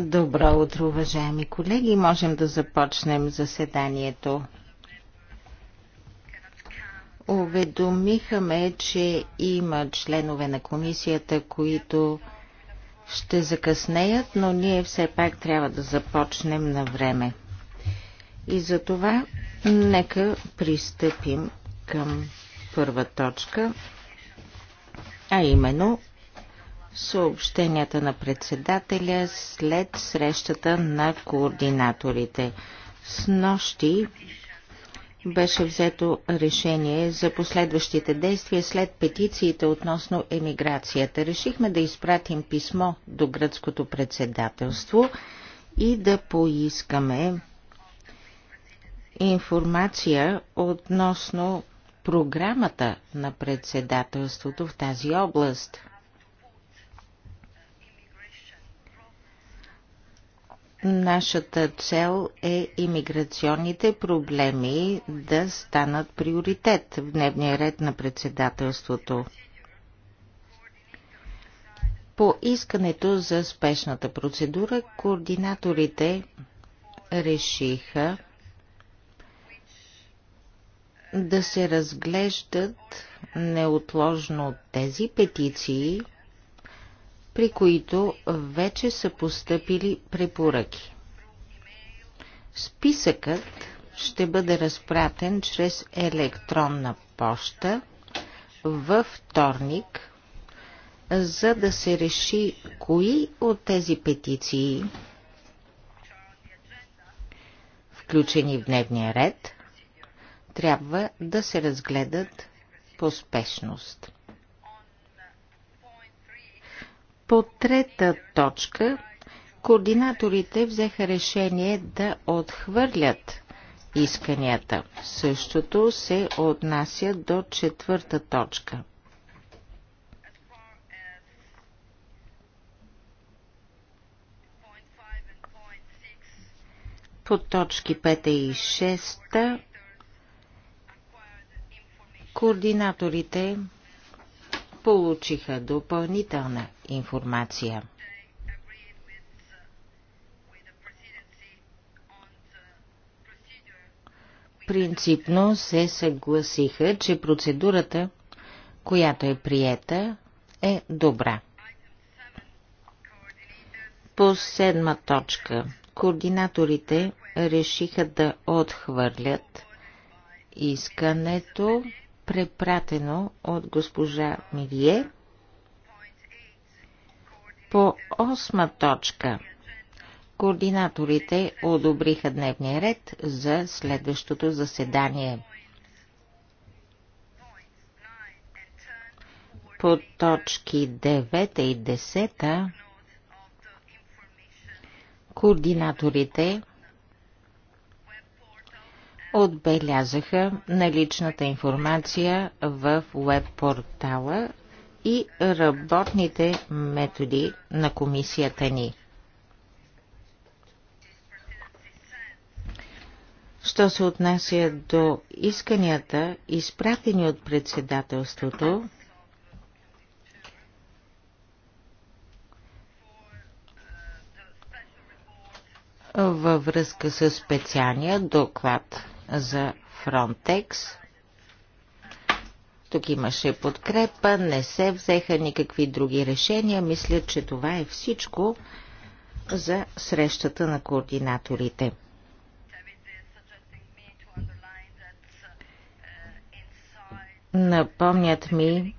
Добро утро, уважаеми колеги. Можем да започнем заседанието. Уведомиха ме, че има членове на комисията, които ще закъснеят, но ние все пак трябва да започнем на време. И за това нека пристъпим към първа точка – а именно съобщенията на председателя след срещата на координаторите. С нощи беше взето решение за последващите действия след петициите относно емиграцията. Решихме да изпратим писмо до гръцкото председателство и да поискаме информация относно програмата на председателството в тази област. Нашата цел е имиграционните проблеми да станат приоритет в дневния ред на председателството. По искането за спешната процедура координаторите решиха да се разглеждат неотложно тези петиции, при които вече са поступили препоръки. Списъкът ще бъде разпратен чрез електронна поща във вторник, за да се реши кои от тези петиции, включени в дневния ред, трябва да се разгледат по спешност. По трета точка координаторите взеха решение да отхвърлят исканията. Същото се отнася до четвърта точка. По точки 5 и 6 Координаторите получиха допълнителна информация. Принципно се съгласиха, че процедурата, която е приета, е добра. По седма точка координаторите решиха да отхвърлят искането препратено от госпожа Мирие. По осма точка координаторите одобриха дневния ред за следващото заседание. По точки 9 и 10 координаторите отбелязаха наличната информация в веб-портала и работните методи на комисията ни. Що се отнася до исканията, изпратени от председателството, във връзка с специалния доклад за Фронтекс. Тук имаше подкрепа, не се взеха никакви други решения. Мисля, че това е всичко за срещата на координаторите. Напомнят ми,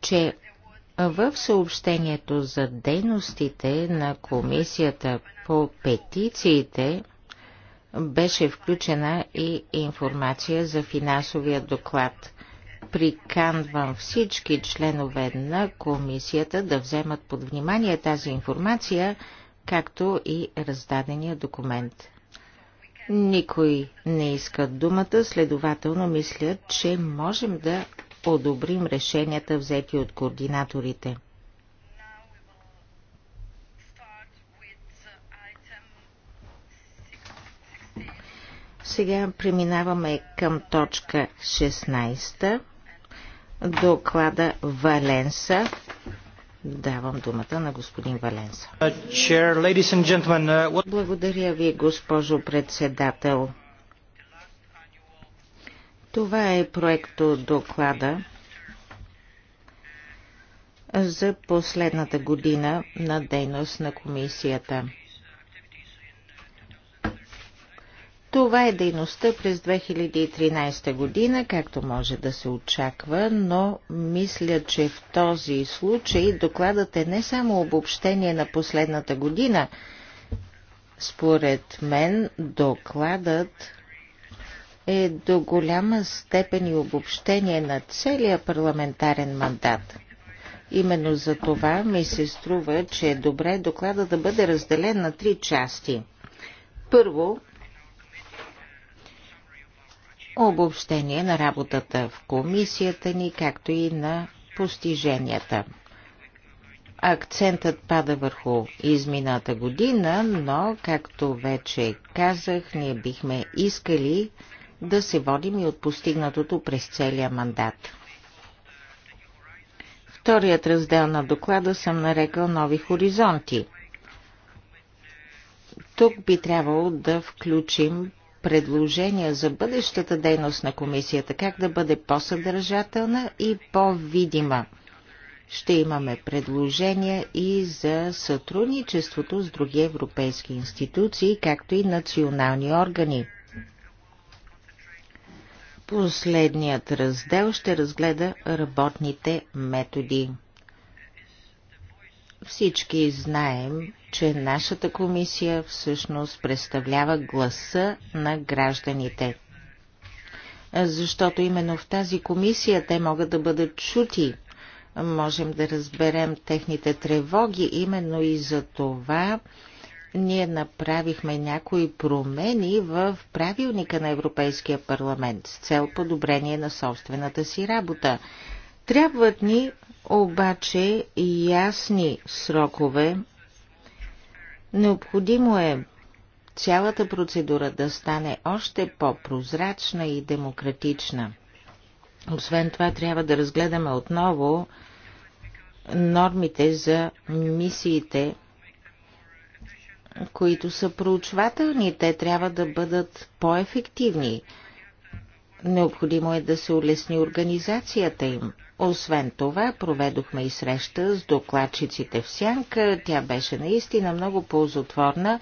че в съобщението за дейностите на комисията по петициите беше включена и информация за финансовия доклад. Приканвам всички членове на комисията да вземат под внимание тази информация, както и раздадения документ. Никой не иска думата, следователно мислят, че можем да одобрим решенията взети от координаторите. Сега преминаваме към точка 16. Доклада Валенса. Давам думата на господин Валенса. Uh, uh, Благодаря ви, госпожо председател. Това е проекто доклада за последната година на дейност на комисията. Това е дейността през 2013 година, както може да се очаква, но мисля, че в този случай докладът е не само обобщение на последната година. Според мен докладът е до голяма степен и обобщение на целия парламентарен мандат. Именно за това ми се струва, че е добре доклада да бъде разделен на три части. Първо, обобщение на работата в комисията ни, както и на постиженията. Акцентът пада върху измината година, но, както вече казах, ние бихме искали да се водим и от постигнатото през целия мандат. Вторият раздел на доклада съм нарекал Нови хоризонти. Тук би трябвало да включим предложения за бъдещата дейност на комисията, как да бъде по-съдържателна и по-видима. Ще имаме предложения и за сътрудничеството с други европейски институции, както и национални органи. Последният раздел ще разгледа работните методи. Всички знаем, че нашата комисия всъщност представлява гласа на гражданите. Защото именно в тази комисия те могат да бъдат чути. Можем да разберем техните тревоги. Именно и за това ние направихме някои промени в правилника на Европейския парламент с цел подобрение на собствената си работа. Трябват ни обаче ясни срокове. Необходимо е цялата процедура да стане още по-прозрачна и демократична. Освен това, трябва да разгледаме отново нормите за мисиите, които са проучвателни. Те трябва да бъдат по-ефективни. Необходимо е да се улесни организацията им. Освен това, проведохме и среща с докладчиците в Сянка. Тя беше наистина много ползотворна.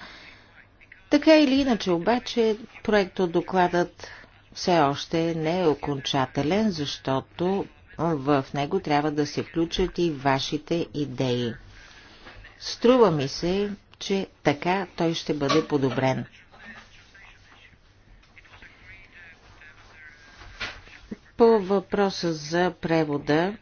Така или иначе, обаче, докладът все още не е окончателен, защото в него трябва да се включат и вашите идеи. Струва ми се, че така той ще бъде подобрен. По въпроса за превода,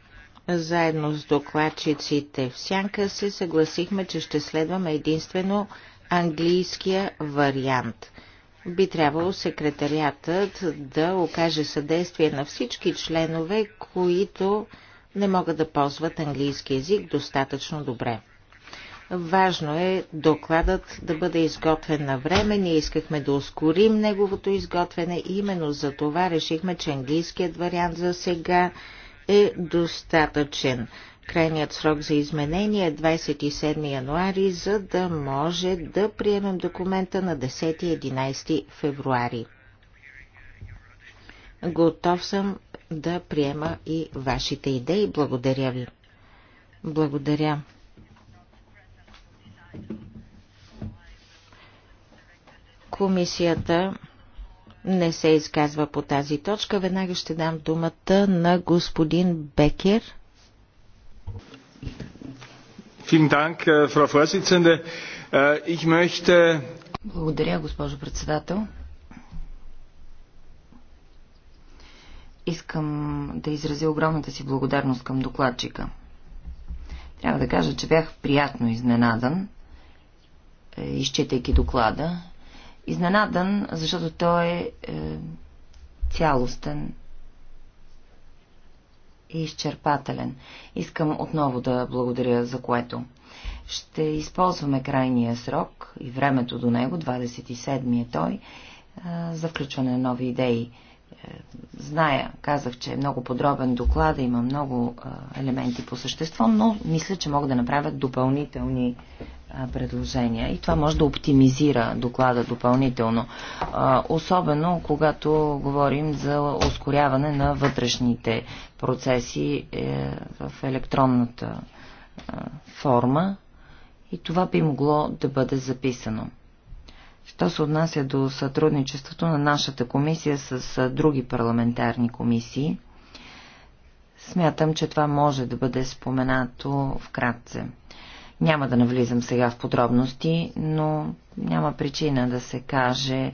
заедно с докладчиците в Сянка се съгласихме, че ще следваме единствено английския вариант. Би трябвало секретариатът да окаже съдействие на всички членове, които не могат да ползват английски язик достатъчно добре. Важно е докладът да бъде изготвен на време. Ние искахме да ускорим неговото изготвяне. Именно за това решихме, че английският вариант за сега е достатъчен. Крайният срок за изменение е 27 януари, за да може да приемем документа на 10-11 февруари. Готов съм да приема и вашите идеи. Благодаря ви. Благодаря. Комисията не се изказва по тази точка. Веднага ще дам думата на господин Бекер. Äh, äh, Благодаря, госпожо председател. Искам да изразя огромната си благодарност към докладчика. Трябва да кажа, че бях приятно изненадан е, изчитайки доклада. Изненадан, защото той е, е цялостен и изчерпателен. Искам отново да благодаря за което. Ще използваме крайния срок и времето до него, 27 е той, е, за включване на нови идеи. Е, зная, казах, че е много подробен доклад, има много елементи по същество, но мисля, че мога да направя допълнителни предложения. И това може да оптимизира доклада допълнително. Особено когато говорим за ускоряване на вътрешните процеси е, в електронната форма. И това би могло да бъде записано. Що се отнася до сътрудничеството на нашата комисия с други парламентарни комисии, смятам, че това може да бъде споменато вкратце. Няма да навлизам сега в подробности, но няма причина да се каже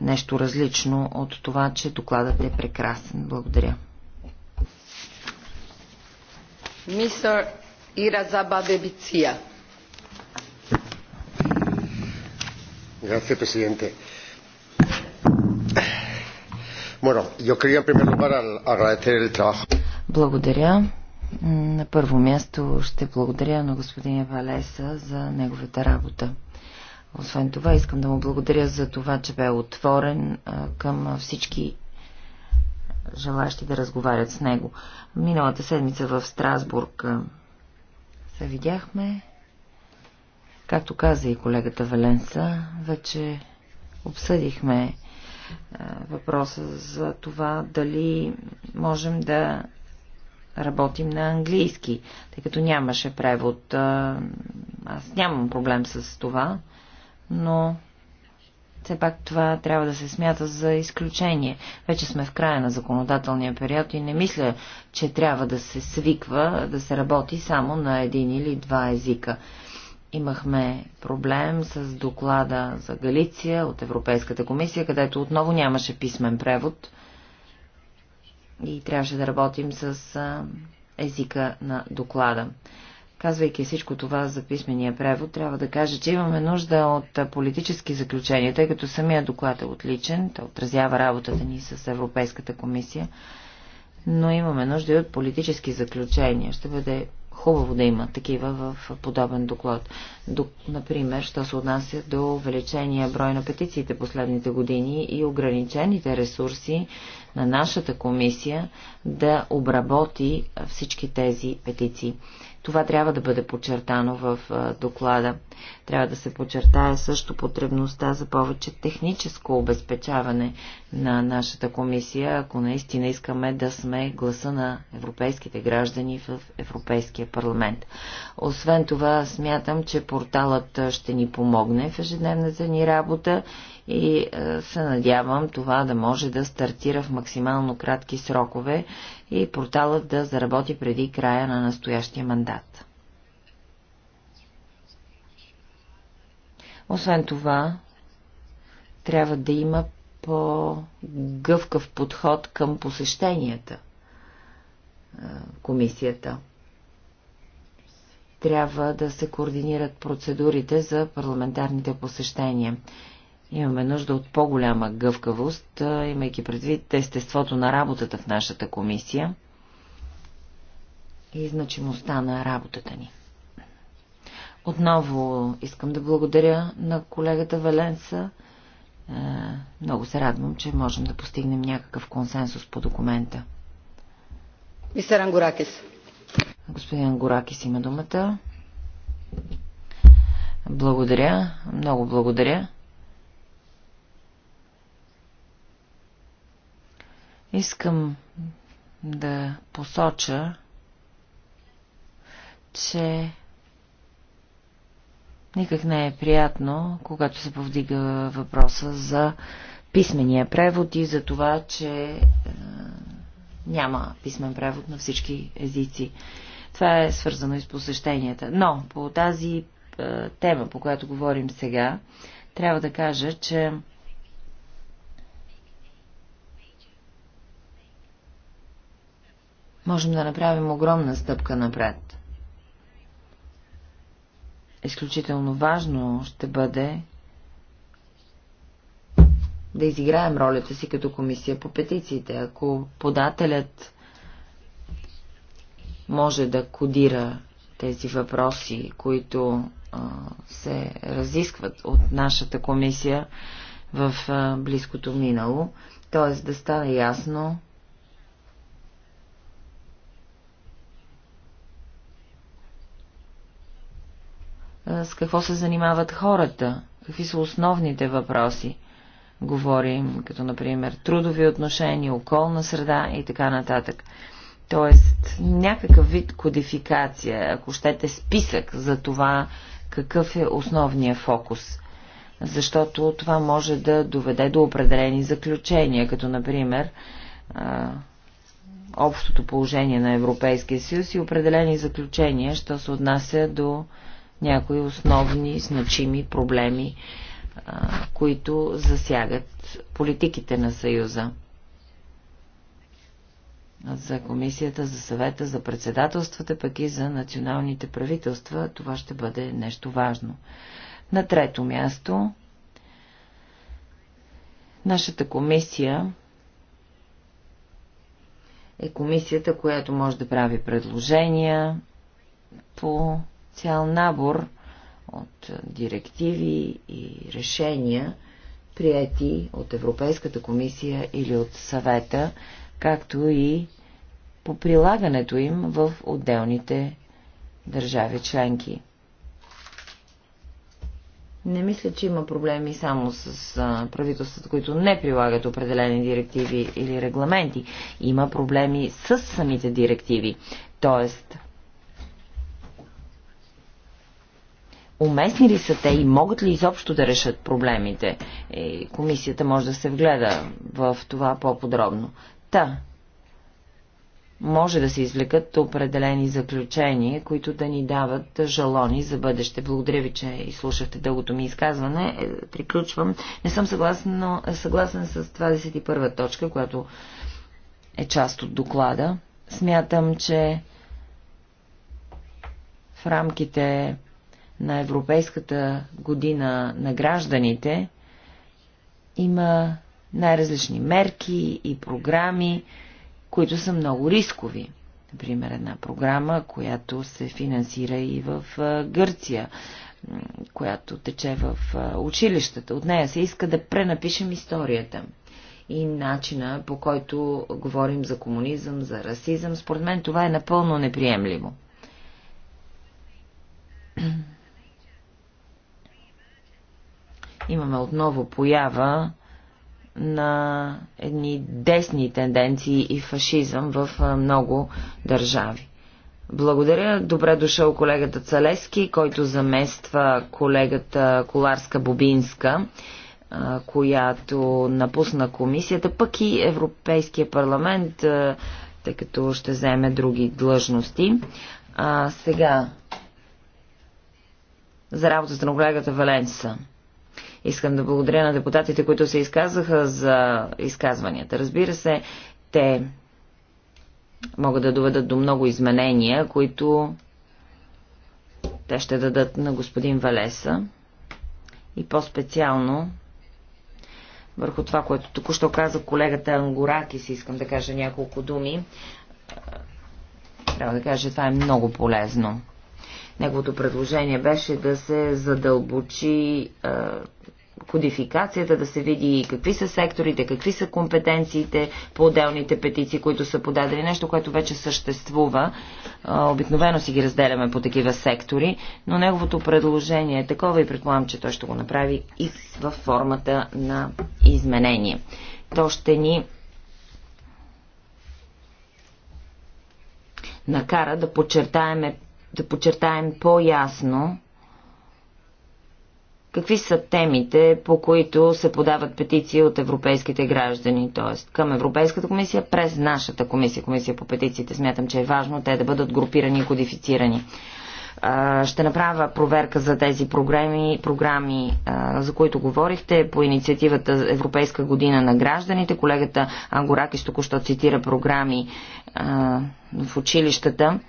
нещо различно от това, че докладът е прекрасен. Благодаря. Мисър Иразаба Бебиция. Gracias, presidente. Bueno, yo quería en primer lugar agradecer el trabajo. Благодаря. На първо място ще благодаря на господин Валеса за неговата работа. Освен това, искам да му благодаря за това, че бе отворен към всички желащи да разговарят с него. Миналата седмица в Страсбург се видяхме. Както каза и колегата Валенса, вече обсъдихме въпроса за това дали можем да работим на английски, тъй като нямаше превод. Аз нямам проблем с това, но все пак това трябва да се смята за изключение. Вече сме в края на законодателния период и не мисля, че трябва да се свиква да се работи само на един или два езика. Имахме проблем с доклада за Галиция от Европейската комисия, където отново нямаше писмен превод – и трябваше да работим с а, езика на доклада. Казвайки всичко това за писмения превод, трябва да кажа, че имаме нужда от политически заключения, тъй като самия доклад е отличен, той отразява работата ни с Европейската комисия, но имаме нужда и от политически заключения. Ще бъде хубаво да има такива в подобен доклад. Например, що се отнася до увеличения брой на петициите последните години и ограничените ресурси на нашата комисия да обработи всички тези петиции. Това трябва да бъде подчертано в доклада. Трябва да се подчертае също потребността за повече техническо обезпечаване на нашата комисия, ако наистина искаме да сме гласа на европейските граждани в Европейския парламент. Освен това, смятам, че порталът ще ни помогне в ежедневната ни работа и се надявам това да може да стартира в максимално кратки срокове и порталът да заработи преди края на настоящия мандат. Освен това, трябва да има по-гъвкав подход към посещенията комисията. Трябва да се координират процедурите за парламентарните посещения. Имаме нужда от по-голяма гъвкавост, имайки предвид естеството на работата в нашата комисия и значимостта на работата ни. Отново искам да благодаря на колегата Валенса. Много се радвам, че можем да постигнем някакъв консенсус по документа. Мистер Ангоракис. Господин Ангоракис има думата. Благодаря. Много благодаря. Искам да посоча, че никак не е приятно, когато се повдига въпроса за писмения превод и за това, че е, няма писмен превод на всички езици. Това е свързано и с посещенията. Но по тази е, тема, по която говорим сега, трябва да кажа, че можем да направим огромна стъпка напред. Изключително важно ще бъде да изиграем ролята си като комисия по петициите. Ако подателят може да кодира тези въпроси, които а, се разискват от нашата комисия в а, близкото минало, т.е. да стане ясно с какво се занимават хората, какви са основните въпроси. Говорим като, например, трудови отношения, околна среда и така нататък. Тоест, някакъв вид кодификация, ако щете списък за това, какъв е основният фокус. Защото това може да доведе до определени заключения, като, например, общото положение на Европейския съюз и определени заключения, що се отнася до някои основни значими проблеми, които засягат политиките на Съюза. За комисията, за съвета, за председателствата, пък и за националните правителства това ще бъде нещо важно. На трето място, нашата комисия е комисията, която може да прави предложения по цял набор от директиви и решения, прияти от Европейската комисия или от съвета, както и по прилагането им в отделните държави членки. Не мисля, че има проблеми само с правителствата, които не прилагат определени директиви или регламенти. Има проблеми с самите директиви. Тоест, уместни ли са те и могат ли изобщо да решат проблемите? И е, комисията може да се вгледа в това по-подробно. Та, може да се извлекат определени заключения, които да ни дават жалони за бъдеще. Благодаря ви, че изслушахте дългото ми изказване. Е, приключвам. Не съм съгласен, но е, съгласен с 21 точка, която е част от доклада. Смятам, че в рамките на Европейската година на гражданите има най-различни мерки и програми, които са много рискови. Например, една програма, която се финансира и в Гърция, която тече в училищата. От нея се иска да пренапишем историята и начина по който говорим за комунизъм, за расизъм. Според мен това е напълно неприемливо. Имаме отново поява на едни десни тенденции и фашизъм в много държави. Благодаря. Добре дошъл колегата Цалески, който замества колегата Коларска-Бобинска, която напусна комисията, пък и Европейския парламент, тъй като ще вземе други длъжности. А, сега, за работата на колегата Валенса. Искам да благодаря на депутатите, които се изказаха за изказванията. Разбира се, те могат да доведат до много изменения, които те ще дадат на господин Валеса и по-специално върху това, което току-що каза колегата Ангоракис, искам да кажа няколко думи. Трябва да кажа, че това е много полезно. Неговото предложение беше да се задълбочи кодификацията, да се види какви са секторите, какви са компетенциите по отделните петиции, които са подадени. Нещо, което вече съществува. Обикновено си ги разделяме по такива сектори, но неговото предложение е такова и предполагам, че той ще го направи и в формата на изменение. То ще ни накара да подчертаем, да подчертаем по-ясно Какви са темите, по които се подават петиции от европейските граждани, т.е. към Европейската комисия, през нашата комисия, комисия по петициите? Смятам, че е важно те да бъдат групирани и кодифицирани ще направя проверка за тези програми, програми за които говорихте по инициативата Европейска година на гражданите. Колегата Ангоракис току-що цитира програми в училищата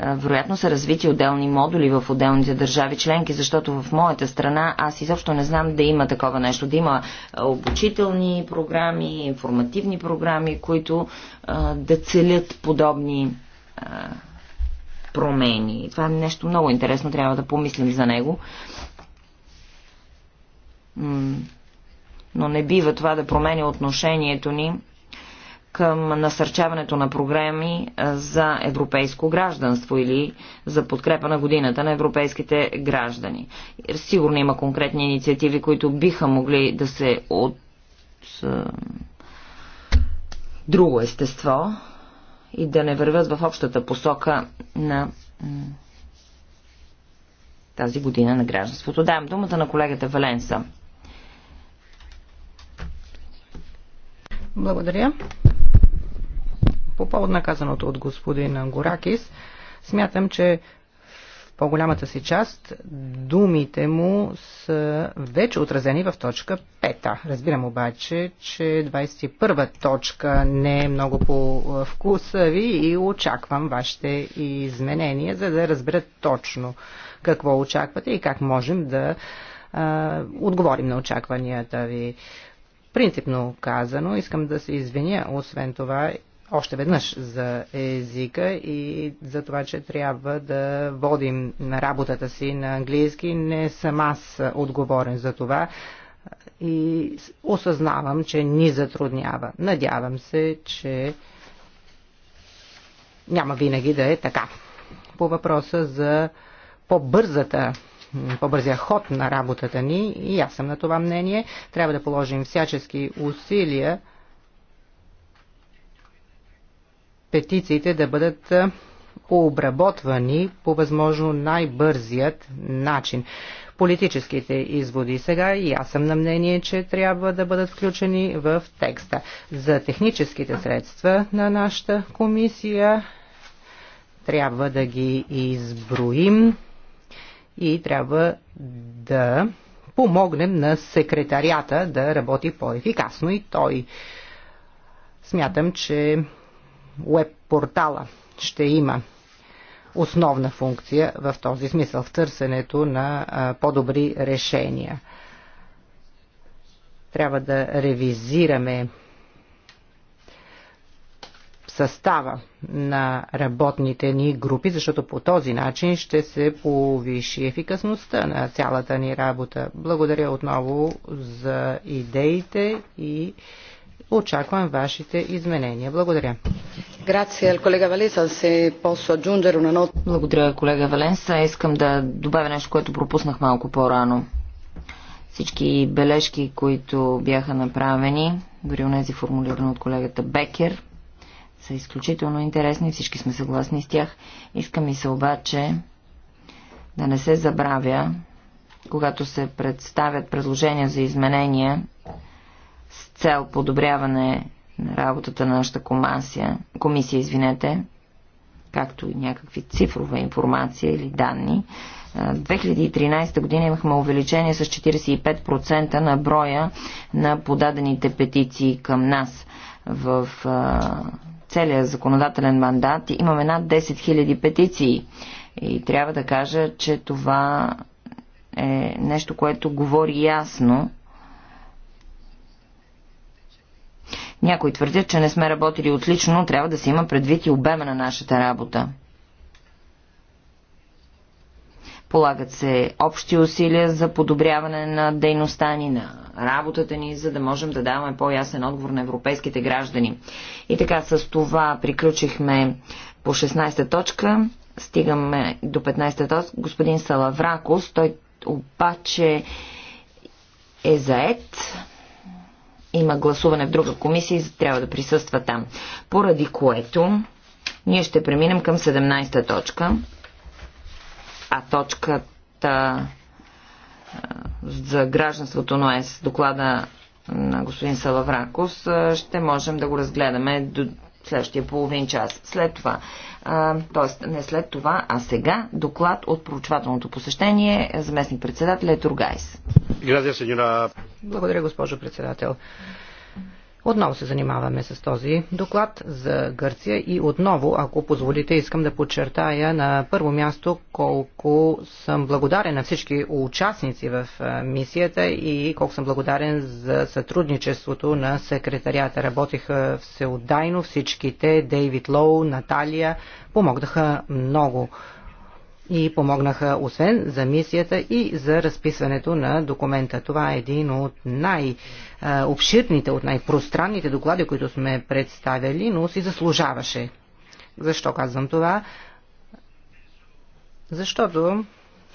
вероятно са развити отделни модули в отделните държави членки, защото в моята страна аз изобщо не знам да има такова нещо, да има обучителни програми, информативни програми, които а, да целят подобни а, промени. Това е нещо много интересно, трябва да помислим за него. Но не бива това да променя отношението ни към насърчаването на програми за европейско гражданство или за подкрепа на годината на европейските граждани. Сигурно има конкретни инициативи, които биха могли да се от друго естество и да не вървят в общата посока на тази година на гражданството. Давам думата на колегата Валенса. Благодаря. По повод на казаното от господин Горакис, смятам, че в по-голямата си част думите му са вече отразени в точка 5. Разбирам обаче, че 21 точка не е много по вкуса ви и очаквам вашите изменения, за да разберат точно какво очаквате и как можем да а, отговорим на очакванията ви. Принципно казано, искам да се извиня, освен това още веднъж за езика и за това, че трябва да водим на работата си на английски. Не съм аз отговорен за това и осъзнавам, че ни затруднява. Надявам се, че няма винаги да е така. По въпроса за по-бързата по-бързия ход на работата ни и аз съм на това мнение. Трябва да положим всячески усилия петициите да бъдат обработвани по възможно най-бързият начин. Политическите изводи сега и аз съм на мнение, че трябва да бъдат включени в текста. За техническите средства на нашата комисия трябва да ги изброим и трябва да помогнем на секретарията да работи по-ефикасно и той. Смятам, че веб-портала ще има основна функция в този смисъл, в търсенето на по-добри решения. Трябва да ревизираме състава на работните ни групи, защото по този начин ще се повиши ефикасността на цялата ни работа. Благодаря отново за идеите и Очаквам вашите изменения. Благодаря. Благодаря, колега Валенса. Искам да добавя нещо, което пропуснах малко по-рано. Всички бележки, които бяха направени, дори у нези, формулирани от колегата Бекер, са изключително интересни. Всички сме съгласни с тях. Искам и се обаче да не се забравя, когато се представят предложения за изменения с цел подобряване на работата на нашата комисия, комисия извинете, както и някакви цифрова информация или данни, 2013 година имахме увеличение с 45% на броя на подадените петиции към нас в целия законодателен мандат. Имаме над 10 000 петиции и трябва да кажа, че това е нещо, което говори ясно Някои твърдят, че не сме работили отлично, но трябва да се има предвид и обема на нашата работа. Полагат се общи усилия за подобряване на дейността ни, на работата ни, за да можем да даваме по-ясен отговор на европейските граждани. И така, с това приключихме по 16-та точка. Стигаме до 15-та точка. Господин Салавракос, той обаче е заед има гласуване в друга комисия и трябва да присъства там. Поради което ние ще преминем към 17-та точка. А точката за гражданството на ЕС, доклада на господин Салавракос, ще можем да го разгледаме до следващия половин час. След това т.е. не след това, а сега доклад от проучвателното посещение заместник председател е Тургайс. Благодаря, госпожо председател. Отново се занимаваме с този доклад за Гърция и отново, ако позволите, искам да подчертая на първо място колко съм благодарен на всички участници в мисията и колко съм благодарен за сътрудничеството на секретарията. Работиха всеотдайно всичките, Дейвид Лоу, Наталия, помогнаха много и помогнаха освен за мисията и за разписването на документа. Това е един от най-обширните, от най-пространните доклади, които сме представили, но си заслужаваше. Защо казвам това? Защото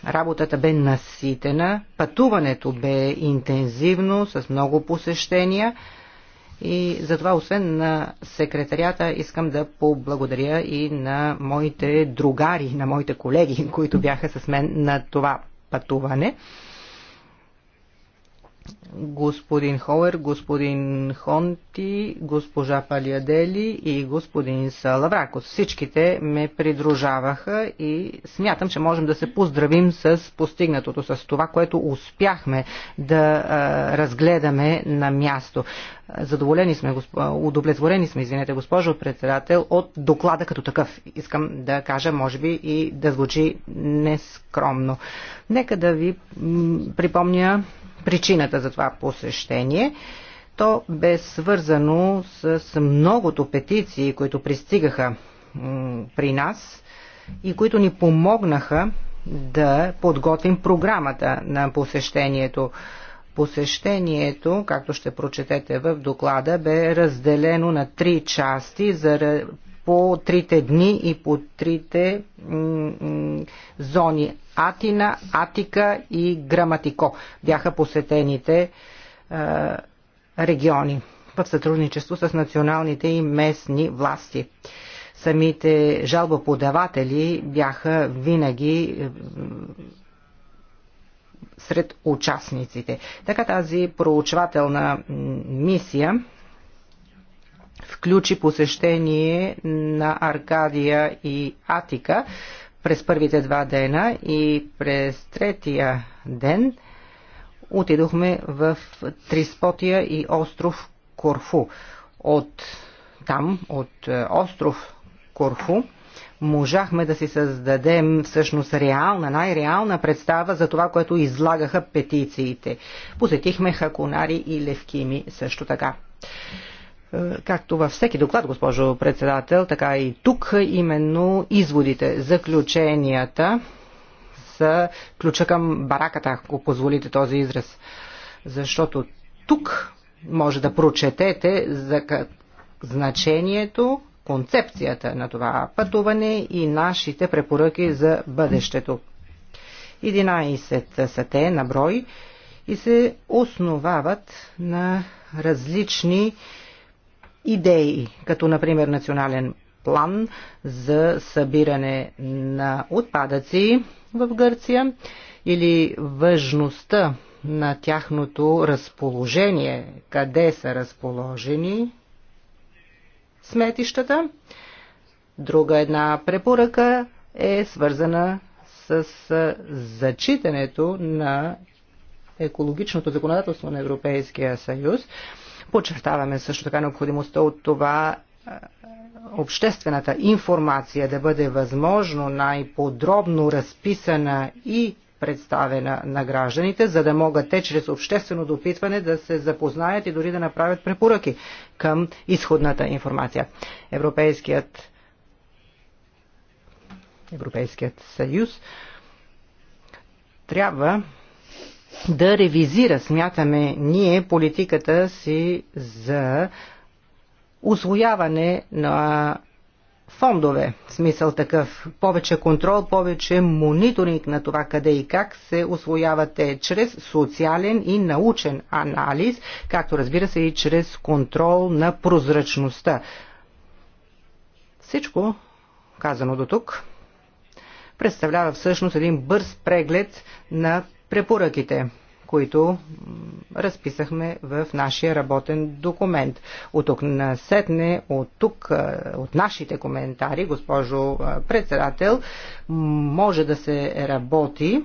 работата бе наситена, пътуването бе интензивно, с много посещения – и затова, освен на секретарията, искам да поблагодаря и на моите другари, на моите колеги, които бяха с мен на това пътуване. Господин Хоер, господин Хонт, ти, госпожа Палиадели и господин Салавракос. Всичките ме придружаваха и смятам, че можем да се поздравим с постигнатото, с това, което успяхме да а, разгледаме на място. Задоволени сме, госп... удовлетворени сме, извинете, госпожо председател, от доклада като такъв. Искам да кажа, може би, и да звучи нескромно. Нека да ви припомня причината за това посещение. То бе свързано с многото петиции, които пристигаха при нас и които ни помогнаха да подготвим програмата на посещението. Посещението, както ще прочетете в доклада, бе разделено на три части за по трите дни и по трите зони Атина, Атика и Граматико. Бяха посетените региони в сътрудничество с националните и местни власти. Самите жалбоподаватели бяха винаги е, сред участниците. Така тази проучвателна мисия включи посещение на Аркадия и Атика през първите два дена и през третия ден – отидохме в Триспотия и остров Корфу. От там, от е, остров Корфу, можахме да си създадем всъщност реална, най-реална представа за това, което излагаха петициите. Посетихме Хакунари и Левкими също така. Е, както във всеки доклад, госпожо председател, така и тук именно изводите, заключенията са ключа към бараката, ако позволите този израз. Защото тук може да прочетете за значението, концепцията на това пътуване и нашите препоръки за бъдещето. 11 са те на брой и се основават на различни идеи, като например национален план за събиране на отпадъци, в Гърция или важността на тяхното разположение, къде са разположени сметищата. Друга една препоръка е свързана с зачитането на екологичното законодателство на Европейския съюз. Подчертаваме също така необходимостта от това обществената информация да бъде възможно най-подробно разписана и представена на гражданите, за да могат те чрез обществено допитване да се запознаят и дори да направят препоръки към изходната информация. Европейският, Европейският съюз трябва да ревизира, смятаме ние, политиката си за освояване на фондове. В смисъл такъв повече контрол, повече мониторинг на това къде и как се освоявате чрез социален и научен анализ, както разбира се и чрез контрол на прозрачността. Всичко казано до тук представлява всъщност един бърз преглед на препоръките които разписахме в нашия работен документ. От тук насетне, от тук, от нашите коментари, госпожо председател, може да се работи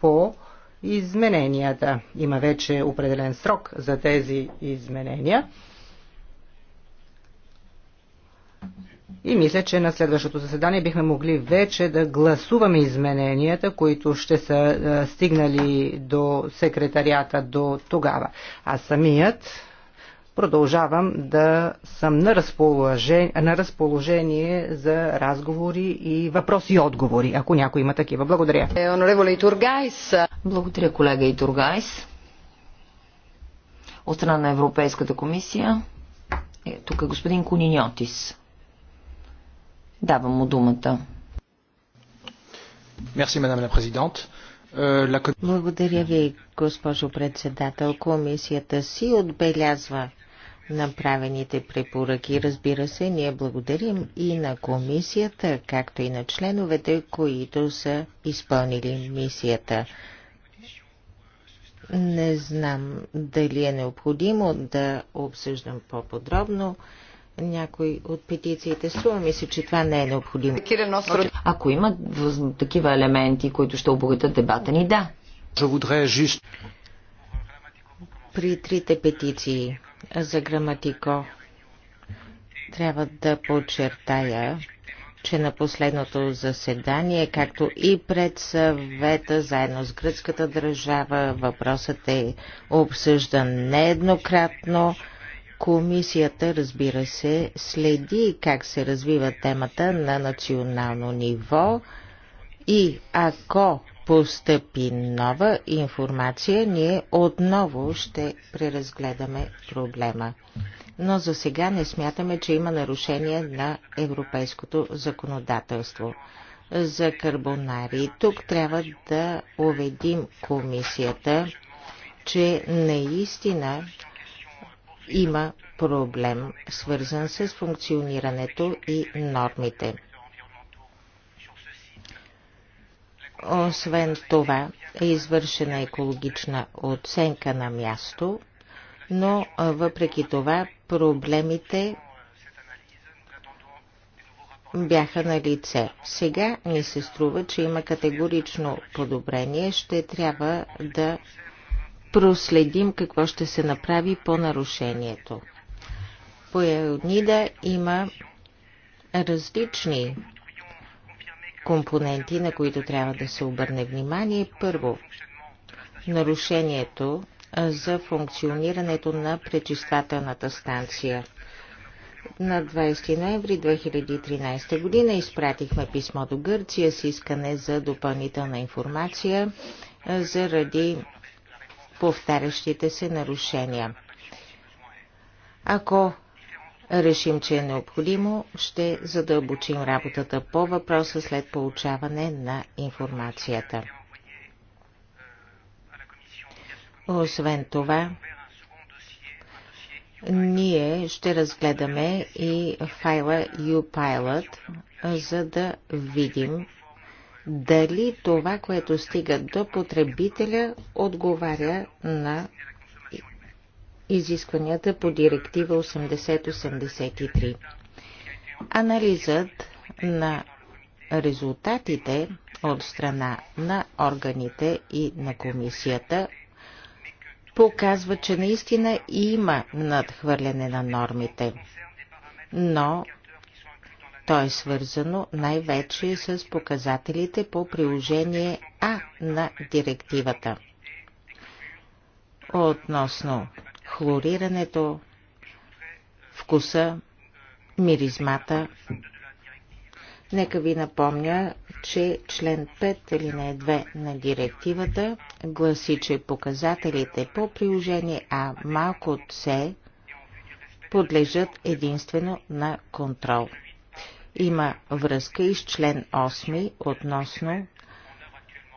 по измененията. Има вече определен срок за тези изменения. И мисля, че на следващото заседание бихме могли вече да гласуваме измененията, които ще са е, стигнали до секретарията до тогава. А самият продължавам да съм на разположение, на разположение за разговори и въпроси и отговори, ако някой има такива. Благодаря. Благодаря, колега Итургайс. От страна на Европейската комисия. Е, тук е господин Куниньотис. Давам му думата. Е, Благодаря ви, госпожо председател. Комисията си отбелязва направените препоръки. Разбира се, ние благодарим и на комисията, както и на членовете, които са изпълнили мисията. Не знам дали е необходимо да обсъждам по-подробно някои от петициите. Струва ми се, че това не е необходимо. Ако има такива елементи, които ще обогатят дебата ни, да. При трите петиции за граматико трябва да подчертая, че на последното заседание, както и пред съвета, заедно с гръцката държава, въпросът е обсъждан нееднократно. Комисията, разбира се, следи как се развива темата на национално ниво и ако постъпи нова информация, ние отново ще преразгледаме проблема. Но за сега не смятаме, че има нарушение на европейското законодателство. За карбонари тук трябва да уведим комисията, че наистина има проблем, свързан с функционирането и нормите. Освен това е извършена екологична оценка на място, но въпреки това проблемите бяха на лице. Сега ни се струва, че има категорично подобрение. Ще трябва да проследим какво ще се направи по нарушението. По Еонида има различни компоненти, на които трябва да се обърне внимание. Първо, нарушението за функционирането на пречиствателната станция. На 20 ноември 2013 година изпратихме писмо до Гърция с искане за допълнителна информация заради повтарящите се нарушения. Ако решим, че е необходимо, ще задълбочим работата по въпроса след получаване на информацията. Освен това, ние ще разгледаме и файла UPilot, за да видим дали това, което стига до потребителя, отговаря на изискванията по директива 8083. Анализът на резултатите от страна на органите и на комисията показва, че наистина има надхвърляне на нормите. Но то е свързано най-вече с показателите по приложение А на директивата. Относно хлорирането, вкуса, миризмата. Нека ви напомня, че член 5 или не 2 на директивата гласи, че показателите по приложение А малко от С подлежат единствено на контрол има връзка и с член 8 относно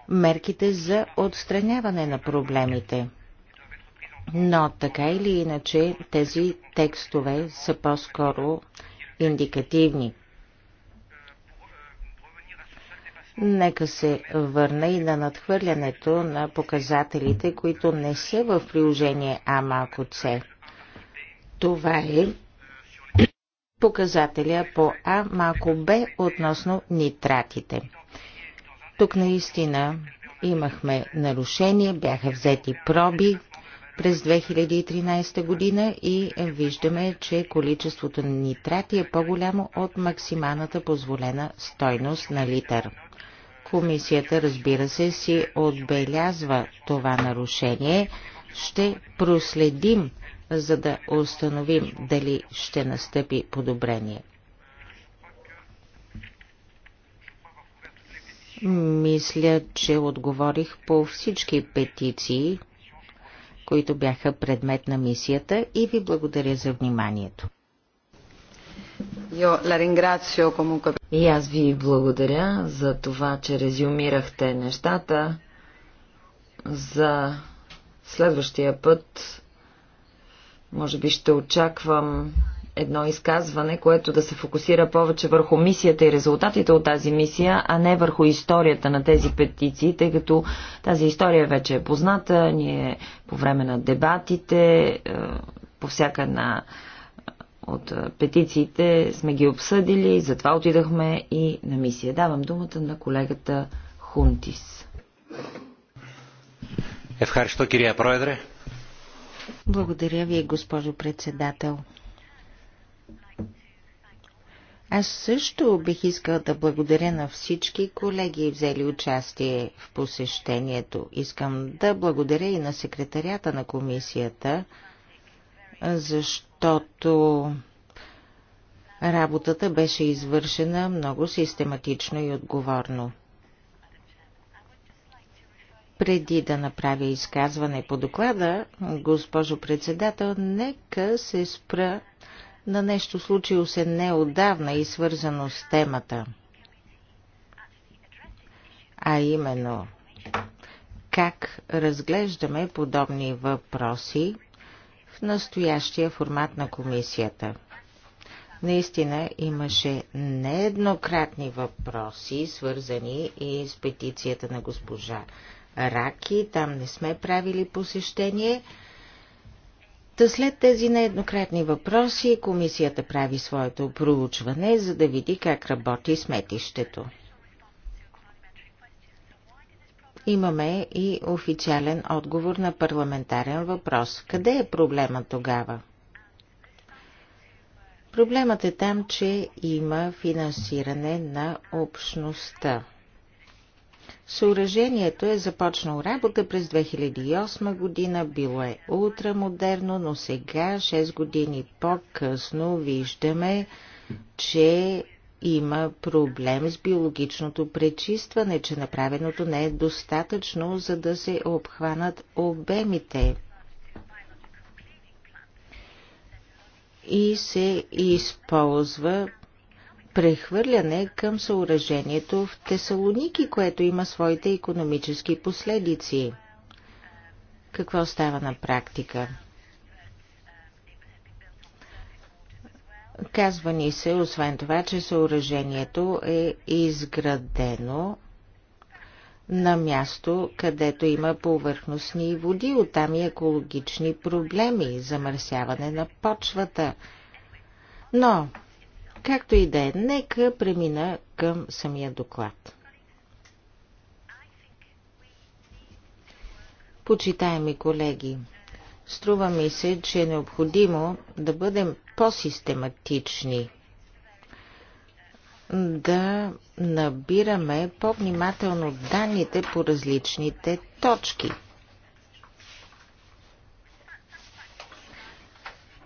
мерките за отстраняване на проблемите. Но така или иначе тези текстове са по-скоро индикативни. Нека се върна и на надхвърлянето на показателите, които не са в приложение А малко С. Това е показателя по А малко Б относно нитратите. Тук наистина имахме нарушения, бяха взети проби през 2013 година и виждаме, че количеството на нитрати е по-голямо от максималната позволена стойност на литър. Комисията, разбира се, си отбелязва това нарушение. Ще проследим за да установим дали ще настъпи подобрение. Мисля, че отговорих по всички петиции, които бяха предмет на мисията и ви благодаря за вниманието. И аз ви благодаря за това, че резюмирахте нещата. За следващия път може би ще очаквам едно изказване, което да се фокусира повече върху мисията и резултатите от тази мисия, а не върху историята на тези петиции, тъй като тази история вече е позната. Ние по време на дебатите, е, по всяка една е, от е, петициите сме ги обсъдили, затова отидахме и на мисия. Давам думата на колегата Хунтис. Евхаришто, кирия проедре. Благодаря ви, госпожо председател. Аз също бих искал да благодаря на всички колеги, взели участие в посещението. Искам да благодаря и на секретарята на комисията, защото работата беше извършена много систематично и отговорно. Преди да направя изказване по доклада, госпожо председател, нека се спра на нещо случило се неодавна и свързано с темата. А именно, как разглеждаме подобни въпроси в настоящия формат на комисията. Наистина имаше нееднократни въпроси, свързани и с петицията на госпожа Раки, там не сме правили посещение. Та след тези нееднократни въпроси комисията прави своето проучване, за да види как работи сметището. Имаме и официален отговор на парламентарен въпрос. Къде е проблема тогава? Проблемът е там, че има финансиране на общността. Съоръжението е започнало работа през 2008 година, било е ултрамодерно, но сега, 6 години по-късно, виждаме, че има проблем с биологичното пречистване, че направеното не е достатъчно, за да се обхванат обемите. И се използва прехвърляне към съоръжението в Тесалоники, което има своите економически последици. Какво става на практика? Казва ни се, освен това, че съоръжението е изградено на място, където има повърхностни води, оттам и екологични проблеми, замърсяване на почвата. Но Както и да е, нека премина към самия доклад. Почитаеми колеги, струва ми се, че е необходимо да бъдем по-систематични, да набираме по-внимателно данните по различните точки.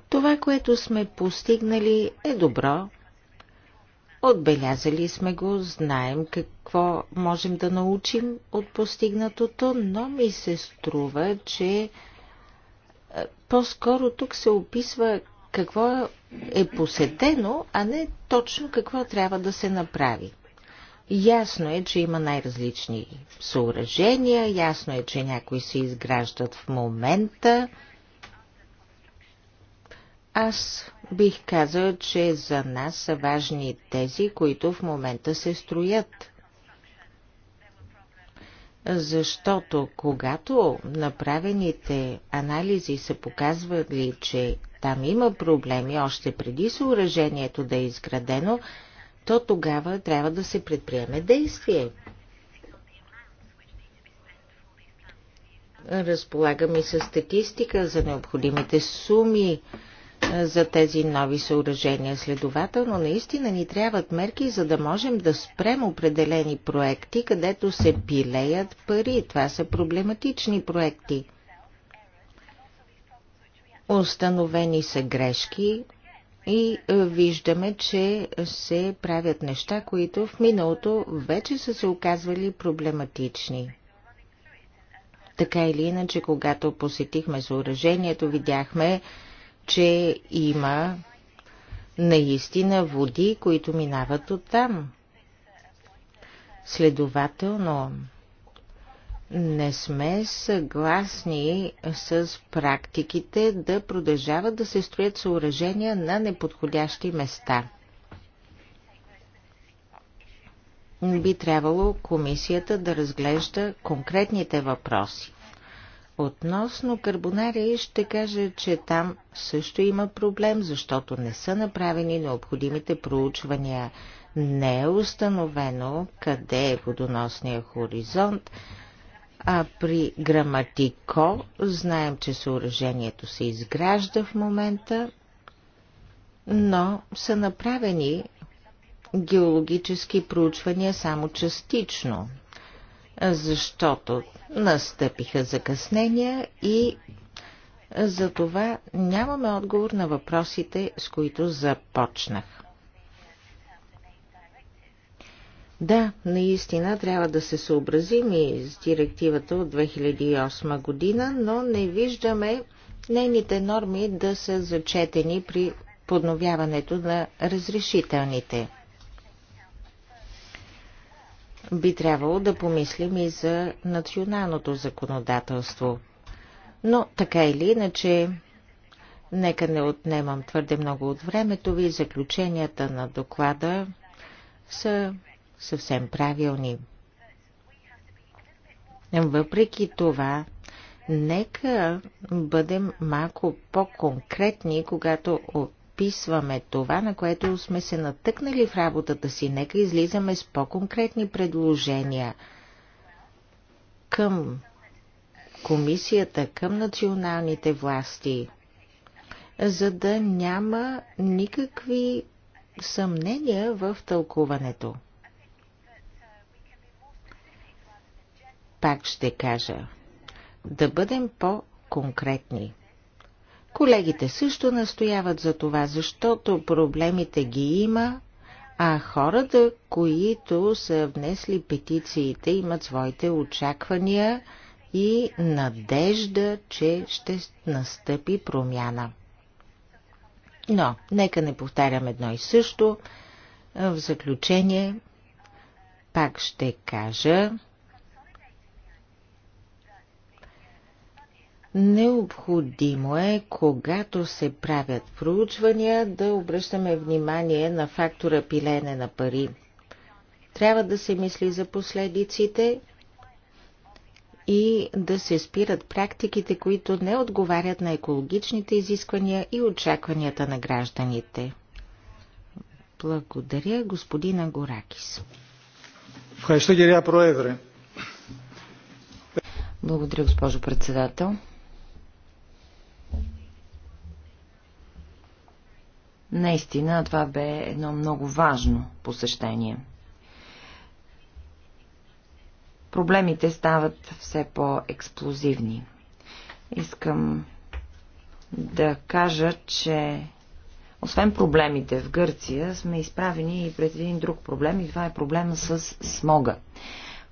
Това, което сме постигнали е добро, Отбелязали сме го, знаем какво можем да научим от постигнатото, но ми се струва, че е, по-скоро тук се описва какво е посетено, а не точно какво трябва да се направи. Ясно е, че има най-различни съоръжения, ясно е, че някои се изграждат в момента. Аз Бих казал, че за нас са важни тези, които в момента се строят. Защото когато направените анализи са показвали, че там има проблеми още преди съоръжението да е изградено, то тогава трябва да се предприеме действие. Разполагаме с статистика за необходимите суми, за тези нови съоръжения. Следователно, наистина ни трябват мерки, за да можем да спрем определени проекти, където се пилеят пари. Това са проблематични проекти. Установени са грешки и е, виждаме, че се правят неща, които в миналото вече са се оказвали проблематични. Така или иначе, когато посетихме съоръжението, видяхме, че има наистина води, които минават оттам. Следователно, не сме съгласни с практиките да продължават да се строят съоръжения на неподходящи места. Би трябвало комисията да разглежда конкретните въпроси. Относно карбонария ще кажа, че там също има проблем, защото не са направени необходимите проучвания. Не е установено къде е водоносния хоризонт, а при Граматико знаем, че съоръжението се изгражда в момента, но са направени геологически проучвания само частично, защото настъпиха закъснения и за това нямаме отговор на въпросите, с които започнах. Да, наистина трябва да се съобразим и с директивата от 2008 година, но не виждаме нейните норми да са зачетени при подновяването на разрешителните би трябвало да помислим и за националното законодателство. Но така или иначе, нека не отнемам твърде много от времето ви, заключенията на доклада са съвсем правилни. Въпреки това, нека бъдем малко по-конкретни, когато описваме това, на което сме се натъкнали в работата си. Нека излизаме с по-конкретни предложения към комисията, към националните власти, за да няма никакви съмнения в тълкуването. Пак ще кажа, да бъдем по-конкретни. Колегите също настояват за това, защото проблемите ги има, а хората, които са внесли петициите, имат своите очаквания и надежда, че ще настъпи промяна. Но, нека не повтарям едно и също. В заключение, пак ще кажа, Необходимо е, когато се правят проучвания, да обръщаме внимание на фактора пилене на пари. Трябва да се мисли за последиците и да се спират практиките, които не отговарят на екологичните изисквания и очакванията на гражданите. Благодаря, господина Горакис. Благодаря, госпожо председател. Наистина, това бе едно много важно посещение. Проблемите стават все по-експлозивни. Искам да кажа, че освен проблемите в Гърция, сме изправени и пред един друг проблем и това е проблема с смога,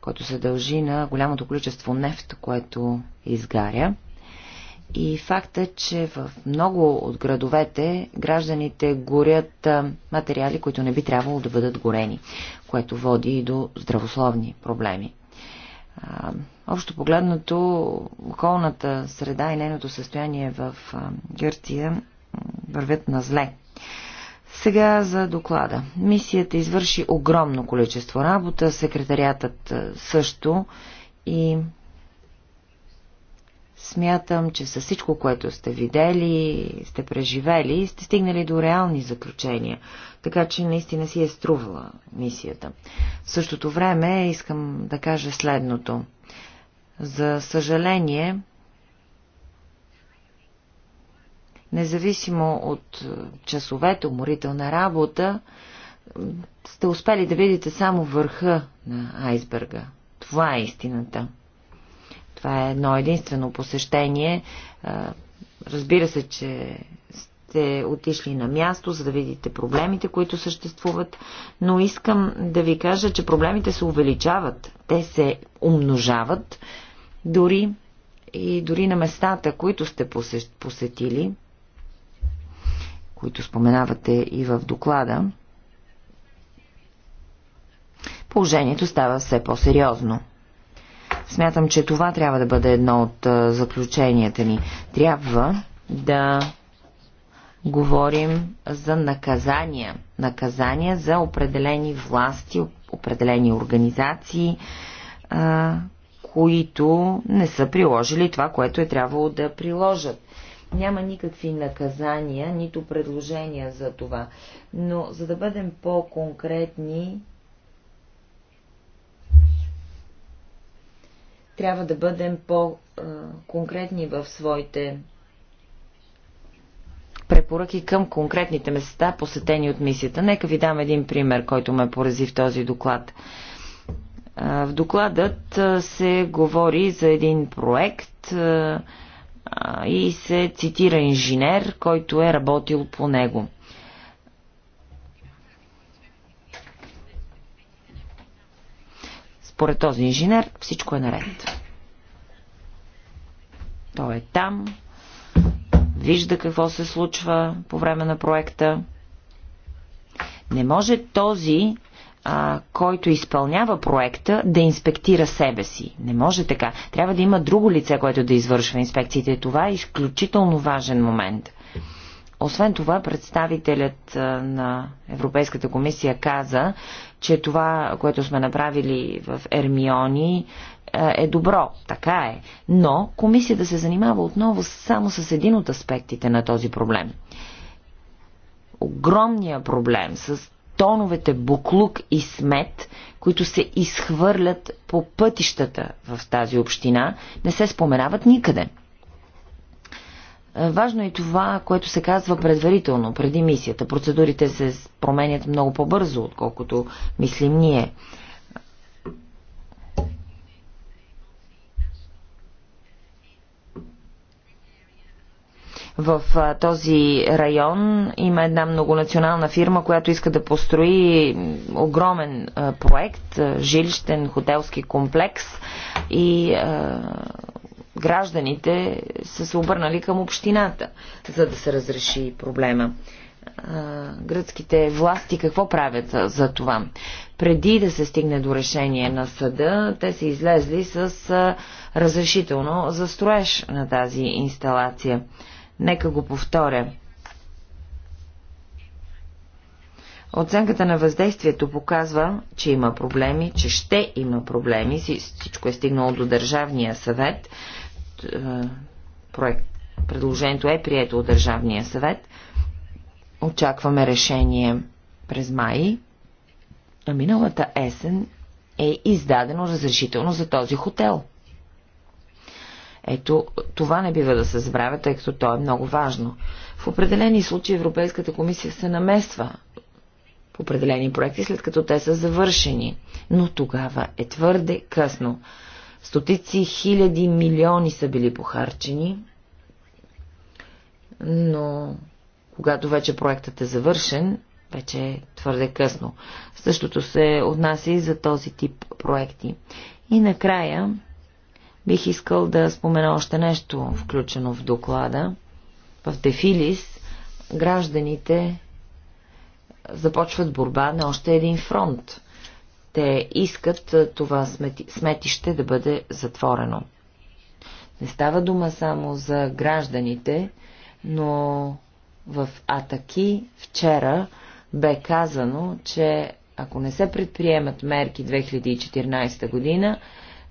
който се дължи на голямото количество нефт, което изгаря и факта, че в много от градовете гражданите горят материали, които не би трябвало да бъдат горени, което води и до здравословни проблеми. Общо погледнато, околната среда и нейното състояние в Гърция вървят на зле. Сега за доклада. Мисията извърши огромно количество работа, секретариатът също и Смятам, че с всичко, което сте видели, сте преживели, сте стигнали до реални заключения, така че наистина си е струвала мисията. В същото време искам да кажа следното. За съжаление, независимо от часовете, уморителна работа, сте успели да видите само върха на айсберга. Това е истината. Това е едно единствено посещение. Разбира се, че сте отишли на място, за да видите проблемите, които съществуват, но искам да ви кажа, че проблемите се увеличават, те се умножават, дори и дори на местата, които сте посетили, които споменавате и в доклада, положението става все по-сериозно. Смятам, че това трябва да бъде едно от заключенията ни. Трябва да говорим за наказания. Наказания за определени власти, определени организации, които не са приложили това, което е трябвало да приложат. Няма никакви наказания, нито предложения за това. Но за да бъдем по-конкретни, Трябва да бъдем по-конкретни в своите препоръки към конкретните места, посетени от мисията. Нека ви дам един пример, който ме порази в този доклад. В докладът се говори за един проект и се цитира инженер, който е работил по него. Според този инженер всичко е наред. Той е там, вижда какво се случва по време на проекта. Не може този, а, който изпълнява проекта, да инспектира себе си. Не може така. Трябва да има друго лице, което да извършва инспекциите. Това е изключително важен момент. Освен това, представителят на Европейската комисия каза, че това, което сме направили в Ермиони, е, е добро. Така е. Но комисията се занимава отново само с един от аспектите на този проблем. Огромният проблем с тоновете буклук и смет, които се изхвърлят по пътищата в тази община, не се споменават никъде. Важно е това, което се казва предварително, преди мисията. Процедурите се променят много по-бързо, отколкото мислим ние. в този район има една многонационална фирма, която иска да построи огромен проект, жилищен хотелски комплекс и гражданите са се обърнали към общината, за да се разреши проблема. Гръцките власти какво правят за това? Преди да се стигне до решение на съда, те са излезли с разрешително за строеж на тази инсталация. Нека го повторя. Оценката на въздействието показва, че има проблеми, че ще има проблеми, всичко е стигнало до Държавния съвет е, проект. Предложението е прието от Държавния съвет. Очакваме решение през май. А миналата есен е издадено разрешително за този хотел. Ето, това не бива да се забравя, тъй като то е много важно. В определени случаи Европейската комисия се намесва в определени проекти, след като те са завършени. Но тогава е твърде късно. Стотици хиляди милиони са били похарчени, но когато вече проектът е завършен, вече е твърде късно. Същото се отнася и за този тип проекти. И накрая бих искал да спомена още нещо, включено в доклада. В Дефилис гражданите започват борба на още един фронт – те искат това смети, сметище да бъде затворено. Не става дума само за гражданите, но в Атаки вчера бе казано, че ако не се предприемат мерки 2014 година,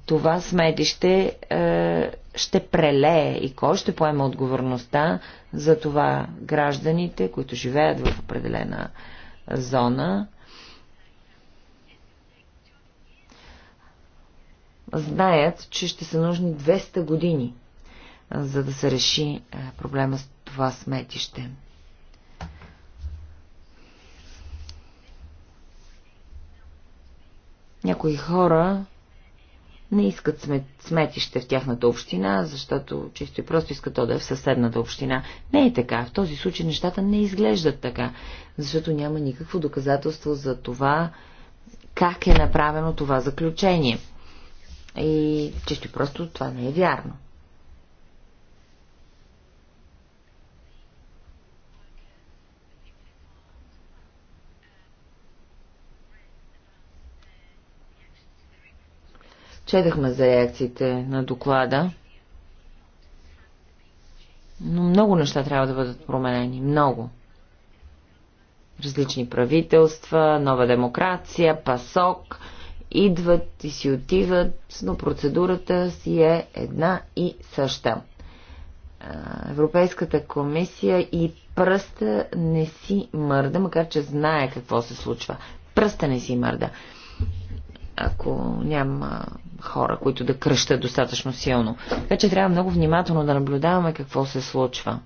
това сметище е, ще прелее и кой ще поема отговорността за това гражданите, които живеят в определена зона, знаят, че ще са нужни 200 години, за да се реши проблема с това сметище. Някои хора не искат сметище в тяхната община, защото чисто и просто искат то да е в съседната община. Не е така. В този случай нещата не изглеждат така, защото няма никакво доказателство за това, как е направено това заключение. И чисто просто това не е вярно. Четахме за реакциите на доклада, но много неща трябва да бъдат променени. Много. Различни правителства, нова демокрация, пасок, идват и си отиват, но процедурата си е една и съща. Европейската комисия и пръста не си мърда, макар че знае какво се случва. Пръста не си мърда. Ако няма хора, които да кръщат достатъчно силно. Така че трябва много внимателно да наблюдаваме какво се случва.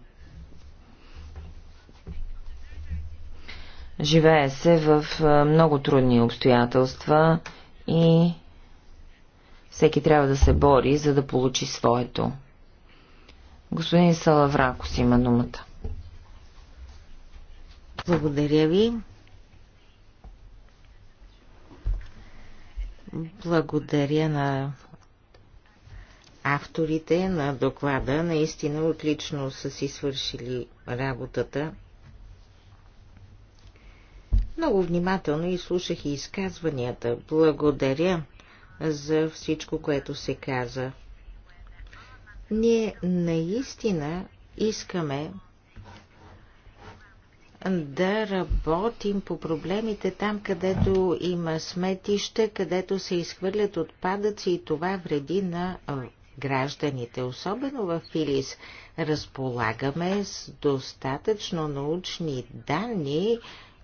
Живее се в много трудни обстоятелства и всеки трябва да се бори, за да получи своето. Господин Салавракос има думата. Благодаря ви. Благодаря на авторите на доклада. Наистина отлично са си свършили работата. Много внимателно изслушах и изказванията. Благодаря за всичко, което се каза. Ние наистина искаме да работим по проблемите там, където има сметища, където се изхвърлят отпадъци и това вреди на гражданите. Особено в Филис разполагаме с достатъчно научни данни,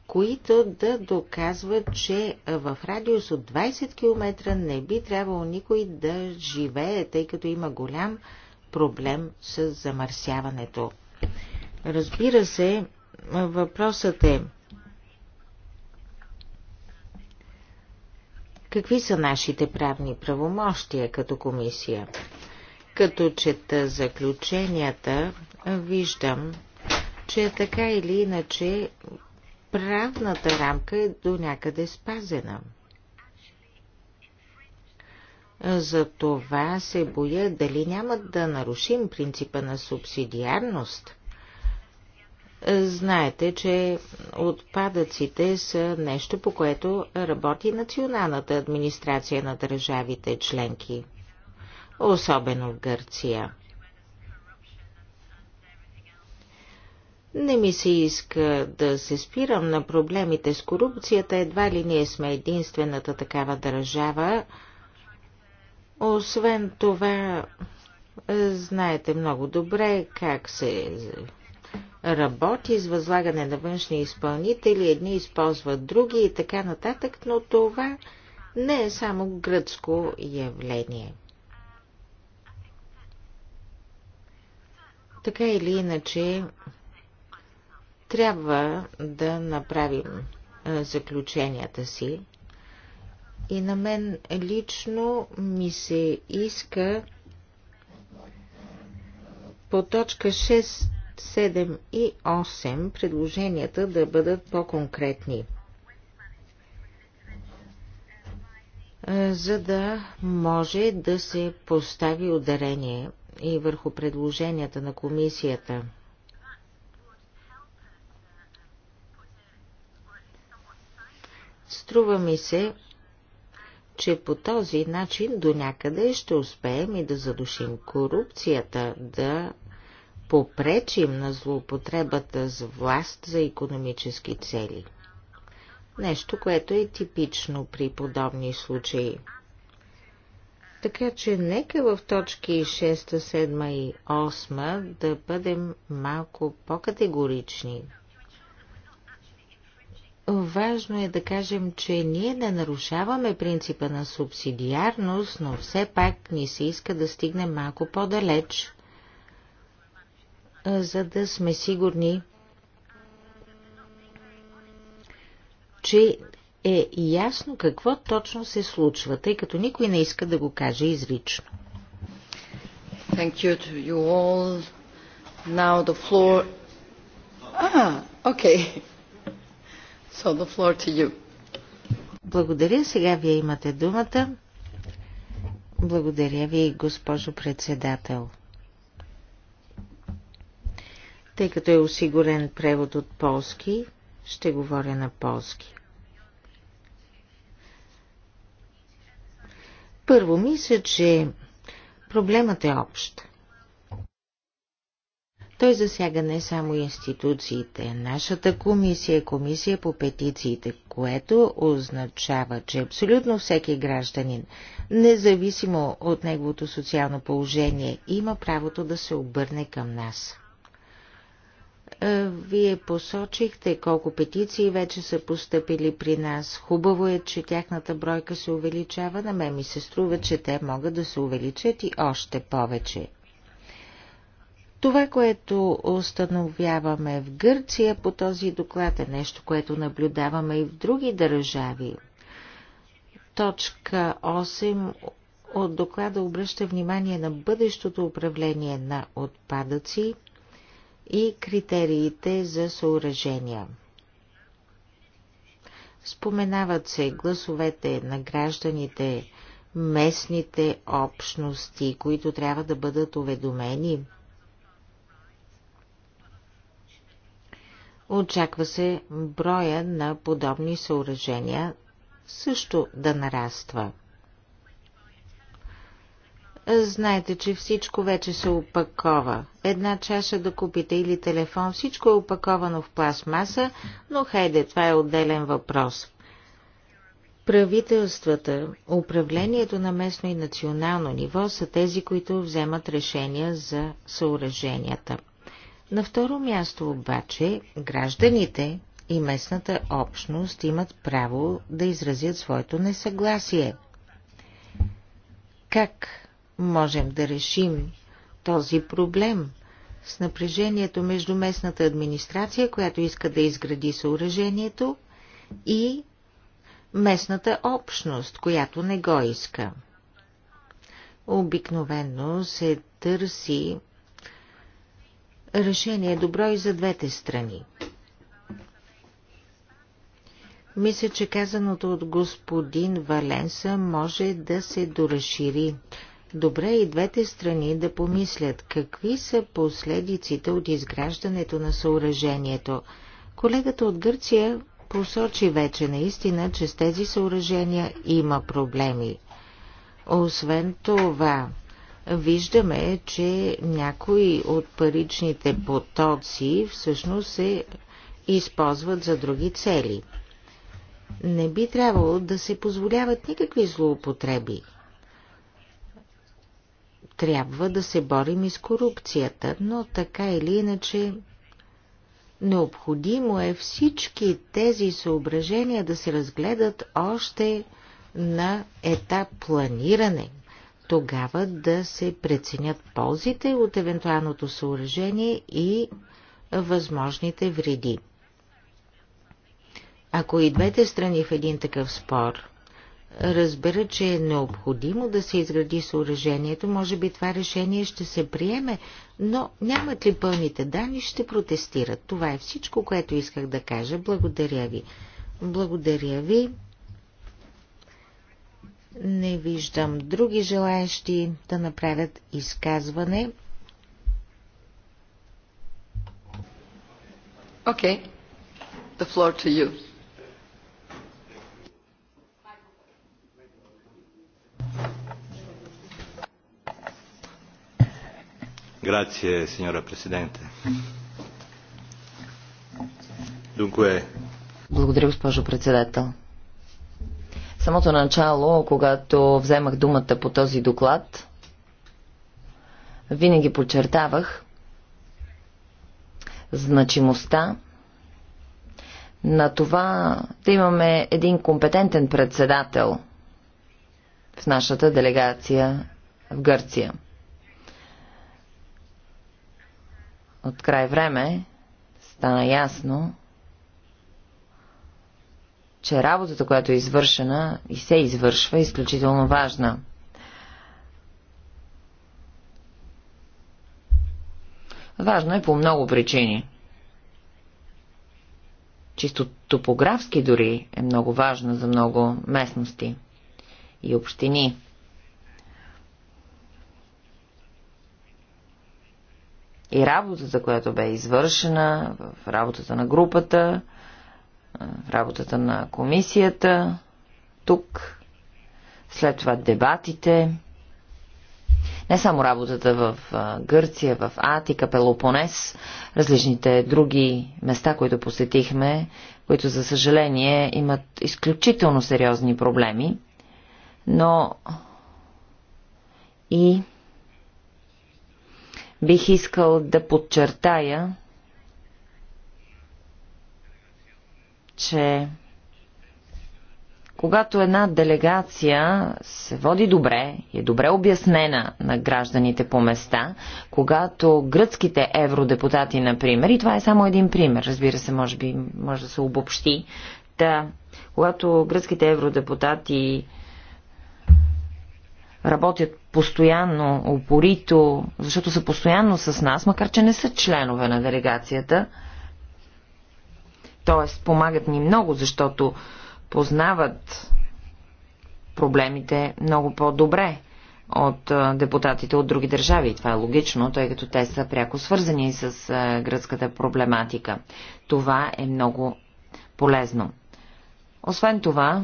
които да доказват, че в радиус от 20 км не би трябвало никой да живее, тъй като има голям проблем с замърсяването. Разбира се, въпросът е какви са нашите правни правомощия като комисия? Като чета заключенията, виждам, че така или иначе правната рамка е до някъде спазена. За това се боя дали няма да нарушим принципа на субсидиарност. Знаете, че отпадъците са нещо, по което работи националната администрация на държавите членки, особено в Гърция. Не ми се иска да се спирам на проблемите с корупцията, едва ли ние сме единствената такава държава. Освен това, знаете много добре как се работи с възлагане на външни изпълнители, едни използват други и така нататък, но това не е само гръцко явление. Така или иначе, трябва да направим е, заключенията си. И на мен лично ми се иска по точка 6, 7 и 8 предложенията да бъдат по-конкретни. Е, за да може да се постави ударение и върху предложенията на комисията – Струва ми се, че по този начин до някъде ще успеем и да задушим корупцията, да попречим на злоупотребата с власт за економически цели. Нещо, което е типично при подобни случаи. Така че нека в точки 6, 7 и 8 да бъдем малко по-категорични, Важно е да кажем, че ние не нарушаваме принципа на субсидиарност, но все пак ни се иска да стигнем малко по-далеч, за да сме сигурни, че е ясно какво точно се случва, тъй като никой не иска да го каже изрично. Thank you to you all. Now the floor... Ah, okay. So the floor to you. Благодаря. Сега вие имате думата. Благодаря ви, госпожо председател. Тъй като е осигурен превод от полски, ще говоря на полски. Първо, мисля, че проблемът е общ. Той засяга не само институциите, нашата комисия е комисия по петициите, което означава, че абсолютно всеки гражданин, независимо от неговото социално положение, има правото да се обърне към нас. Е, вие посочихте колко петиции вече са поступили при нас. Хубаво е, че тяхната бройка се увеличава. На мен ми се струва, че те могат да се увеличат и още повече. Това, което установяваме в Гърция по този доклад е нещо, което наблюдаваме и в други държави. Точка 8 от доклада обръща внимание на бъдещото управление на отпадъци и критериите за съоръжения. Споменават се гласовете на гражданите, местните общности, които трябва да бъдат уведомени – Очаква се броя на подобни съоръжения също да нараства. Знаете, че всичко вече се опакова. Една чаша да купите или телефон, всичко е опаковано в пластмаса, но хайде, това е отделен въпрос. Правителствата, управлението на местно и национално ниво са тези, които вземат решения за съоръженията – на второ място обаче гражданите и местната общност имат право да изразят своето несъгласие. Как можем да решим този проблем с напрежението между местната администрация, която иска да изгради съоръжението, и местната общност, която не го иска? Обикновено се търси решение е добро и за двете страни. Мисля, че казаното от господин Валенса може да се доразшири. Добре е и двете страни да помислят какви са последиците от изграждането на съоръжението. Колегата от Гърция посочи вече наистина, че с тези съоръжения има проблеми. Освен това, виждаме, че някои от паричните потоци всъщност се използват за други цели. Не би трябвало да се позволяват никакви злоупотреби. Трябва да се борим и с корупцията, но така или иначе необходимо е всички тези съображения да се разгледат още на етап планиране – тогава да се преценят ползите от евентуалното съоръжение и възможните вреди. Ако и двете страни в един такъв спор разберат, че е необходимо да се изгради съоръжението, може би това решение ще се приеме, но нямат ли пълните данни, ще протестират. Това е всичко, което исках да кажа. Благодаря ви. Благодаря ви. Не виждам други желаящи да направят изказване. Окей. Okay. The floor to you. Grazie, signora Presidente. Dunque... Благодаря, госпожо председател самото начало, когато вземах думата по този доклад, винаги подчертавах значимостта на това да имаме един компетентен председател в нашата делегация в Гърция. От край време стана ясно, че работата, която е извършена и се извършва, е изключително важна. Важно е по много причини. Чисто топографски дори е много важно за много местности и общини. И работата, която бе извършена, в работата на групата, работата на комисията тук, след това дебатите, не само работата в Гърция, в Атика, Пелопонес, различните други места, които посетихме, които за съжаление имат изключително сериозни проблеми, но и бих искал да подчертая, че когато една делегация се води добре, е добре обяснена на гражданите по места, когато гръцките евродепутати, например, и това е само един пример, разбира се, може би може да се обобщи, да, когато гръцките евродепутати работят постоянно, упорито, защото са постоянно с нас, макар че не са членове на делегацията, т.е. помагат ни много, защото познават проблемите много по-добре от депутатите от други държави. това е логично, тъй като те са пряко свързани с гръцката проблематика. Това е много полезно. Освен това,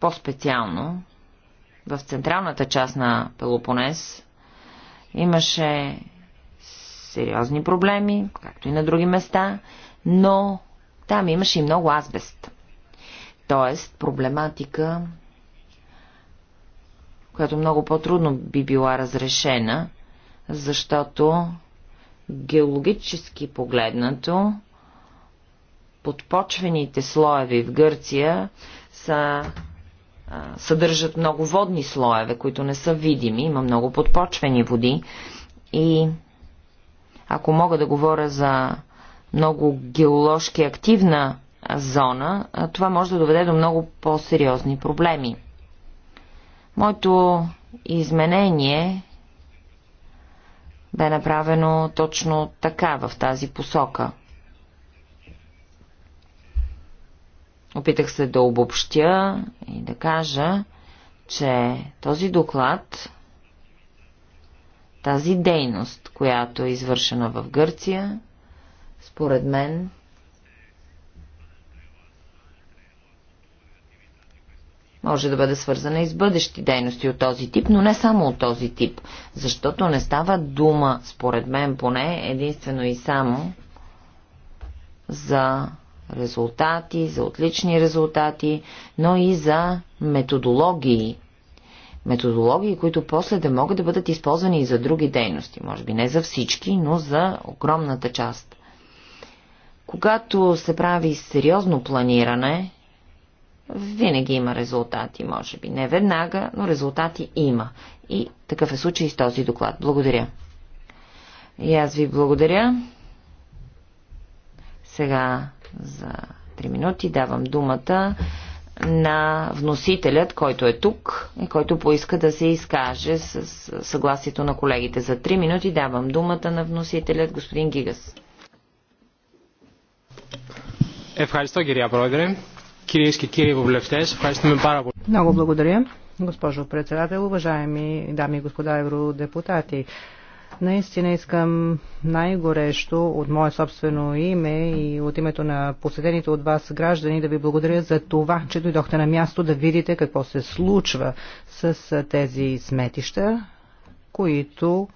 по-специално, в централната част на Пелопонес имаше сериозни проблеми, както и на други места, но там имаше и много азбест. Тоест, проблематика, която много по-трудно би била разрешена, защото геологически погледнато, подпочвените слоеви в Гърция са, а, съдържат много водни слоеве, които не са видими. Има много подпочвени води и ако мога да говоря за много геоложки активна зона, това може да доведе до много по-сериозни проблеми. Моето изменение бе направено точно така в тази посока. Опитах се да обобщя и да кажа, че този доклад тази дейност, която е извършена в Гърция, според мен може да бъде свързана и с бъдещи дейности от този тип, но не само от този тип, защото не става дума, според мен поне, единствено и само за резултати, за отлични резултати, но и за методологии, методологии, които после да могат да бъдат използвани и за други дейности. Може би не за всички, но за огромната част. Когато се прави сериозно планиране, винаги има резултати, може би. Не веднага, но резултати има. И такъв е случай с този доклад. Благодаря. И аз ви благодаря. Сега за 3 минути давам думата на вносителят, който е тук и който поиска да се изкаже с съгласието на колегите. За три минути давам думата на вносителят, господин Гигас. Ευχαριστώ κυρία Πρόεδρε. Κυρίες και κύριοι βουλευτές, ευχαριστούμε πάρα πολύ. Много благодаря, госпожо председател, уважаеми дами и господа евродепутати. Наистина искам най-горещо от мое собствено име и от името на посетените от вас граждани да ви благодаря за това, че дойдохте на място да видите какво се случва с тези сметища, които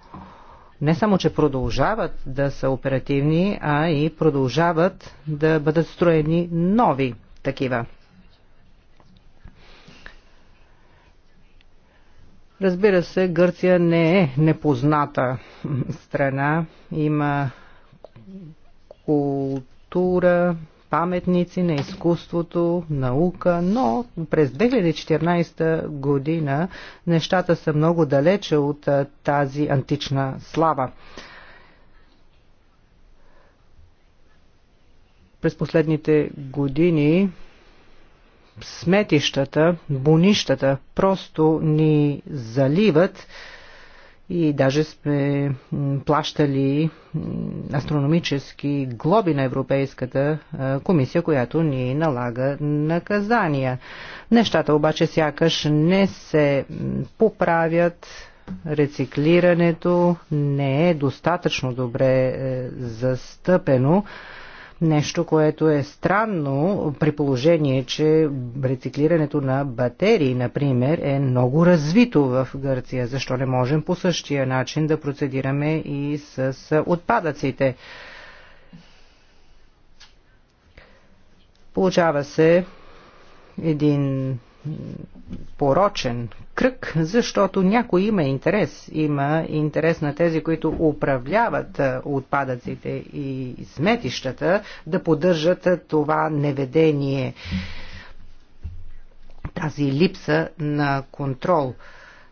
не само, че продължават да са оперативни, а и продължават да бъдат строени нови такива. Разбира се, Гърция не е непозната страна. Има култура, паметници на изкуството, наука, но през 2014 година нещата са много далече от тази антична слава. През последните години сметищата, бунищата просто ни заливат и даже сме плащали астрономически глоби на Европейската комисия, която ни налага наказания. Нещата обаче сякаш не се поправят, рециклирането не е достатъчно добре е, застъпено. Нещо, което е странно при положение, че рециклирането на батерии, например, е много развито в Гърция. Защо не можем по същия начин да процедираме и с отпадъците? Получава се един порочен кръг, защото някой има интерес. Има интерес на тези, които управляват отпадъците и сметищата, да поддържат това неведение, тази липса на контрол.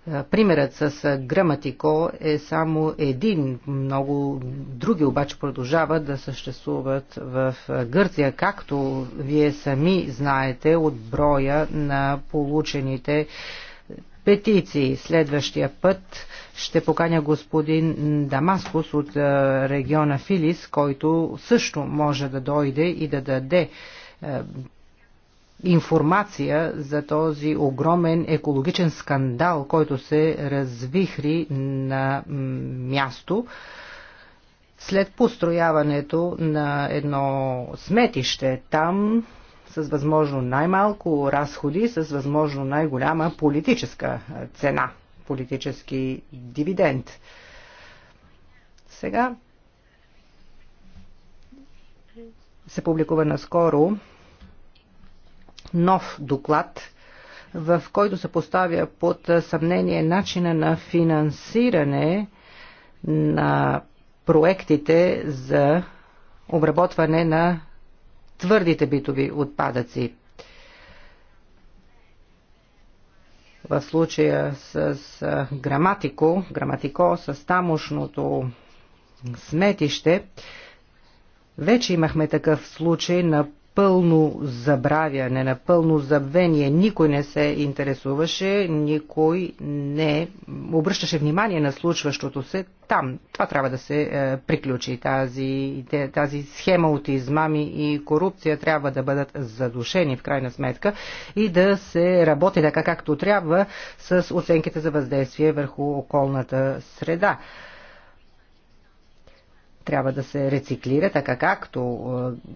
Е, примерът с е, граматико е само един. Много други обаче продължават да съществуват в е, Гърция, както вие сами знаете от броя на получените петиции. Следващия път ще поканя господин Дамаскус от региона Филис, който също може да дойде и да даде информация за този огромен екологичен скандал, който се развихри на място след построяването на едно сметище там с възможно най-малко разходи, с възможно най-голяма политическа цена, политически дивиденд. Сега се публикува наскоро нов доклад, в който се поставя под съмнение начина на финансиране на проектите за обработване на твърдите битови отпадъци. В случая с граматико, граматико с тамошното сметище, вече имахме такъв случай на пълно забравяне, на пълно забвение. Никой не се интересуваше, никой не обръщаше внимание на случващото се там. Това трябва да се е, приключи. Тази, тази схема от измами и корупция трябва да бъдат задушени в крайна сметка и да се работи така както трябва с оценките за въздействие върху околната среда трябва да се рециклира, така както е,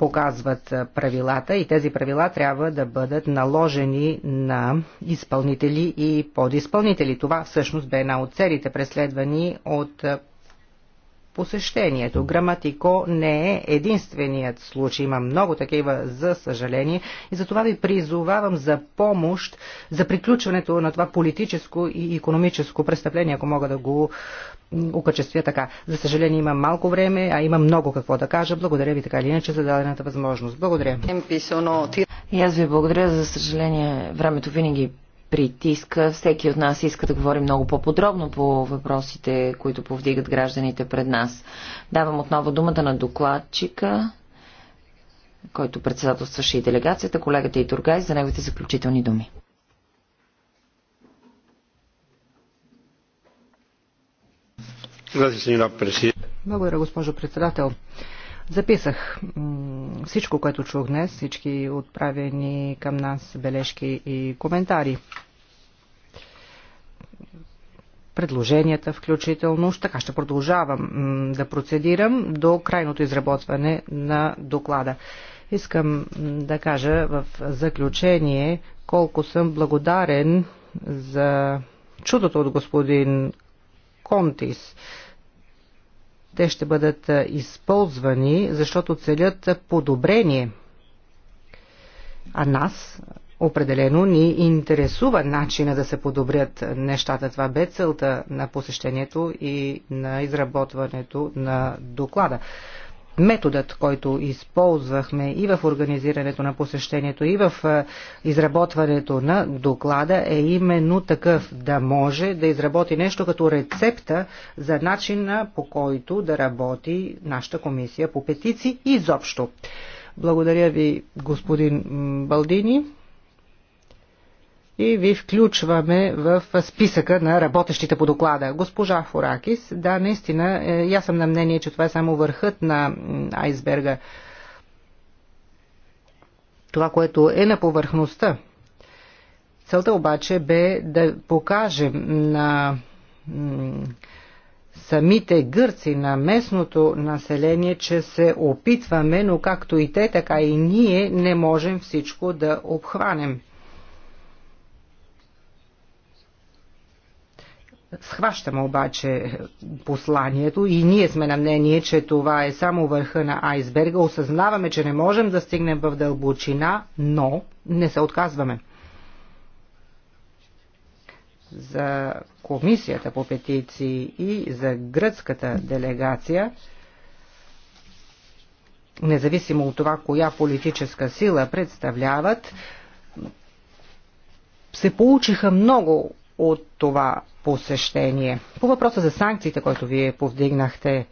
показват правилата и тези правила трябва да бъдат наложени на изпълнители и подизпълнители. Това всъщност бе една от целите преследвани от посещението. Граматико не е единственият случай. Има много такива, за съжаление. И затова ви призовавам за помощ за приключването на това политическо и економическо престъпление, ако мога да го Окачествия така. За съжаление има малко време, а има много какво да кажа. Благодаря ви така или иначе за дадената възможност. Благодаря. И аз ви благодаря. За съжаление времето винаги притиска. Всеки от нас иска да говори много по-подробно по въпросите, които повдигат гражданите пред нас. Давам отново думата на докладчика, който председателстваше и делегацията, колегата Итургай, за неговите заключителни думи. Благодаря, госпожо председател. Записах всичко, което чух днес, всички отправени към нас бележки и коментари. Предложенията включително. Така ще продължавам да процедирам до крайното изработване на доклада. Искам да кажа в заключение колко съм благодарен за чудото от господин Контис. Те ще бъдат използвани, защото целят подобрение. А нас определено ни интересува начина да се подобрят нещата. Това бе целта на посещението и на изработването на доклада методът, който използвахме и в организирането на посещението, и в изработването на доклада е именно такъв да може да изработи нещо като рецепта за начина по който да работи нашата комисия по петиции изобщо. Благодаря ви, господин Балдини и ви включваме в списъка на работещите по доклада. Госпожа Форакис, да, наистина, я е, аз съм на мнение, че това е само върхът на айсберга. Това, което е на повърхността. Целта обаче бе да покажем на самите гърци на местното население, че се опитваме, но както и те, така и ние не можем всичко да обхванем. Схващаме обаче посланието и ние сме на мнение, че това е само върха на айсберга. Осъзнаваме, че не можем да стигнем в дълбочина, но не се отказваме. За комисията по петиции и за гръцката делегация независимо от това коя политическа сила представляват, се получиха много от това посещение. По въпроса за санкциите, който вие повдигнахте,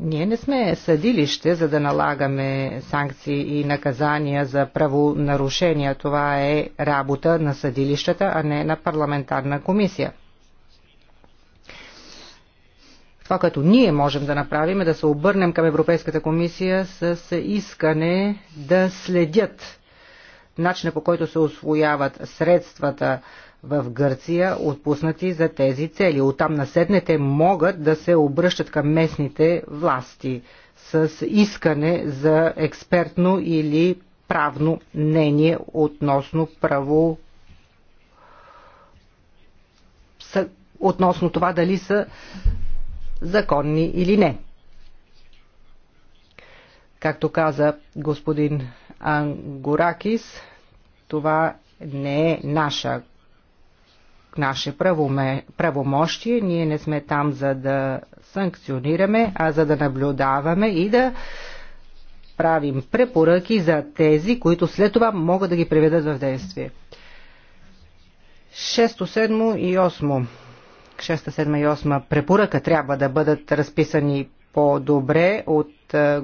ние не сме съдилище, за да налагаме санкции и наказания за правонарушения. Това е работа на съдилищата, а не на парламентарна комисия. Това, което ние можем да направим е да се обърнем към Европейската комисия с искане да следят начина по който се освояват средствата в Гърция, отпуснати за тези цели. Оттам наседнете могат да се обръщат към местните власти с искане за експертно или правно мнение относно право относно това дали са законни или не. Както каза господин Ангоракис, това не е наша наше правоме, правомощие. Ние не сме там за да санкционираме, а за да наблюдаваме и да правим препоръки за тези, които след това могат да ги приведат в действие. 6, 7 и 8. 6, 7 и 8 препоръка трябва да бъдат разписани по-добре от е,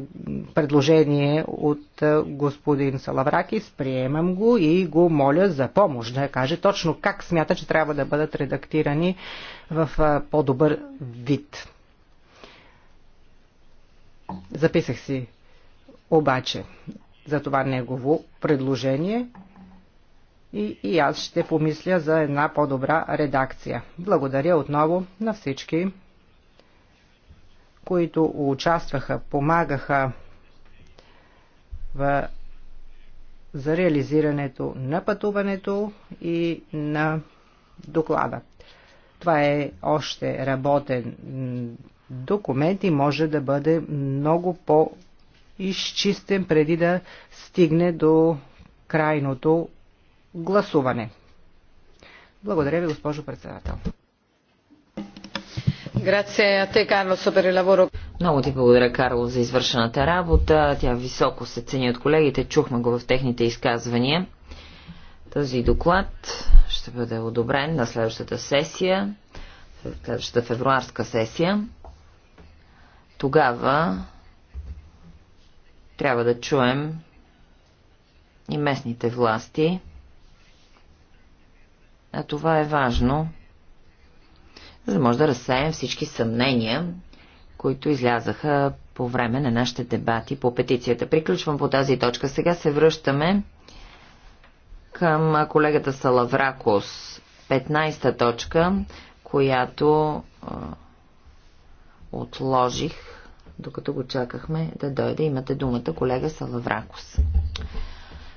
предложение от е, господин Салавракис. Приемам го и го моля за помощ да каже точно как смята, че трябва да бъдат редактирани в е, по-добър вид. Записах си обаче за това негово предложение и, и аз ще помисля за една по-добра редакция. Благодаря отново на всички които участваха, помагаха в, за реализирането на пътуването и на доклада. Това е още работен документ и може да бъде много по-изчистен преди да стигне до крайното гласуване. Благодаря ви, госпожо председател. Много ти благодаря, Карло, за извършената работа. Тя високо се цени от колегите. Чухме го в техните изказвания. Този доклад ще бъде одобрен на следващата сесия, следващата февруарска сесия. Тогава трябва да чуем и местните власти. А това е важно, за да може да разсеем всички съмнения, които излязаха по време на нашите дебати по петицията. Приключвам по тази точка. Сега се връщаме към колегата Салавракос. 15-та точка, която отложих, докато го чакахме да дойде. Имате думата, колега Салавракос.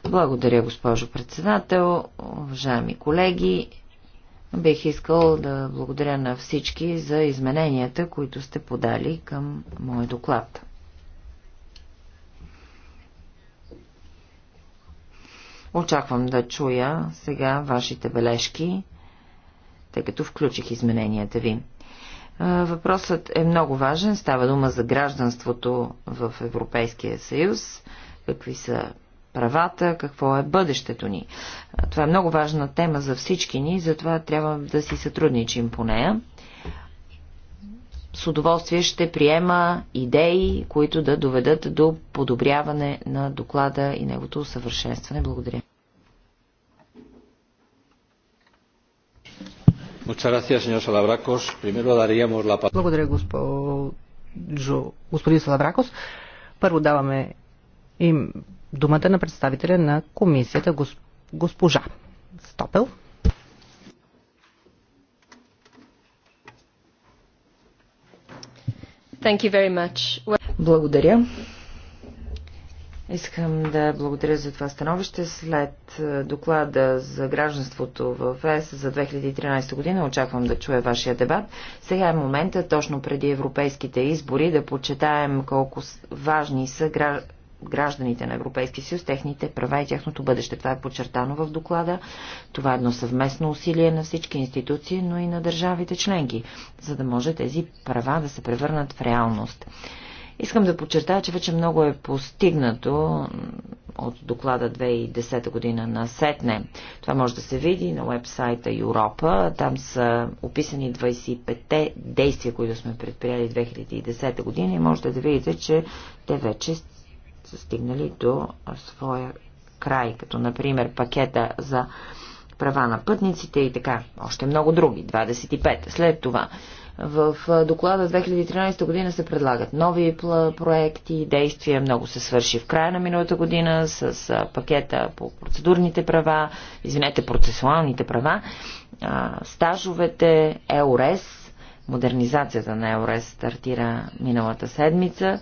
Благодаря, госпожо председател, уважаеми колеги. Бих искал да благодаря на всички за измененията, които сте подали към мой доклад. Очаквам да чуя сега вашите бележки, тъй като включих измененията ви. Въпросът е много важен. Става дума за гражданството в Европейския съюз, какви са правата, какво е бъдещето ни. Това е много важна тема за всички ни, затова трябва да си сътрудничим по нея. С удоволствие ще приема идеи, които да доведат до подобряване на доклада и неговото усъвършенстване. Благодаря. Благодаря, господин Салабракос. Първо даваме им думата на представителя на комисията госпожа Стопел. Thank you very much. Благодаря. Искам да благодаря за това становище. След е, доклада за гражданството в ЕС за 2013 година очаквам да чуя вашия дебат. Сега е момента, точно преди европейските избори, да почетаем колко важни са гражданите гражданите на Европейския съюз, техните права и тяхното бъдеще. Това е подчертано в доклада. Това е едно съвместно усилие на всички институции, но и на държавите членки, за да може тези права да се превърнат в реалност. Искам да подчертая, че вече много е постигнато от доклада 2010 година на Сетне. Това може да се види на вебсайта Европа. Там са описани 25-те действия, които сме предприяли 2010 година и можете да видите, че те вече са стигнали до своя край, като например пакета за права на пътниците и така, още много други, 25. След това в доклада 2013 година се предлагат нови проекти, действия, много се свърши в края на миналата година с пакета по процедурните права, извинете, процесуалните права, стажовете, ЕОРЕС, модернизацията на ЕОРЕС стартира миналата седмица,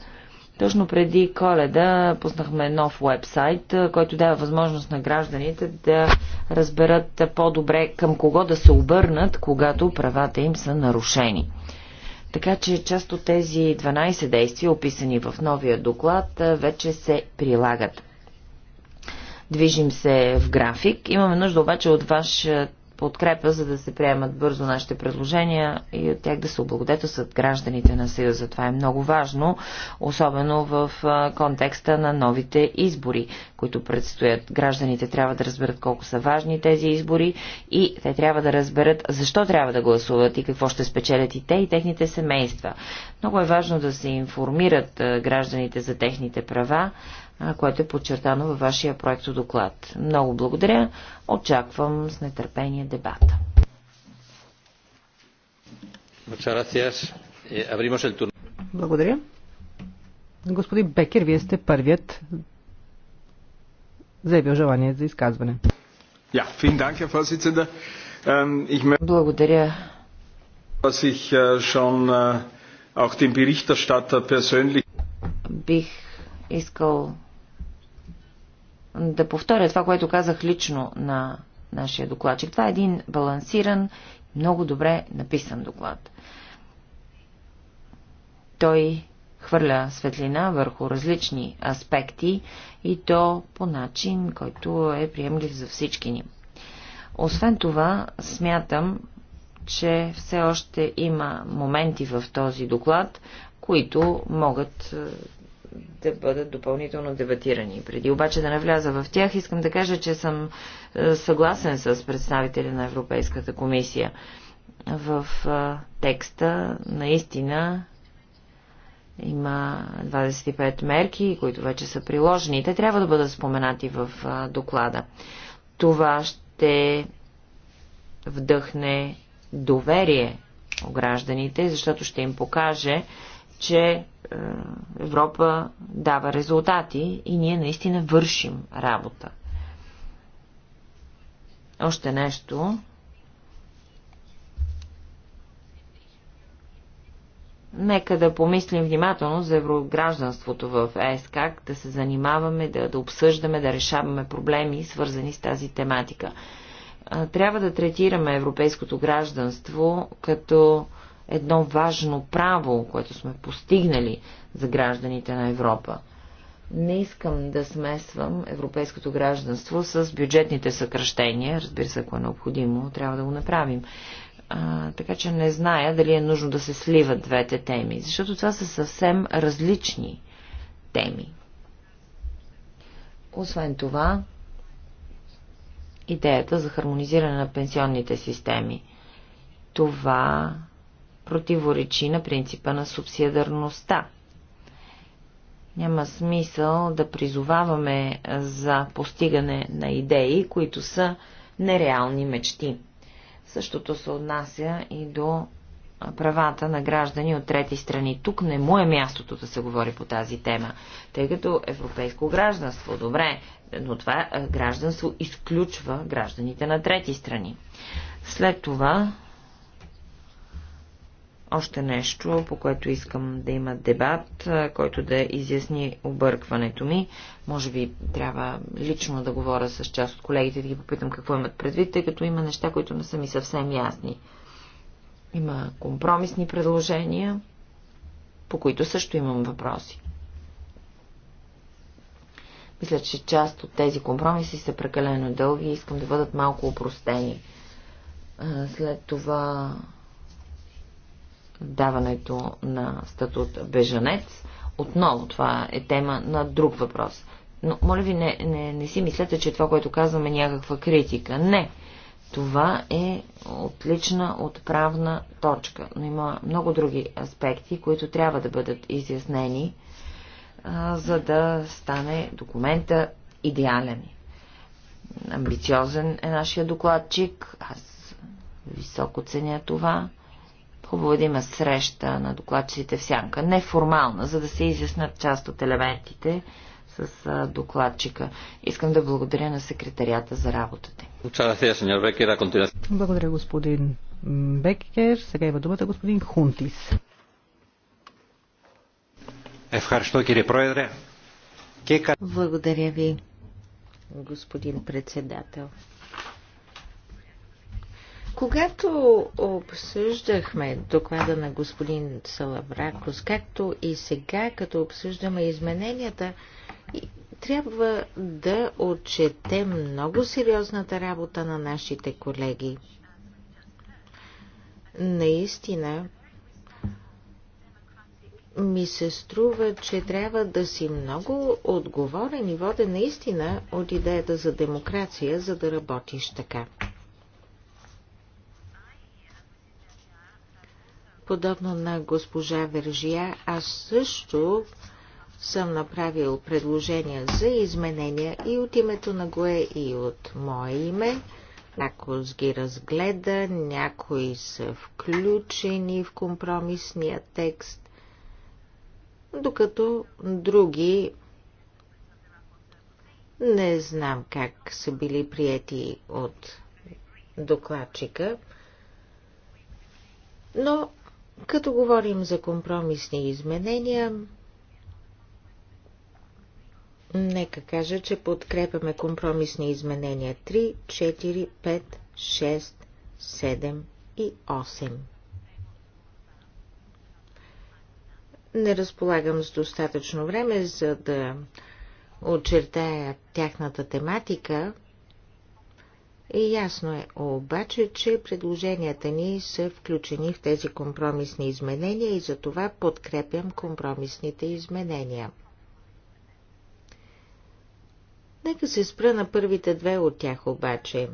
точно преди коледа пуснахме нов вебсайт, който дава възможност на гражданите да разберат по-добре към кого да се обърнат, когато правата им са нарушени. Така че част от тези 12 действия, описани в новия доклад, вече се прилагат. Движим се в график. Имаме нужда обаче от ваша подкрепа, за да се приемат бързо нашите предложения и от тях да се облагодетелстват гражданите на Съюза. Това е много важно, особено в контекста на новите избори, които предстоят. Гражданите трябва да разберат колко са важни тези избори и те трябва да разберат защо трябва да гласуват и какво ще спечелят и те и техните семейства. Много е важно да се информират гражданите за техните права, което е подчертано във вашия проекто доклад. Много благодаря. Очаквам с нетърпение дебата. Eh, благодаря. Господин Бекер, вие сте първият заявил желание за изказване. Благодаря. Бих искал да повторя това, което казах лично на нашия докладчик. Това е един балансиран, много добре написан доклад. Той хвърля светлина върху различни аспекти и то по начин, който е приемлив за всички ни. Освен това, смятам, че все още има моменти в този доклад, които могат да бъдат допълнително дебатирани. Преди обаче да навляза в тях, искам да кажа, че съм е, съгласен с представителя на Европейската комисия. В е, текста наистина има 25 мерки, които вече са приложени. Те трябва да бъдат споменати в е, доклада. Това ще вдъхне доверие у гражданите, защото ще им покаже, че е, Европа дава резултати и ние наистина вършим работа. Още нещо. Нека да помислим внимателно за еврогражданството в ЕС, как да се занимаваме, да, да обсъждаме, да решаваме проблеми, свързани с тази тематика. Трябва да третираме европейското гражданство като едно важно право, което сме постигнали за гражданите на Европа. Не искам да смесвам европейското гражданство с бюджетните съкръщения. Разбира се, ако е необходимо, трябва да го направим. А, така че не зная дали е нужно да се сливат двете теми, защото това са съвсем различни теми. Освен това, идеята за хармонизиране на пенсионните системи. Това противоречи на принципа на субсидарността. Няма смисъл да призоваваме за постигане на идеи, които са нереални мечти. Същото се отнася и до правата на граждани от трети страни. Тук не му е мястото да се говори по тази тема, тъй като европейско гражданство, добре, но това е, е, гражданство изключва гражданите на трети страни. След това още нещо, по което искам да има дебат, който да изясни объркването ми. Може би трябва лично да говоря с част от колегите, да ги попитам какво имат предвид, тъй като има неща, които не са ми съвсем ясни. Има компромисни предложения, по които също имам въпроси. Мисля, че част от тези компромиси са прекалено дълги и искам да бъдат малко упростени. След това даването на статут бежанец. Отново това е тема на друг въпрос. Но, моля ви, не, не, не си мислете, че това, което казваме, е някаква критика. Не. Това е отлична отправна точка, но има много други аспекти, които трябва да бъдат изяснени, а, за да стане документа идеален. Амбициозен е нашия докладчик, аз високо ценя това. Хубаво да има среща на докладчиците в сянка, неформална, за да се изяснат част от елементите с докладчика. Искам да благодаря на секретарията за работата. Благодаря, господин Бекер. Сега има думата господин Хунтис. Благодаря ви, господин председател. Когато обсъждахме доклада на господин Салабракос, както и сега, като обсъждаме измененията, трябва да отчетем много сериозната работа на нашите колеги. Наистина, ми се струва, че трябва да си много отговорен и воден наистина от идеята за демокрация, за да работиш така. Подобно на госпожа Вержия, аз също съм направил предложения за изменения и от името на Гое и от мое име. Ако ги разгледа, някои са включени в компромисния текст, докато други не знам как са били прияти от докладчика, но като говорим за компромисни изменения, нека кажа, че подкрепяме компромисни изменения 3, 4, 5, 6, 7 и 8. Не разполагам с достатъчно време, за да очертая тяхната тематика, Ясно е обаче, че предложенията ни са включени в тези компромисни изменения и затова подкрепям компромисните изменения. Нека се спра на първите две от тях обаче.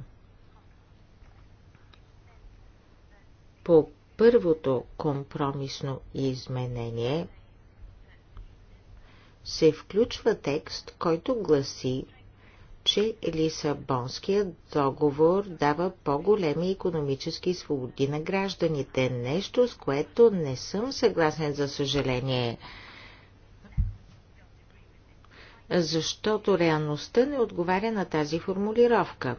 По първото компромисно изменение се включва текст, който гласи, че Лисабонският договор дава по-големи економически свободи на гражданите. Нещо, с което не съм съгласен, за съжаление. Защото реалността не отговаря на тази формулировка.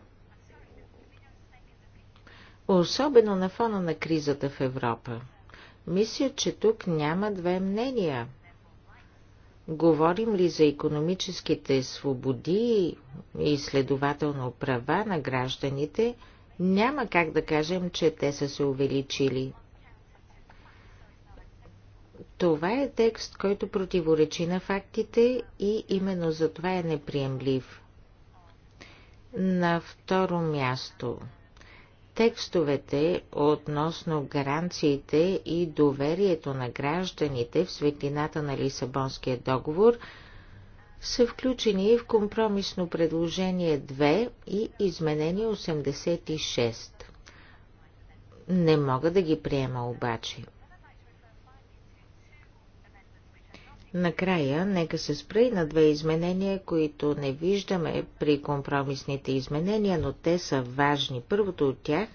Особено на фона на кризата в Европа. Мисля, че тук няма две мнения – Говорим ли за економическите свободи и следователно права на гражданите, няма как да кажем, че те са се увеличили. Това е текст, който противоречи на фактите и именно за това е неприемлив. На второ място Текстовете относно гаранциите и доверието на гражданите в светлината на Лисабонския договор са включени в компромисно предложение 2 и изменение 86. Не мога да ги приема обаче. Накрая, нека се спра и на две изменения, които не виждаме при компромисните изменения, но те са важни. Първото от тях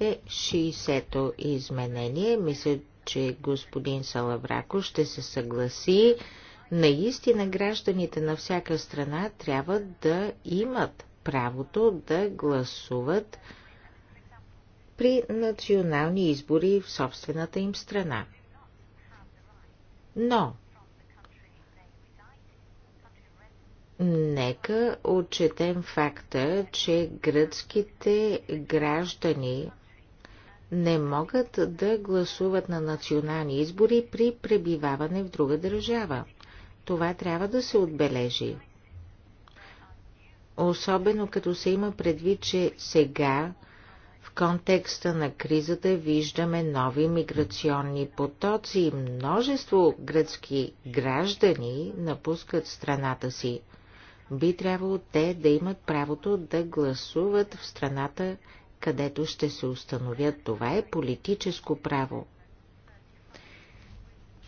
е 60-то изменение. Мисля, че господин Салаврако ще се съгласи. Наистина гражданите на всяка страна трябва да имат правото да гласуват при национални избори в собствената им страна. Но Нека отчетем факта, че гръцките граждани не могат да гласуват на национални избори при пребиваване в друга държава. Това трябва да се отбележи. Особено като се има предвид, че сега в контекста на кризата виждаме нови миграционни потоци и множество гръцки граждани напускат страната си би трябвало те да имат правото да гласуват в страната, където ще се установят. Това е политическо право.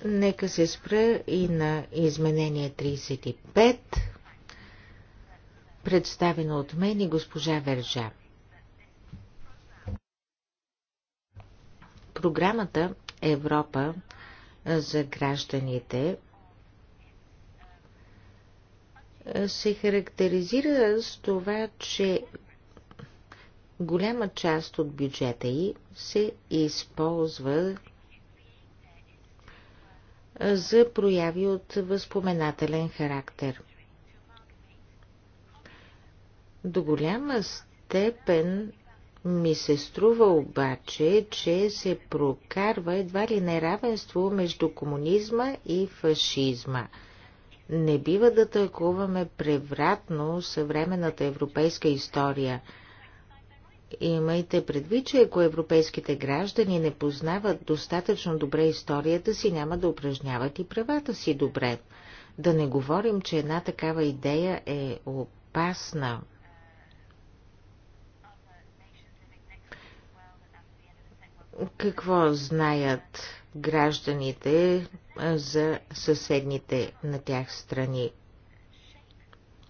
Нека се спра и на изменение 35, представено от мен и госпожа Вержа. Програмата Европа за гражданите се характеризира с това, че голяма част от бюджета й се използва за прояви от възпоменателен характер. До голяма степен ми се струва обаче, че се прокарва едва ли неравенство между комунизма и фашизма – не бива да тълкуваме превратно съвременната европейска история. Имайте предвид, че ако европейските граждани не познават достатъчно добре историята си, няма да упражняват и правата си добре. Да не говорим, че една такава идея е опасна. Какво знаят гражданите за съседните на тях страни,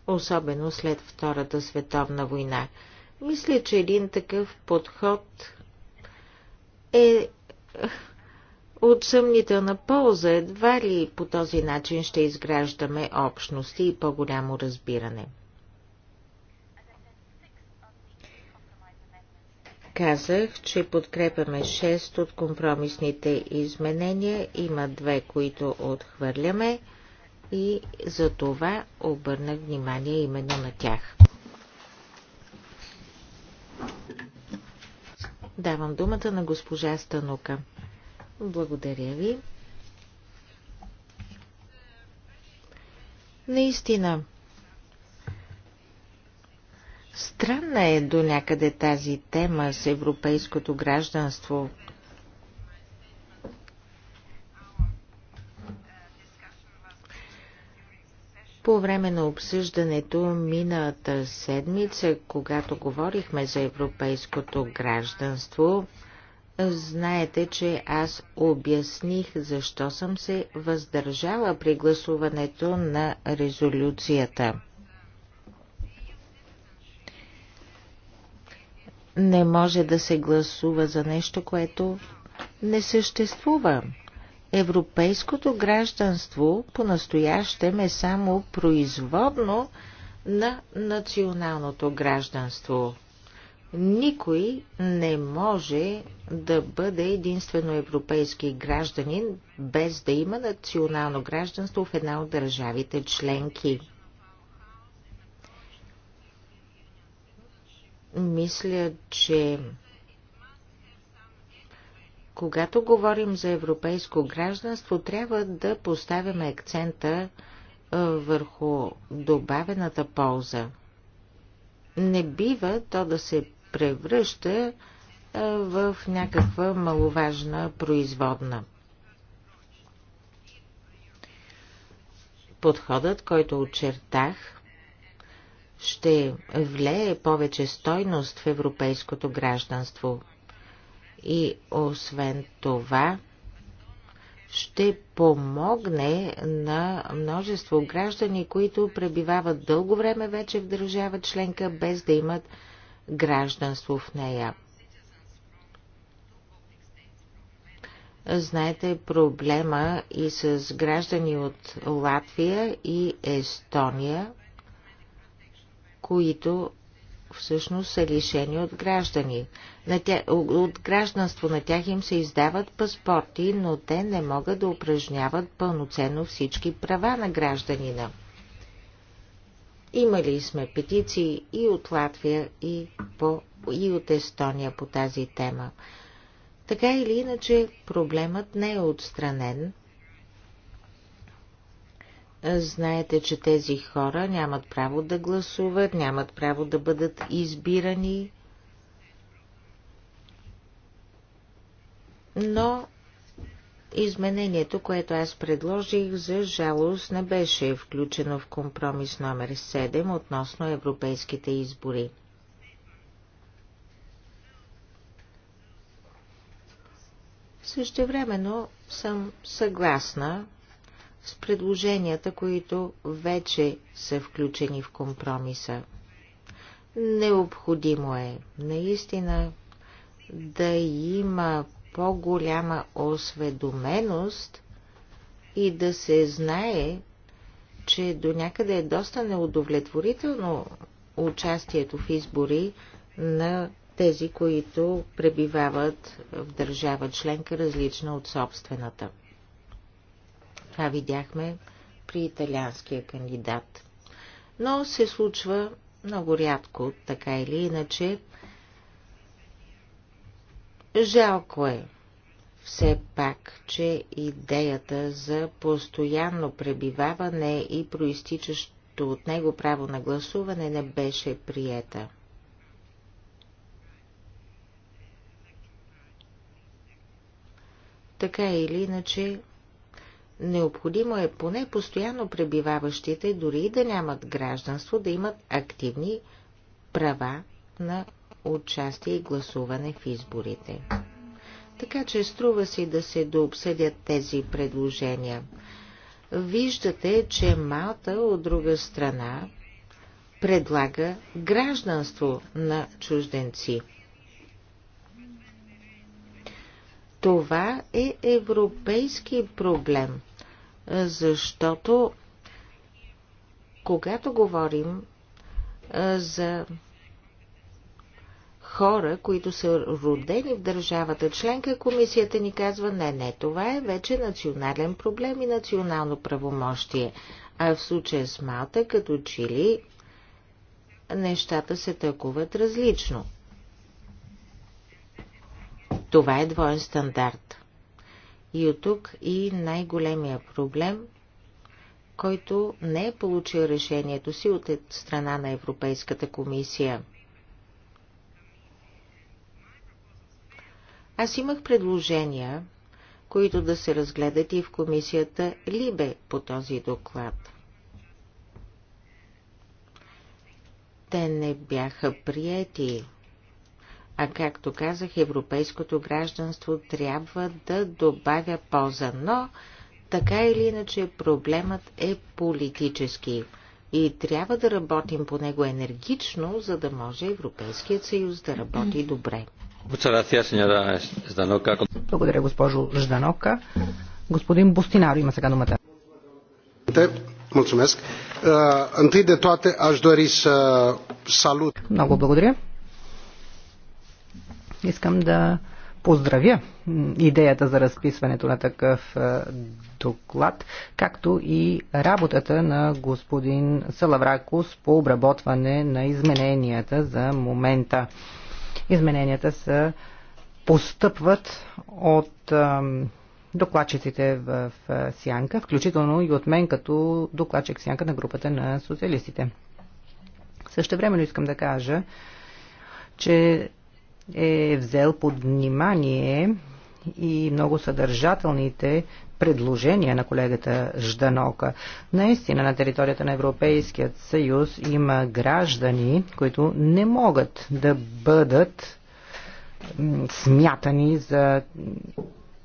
особено след Втората световна война. Мисля, че един такъв подход е от съмнителна полза. Едва ли по този начин ще изграждаме общности и по-голямо разбиране. Казах, че подкрепяме 6 от компромисните изменения. Има две, които отхвърляме и за това обърнах внимание именно на тях. Давам думата на госпожа Станука. Благодаря ви. Наистина, Странна е до някъде тази тема с европейското гражданство. По време на обсъждането миналата седмица, когато говорихме за европейското гражданство, знаете, че аз обясних защо съм се въздържала при гласуването на резолюцията – Не може да се гласува за нещо, което не съществува. Европейското гражданство по-настоящем е само производно на националното гражданство. Никой не може да бъде единствено европейски гражданин без да има национално гражданство в една от държавите членки. Мисля, че когато говорим за европейско гражданство, трябва да поставяме акцента върху добавената полза. Не бива то да се превръща в някаква маловажна производна. Подходът, който очертах, ще влее повече стойност в европейското гражданство. И освен това, ще помогне на множество граждани, които пребивават дълго време вече в държава членка, без да имат гражданство в нея. Знаете проблема и с граждани от Латвия и Естония – които всъщност са лишени от граждани. На тя, от гражданство на тях им се издават паспорти, но те не могат да упражняват пълноценно всички права на гражданина. Имали сме петиции и от Латвия, и, по, и от Естония по тази тема. Така или иначе, проблемът не е отстранен, Знаете, че тези хора нямат право да гласуват, нямат право да бъдат избирани. Но изменението, което аз предложих, за жалост не беше включено в компромис номер 7 относно европейските избори. времено съм съгласна с предложенията, които вече са включени в компромиса. Необходимо е наистина да има по-голяма осведоменост и да се знае, че до някъде е доста неудовлетворително участието в избори на тези, които пребивават в държава членка, различна от собствената. Това видяхме при италианския кандидат. Но се случва много рядко, така или иначе. Жалко е все пак, че идеята за постоянно пребиваване и проистичащо от него право на гласуване не беше приета. Така или иначе, Необходимо е поне постоянно пребиваващите, дори и да нямат гражданство, да имат активни права на участие и гласуване в изборите. Така че струва си да се дообсъдят тези предложения. Виждате, че Малта от друга страна предлага гражданство на чужденци. Това е европейски проблем защото когато говорим за хора, които са родени в държавата членка, комисията ни казва не, не, това е вече национален проблем и национално правомощие. А в случая с Малта, като Чили, нещата се тълкуват различно. Това е двоен стандарт. И от тук и най-големия проблем, който не е получил решението си от страна на Европейската комисия. Аз имах предложения, които да се разгледат и в комисията Либе по този доклад. Те не бяха приети. А както казах, европейското гражданство трябва да добавя полза, но така или иначе проблемът е политически и трябва да работим по него енергично, за да може Европейският съюз да работи добре. Благодаря, госпожо Жданока. Господин Бустинаро има сега думата. Много благодаря. Искам да поздравя идеята за разписването на такъв е, доклад, както и работата на господин Салавракус по обработване на измененията за момента. Измененията са постъпват от е, докладчиците в Сянка, включително и от мен като докладчик Сянка на групата на социалистите. Също времено искам да кажа, че е взел под внимание и много съдържателните предложения на колегата Жданока. Наистина на територията на Европейският съюз има граждани, които не могат да бъдат смятани за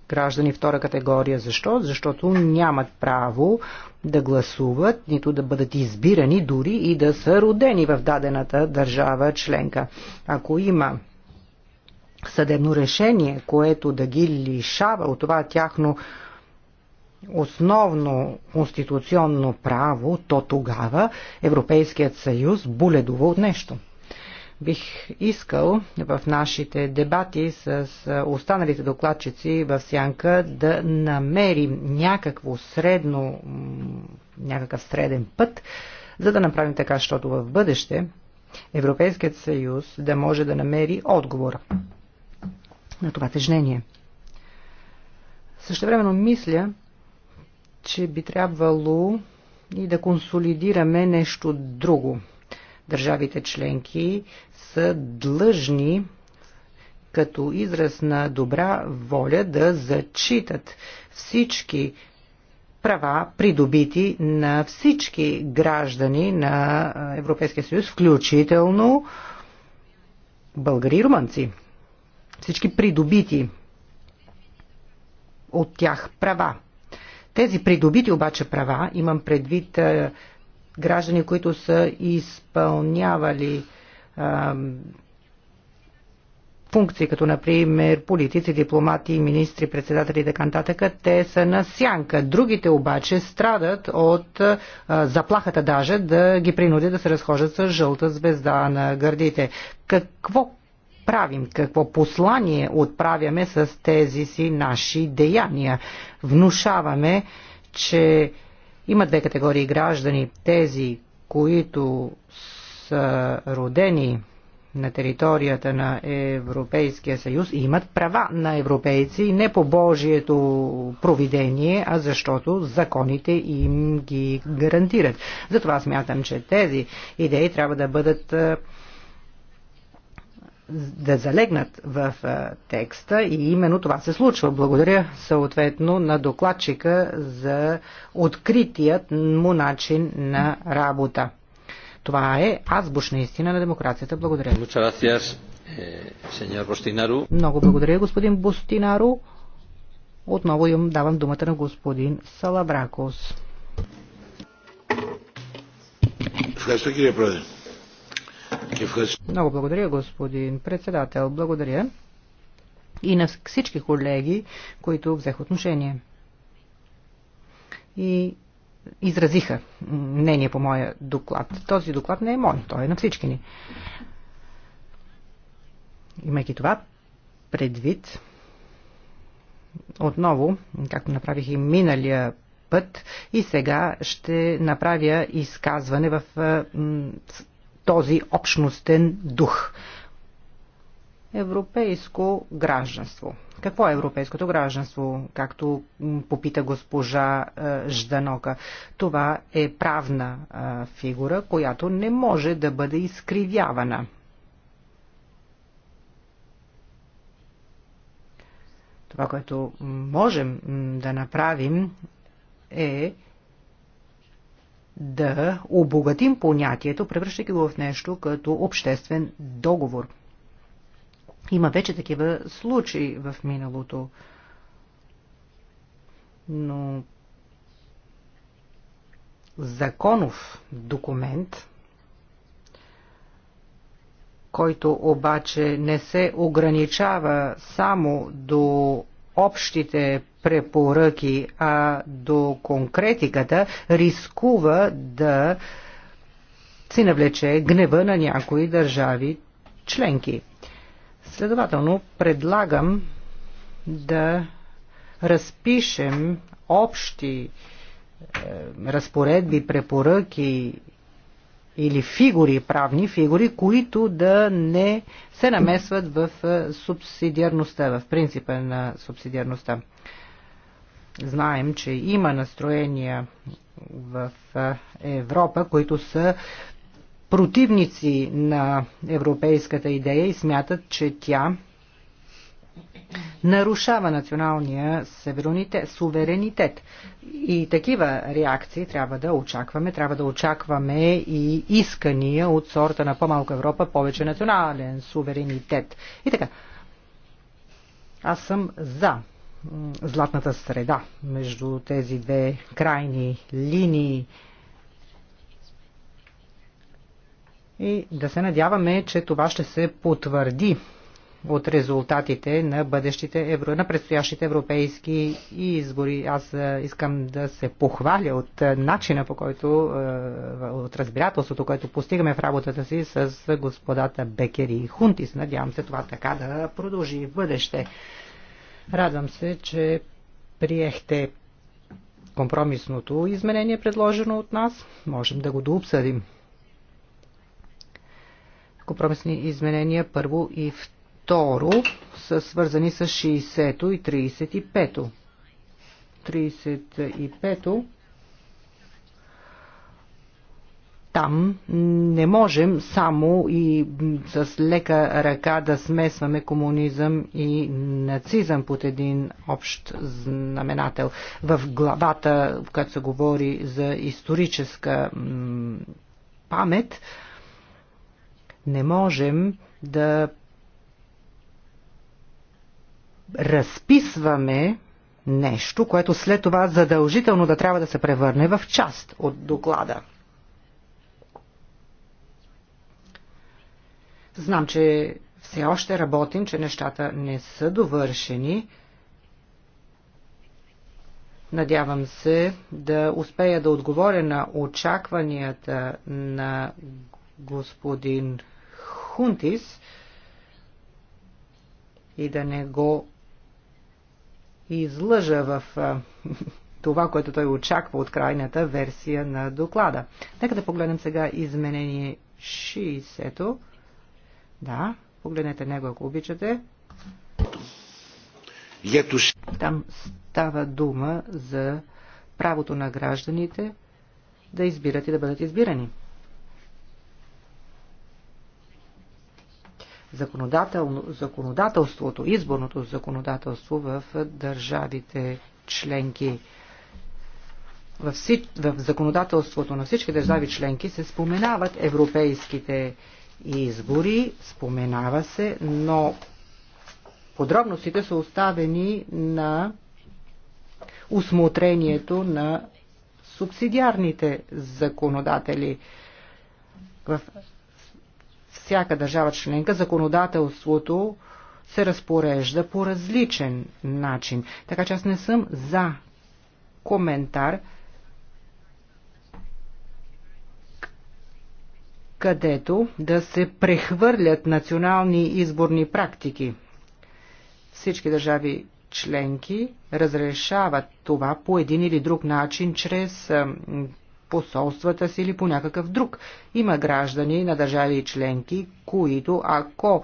граждани втора категория. Защо? Защото нямат право да гласуват, нито да бъдат избирани, дори и да са родени в дадената държава членка. Ако има съдебно решение, което да ги лишава от това тяхно основно конституционно право, то тогава Европейският съюз буледува от нещо. Бих искал в нашите дебати с останалите докладчици в Сянка да намерим някакво средно, някакъв среден път, за да направим така, защото в бъдеще Европейският съюз да може да намери отговор на това тежнение. Същевременно мисля, че би трябвало и да консолидираме нещо друго. Държавите членки са длъжни като израз на добра воля да зачитат всички права, придобити на всички граждани на Европейския съюз, включително българи и румънци всички придобити от тях права. Тези придобити обаче права, имам предвид е, граждани, които са изпълнявали е, функции, като например политици, дипломати, министри, председатели и така нататък, те са на сянка. Другите обаче страдат от е, заплахата даже да ги принуди да се разхождат с жълта звезда на гърдите. Какво правим, какво послание отправяме с тези си наши деяния. Внушаваме, че има две категории граждани. Тези, които са родени на територията на Европейския съюз имат права на европейци не по Божието провидение, а защото законите им ги гарантират. Затова смятам, че тези идеи трябва да бъдат е, да залегнат в текста и именно това се случва. Благодаря съответно на докладчика за откритият му начин на работа. Това е азбушна истина на демокрацията. Благодаря. Eh, Много благодаря, господин Бостинаро. Отново им давам думата на господин Салабракос. Ευχαριστώ κύριε Πρόεδρε. Много благодаря, господин председател. Благодаря и на всички колеги, които взех отношение и изразиха мнение по моя доклад. Този доклад не е мой, той е на всички ни. Имайки това предвид, отново, както направих и миналия път, и сега ще направя изказване в този общностен дух. Европейско гражданство. Какво е европейското гражданство, както попита госпожа е, Жданока? Това е правна е, фигура, която не може да бъде изкривявана. Това, което можем да направим е да обогатим понятието, превръщайки го в нещо като обществен договор. Има вече такива случаи в миналото, но законов документ, който обаче не се ограничава само до общите препоръки, а до конкретиката рискува да си навлече гнева на някои държави членки. Следователно, предлагам да разпишем общи е, разпоредби, препоръки или фигури, правни фигури, които да не се намесват в е, субсидиарността, в принципа на субсидиарността знаем, че има настроения в Европа, които са противници на европейската идея и смятат, че тя нарушава националния суверенитет. И такива реакции трябва да очакваме. Трябва да очакваме и искания от сорта на по-малка Европа, повече национален суверенитет. И така. Аз съм за златната среда между тези две крайни линии. И да се надяваме, че това ще се потвърди от резултатите на, бъдещите евро, на предстоящите европейски избори. Аз е, искам да се похваля от е, начина по който, е, от разбирателството, което постигаме в работата си с господата Бекери и Хунтис. Надявам се това така да продължи в бъдеще. Радвам се, че приехте компромисното изменение, предложено от нас. Можем да го дообсъдим. Компромисни изменения първо и второ са свързани с 60-то и 35-то. 35-то там не можем само и с лека ръка да смесваме комунизъм и нацизъм под един общ знаменател. В главата, в която се говори за историческа памет, не можем да разписваме нещо, което след това задължително да трябва да се превърне в част от доклада. Знам, че все още работим, че нещата не са довършени. Надявам се да успея да отговоря на очакванията на господин Хунтис и да не го излъжа в това, което той очаква от крайната версия на доклада. Нека да погледнем сега изменение 60-то. Да, погледнете него, ако обичате. Там става дума за правото на гражданите да избират и да бъдат избирани. законодателството, изборното законодателство в държавите членки. В, в законодателството на всички държави членки се споменават европейските избори, споменава се, но подробностите са оставени на усмотрението на субсидиарните законодатели. В всяка държава членка законодателството се разпорежда по различен начин. Така че аз не съм за коментар където да се прехвърлят национални изборни практики. Всички държави членки разрешават това по един или друг начин, чрез посолствата си или по някакъв друг. Има граждани на държави и членки, които ако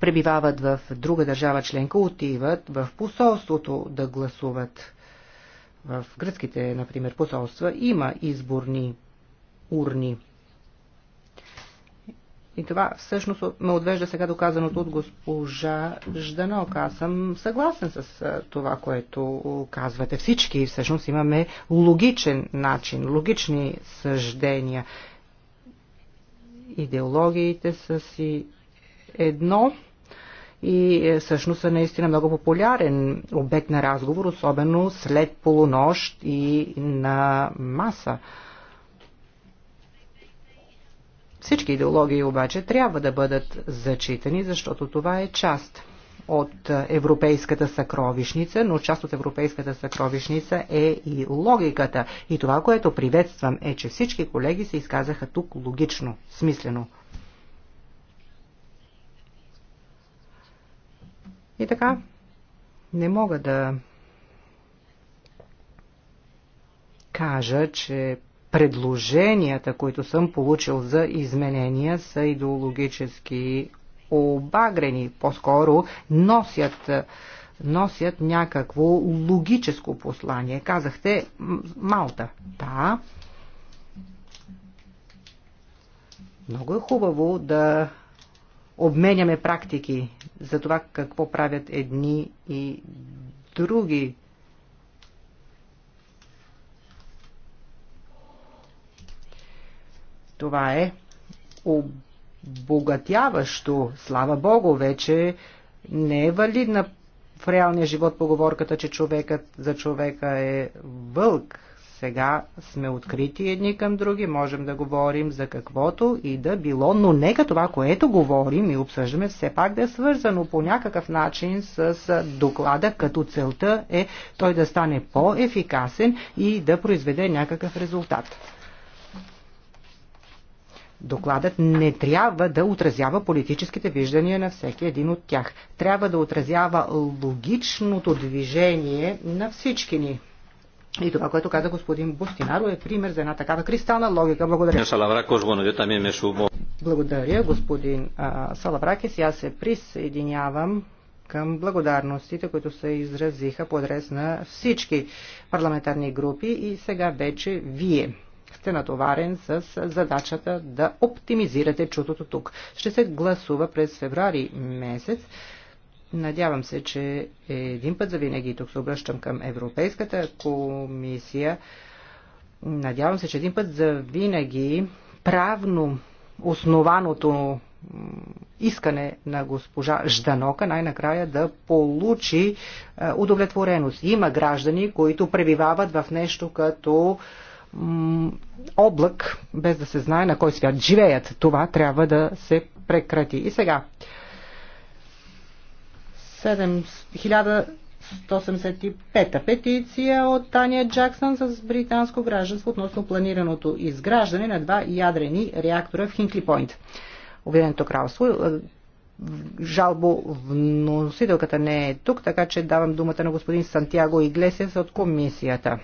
пребивават в друга държава членка, отиват в посолството да гласуват. В гръцките, например, посолства има изборни урни. И това всъщност ме отвежда сега доказаното от госпожа Жданок. Аз съм съгласен с това, което казвате всички. Всъщност имаме логичен начин, логични съждения. Идеологиите са си едно и е, всъщност са наистина много популярен обект на разговор, особено след полунощ и на маса. Всички идеологии обаче трябва да бъдат зачитани, защото това е част от европейската съкровищница, но част от европейската съкровищница е и логиката. И това, което приветствам, е, че всички колеги се изказаха тук логично, смислено. И така, не мога да кажа, че предложенията, които съм получил за изменения, са идеологически обагрени, по-скоро носят носят някакво логическо послание. Казахте Малта. Да. Много е хубаво да обменяме практики за това какво правят едни и други Това е обогатяващо. Слава Богу, вече не е валидна в реалния живот поговорката, че човекът за човека е вълк. Сега сме открити едни към други, можем да говорим за каквото и да било, но нека това, което говорим и обсъждаме, все пак да е свързано по някакъв начин с доклада, като целта е той да стане по-ефикасен и да произведе някакъв резултат. Докладът не трябва да отразява политическите виждания на всеки един от тях. Трябва да отразява логичното движение на всички ни. И това, което каза господин Бустинаро, е пример за една такава кристална логика. Благодаря. Благодаря, господин а, Салавракис. Аз се присъединявам към благодарностите, които се изразиха по адрес на всички парламентарни групи и сега вече вие сте натоварен с задачата да оптимизирате чутото тук. Ще се гласува през феврари месец. Надявам се, че един път за винаги, тук се обръщам към Европейската комисия, надявам се, че един път за винаги правно основаното искане на госпожа Жданока най-накрая да получи е, удовлетвореност. Има граждани, които пребивават в нещо като облак, без да се знае на кой свят живеят. Това трябва да се прекрати. И сега. 7, та петиция от Таня Джаксън с британско гражданство относно планираното изграждане на два ядрени реактора в Хинкли Пойнт. Обединеното кралство. Е, жалбо вносителката не е тук, така че давам думата на господин Сантьяго Иглесиас от комисията.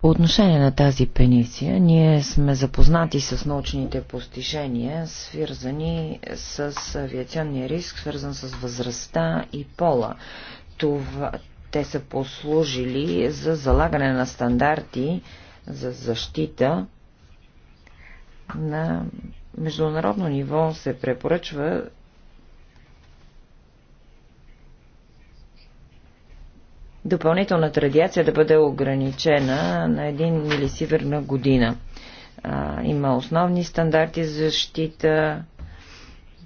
По отношение на тази пенисия, ние сме запознати с научните постижения, свързани с авиационния риск, свързан с възрастта и пола. Това, те са послужили за залагане на стандарти за защита на международно ниво се препоръчва допълнителната радиация да бъде ограничена на 1 милисивер на година. А, има основни стандарти за защита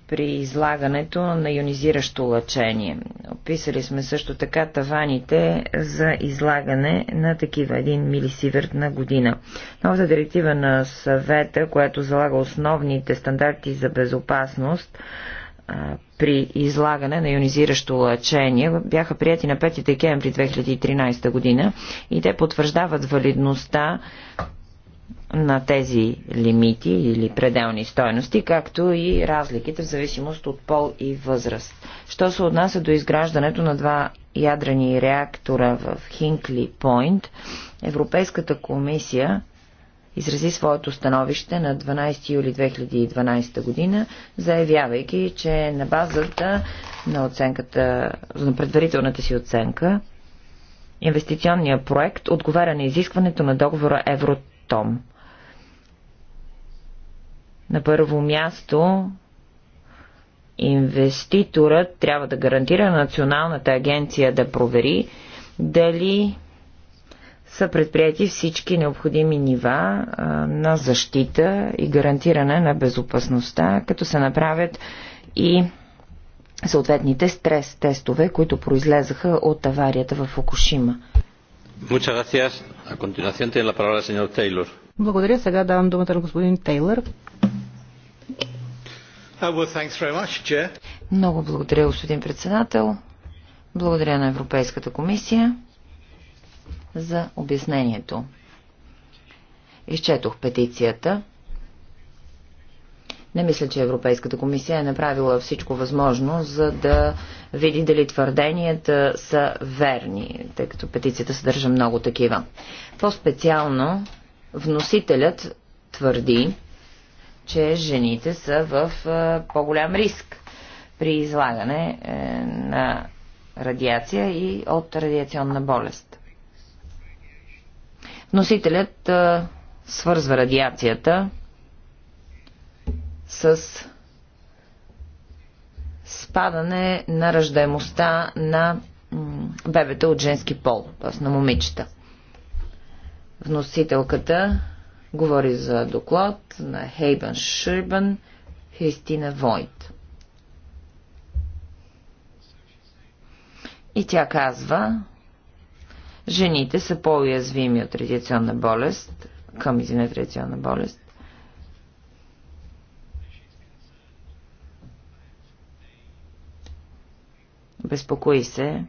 при излагането на ионизиращо лъчение. Описали сме също така таваните за излагане на такива 1 милисиверт на година. Новата директива на съвета, която залага основните стандарти за безопасност, при излагане на ионизиращо лъчение бяха прияти на 5 декември 2013 година и те потвърждават валидността на тези лимити или пределни стойности, както и разликите в зависимост от пол и възраст. Що се отнася до изграждането на два ядрени реактора в Хинкли Пойнт, Европейската комисия изрази своето становище на 12 юли 2012 година, заявявайки, че на базата на, оценката, на предварителната си оценка инвестиционният проект отговаря на изискването на договора Евротом. На първо място инвеститорът трябва да гарантира националната агенция да провери дали са предприяти всички необходими нива а, на защита и гарантиране на безопасността, като се направят и съответните стрес тестове, които произлезаха от аварията в Фукушима. Благодаря. Сега давам думата на господин Тейлър. Uh, Много благодаря, господин председател. Благодаря на Европейската комисия за обяснението. Изчетох петицията. Не мисля, че Европейската комисия е направила всичко възможно, за да види дали твърденията са верни, тъй като петицията съдържа много такива. По-специално, вносителят твърди, че жените са в по-голям риск при излагане е, на радиация и от радиационна болест. Носителят а, свързва радиацията с спадане на ръждаемостта на бебета от женски пол, т.е. на момичета. Вносителката говори за доклад на Хейбън Ширбън, Христина Войт. И тя казва, Жените са по-уязвими от радиационна болест, към извинете традиционна болест. Безпокои се,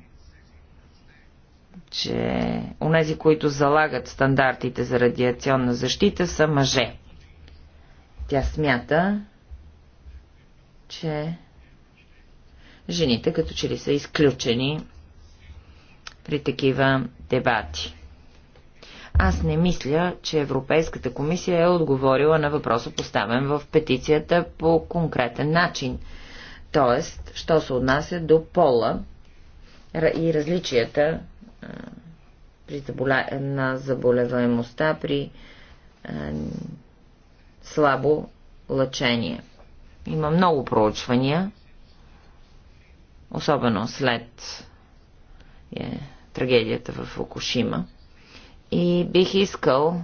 че онези, които залагат стандартите за радиационна защита, са мъже. Тя смята, че жените като че ли са изключени при такива дебати. Аз не мисля, че Европейската комисия е отговорила на въпроса поставен в петицията по конкретен начин. Тоест, що се отнася до пола и различията при заболя... на заболеваемостта при е, слабо лъчение. Има много проучвания, особено след е, трагедията в Фукушима. И бих искал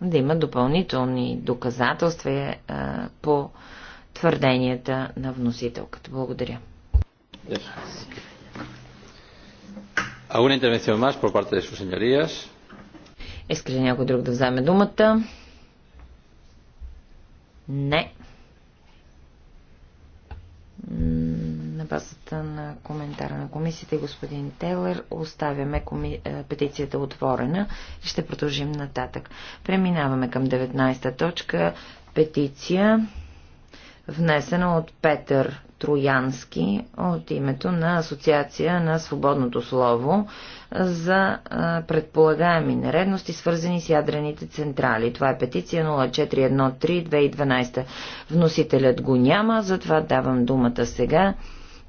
да има допълнителни доказателства е, а, по твърденията на вносителката. Благодаря. ¿Alguna Иска ли някой друг да вземе думата? Не. базата на коментара на комисията и господин Телер оставяме коми... Е, петицията отворена и ще продължим нататък. Преминаваме към 19-та точка. Петиция, внесена от Петър Троянски от името на Асоциация на свободното слово за е, предполагаеми нередности, свързани с ядрените централи. Това е петиция 0413-2012. Вносителят го няма, затова давам думата сега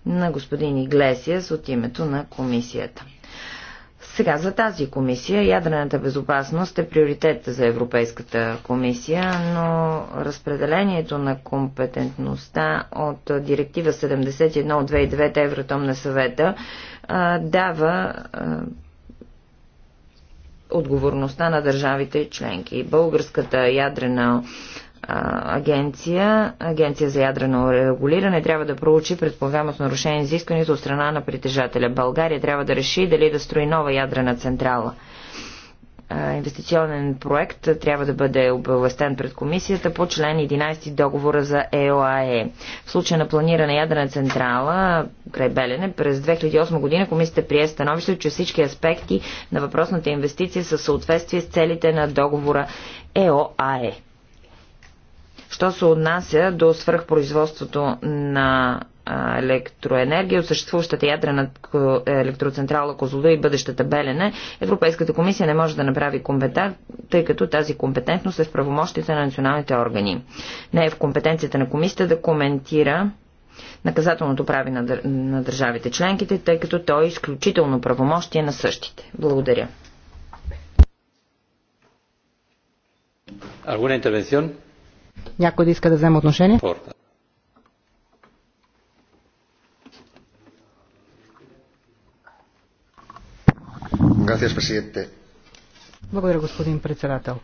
на господин Иглесиас от името на комисията. Сега за тази комисия ядрената безопасност е приоритет за Европейската комисия, но разпределението на компетентността от директива 71 от 2009 Евротом на съвета а, дава а, отговорността на държавите членки. Българската ядрена агенция, агенция за ядрено регулиране, трябва да проучи предполагаемото нарушение изискването от страна на притежателя. България трябва да реши дали да строи нова ядрена централа. Инвестиционен проект трябва да бъде обвестен пред комисията по член 11 договора за ЕОАЕ. В случай на планирана ядрена централа край Белене през 2008 година комисията прие становище, че всички аспекти на въпросната инвестиция са съответствие с целите на договора ЕОАЕ. Що се отнася до свръхпроизводството на електроенергия от съществуващата ядрена електроцентрала Козлодо и бъдещата Белене, Европейската комисия не може да направи компетент, тъй като тази компетентност е в правомощите на националните органи. Не е в компетенцията на комисията да коментира наказателното прави на, дър... на държавите членките, тъй като то е изключително правомощие на същите. Благодаря. Alguna intervención? Някой да иска да вземе отношение? Благодаря, господин председател.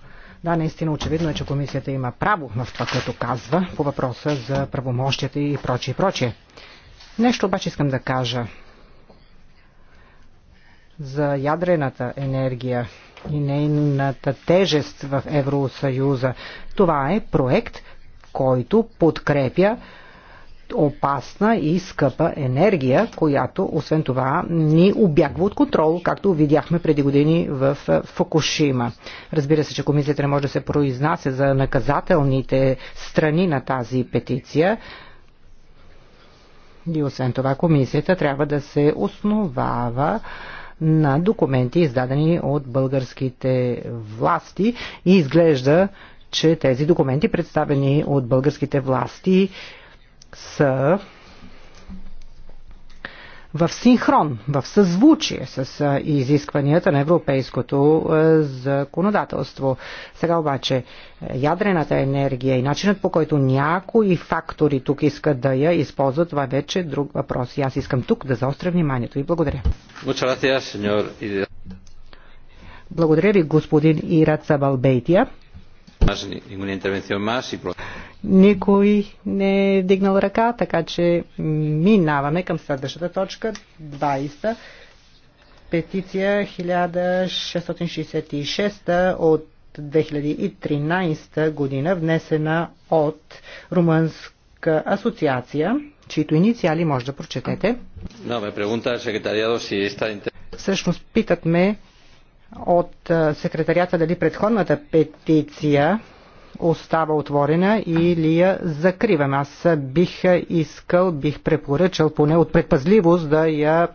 Да, наистина очевидно е, че комисията има право в това, което казва по въпроса за правомощията и прочие, прочие. Нещо обаче искам да кажа за ядрената енергия и нейната тежест в Евросъюза. Това е проект, който подкрепя опасна и скъпа енергия, която освен това ни обягва от контрол, както видяхме преди години в Фукушима. Разбира се, че комисията не може да се произнася за наказателните страни на тази петиция. И освен това комисията трябва да се основава на документи, издадени от българските власти и изглежда, че тези документи, представени от българските власти, са в синхрон, в съзвучие с изискванията на европейското законодателство. Сега обаче е, ядрената енергия и начинът по който някои фактори тук искат да я използват, това е вече е друг въпрос. И аз искам тук да заостря вниманието и благодаря. Благодаря ви, господин Ират Сабалбейтия. Никой не е дигнал ръка, така че минаваме към следващата точка, 20. Петиция 1666 от 2013 година, внесена от Румънска асоциация, чието инициали може да прочетете. Е Всъщност питат ме от секретарията дали предходната петиция остава отворена или я закриваме. Аз бих искал, бих препоръчал поне от предпазливост да я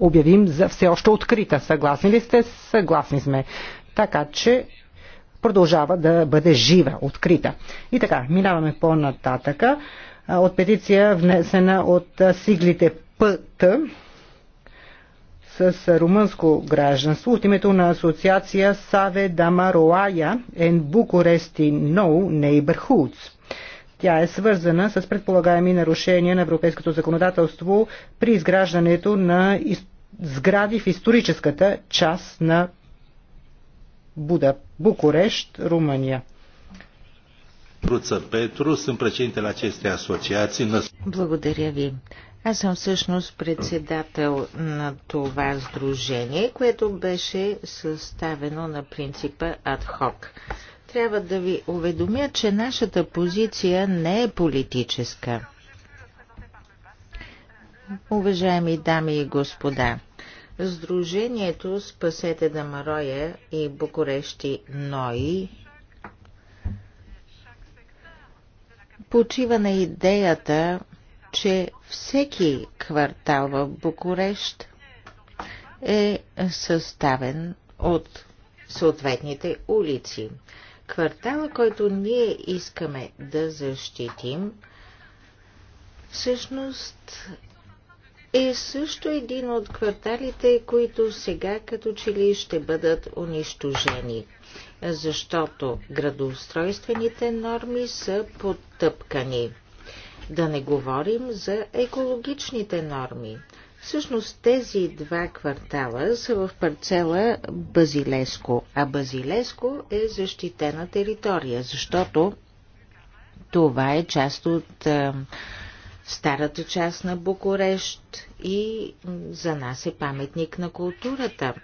обявим за все още открита. Съгласни ли сте? Съгласни сме. Така че продължава да бъде жива, открита. И така, минаваме по-нататъка от петиция внесена от сиглите ПТ с румънско гражданство от името на асоциация Саве Дамароая ен Букурести Ноу Нейбърхудс. Тя е свързана с предполагаеми нарушения на европейското законодателство при изграждането на сгради в историческата част на Буда, Букурещ, Румъния. Благодаря ви. Аз съм всъщност председател на това сдружение, което беше съставено на принципа адхок. Трябва да ви уведомя, че нашата позиция не е политическа. Уважаеми дами и господа, Сдружението Спасете Дамароя и Букурещи Нои почива на идеята че всеки квартал в Букурещ е съставен от съответните улици. Квартала, който ние искаме да защитим, всъщност е също един от кварталите, които сега като че ли ще бъдат унищожени, защото градоустройствените норми са потъпкани. Да не говорим за екологичните норми. Всъщност тези два квартала са в парцела Базилеско, а Базилеско е защитена територия, защото това е част от е, старата част на Букурещ и за нас е паметник на културата.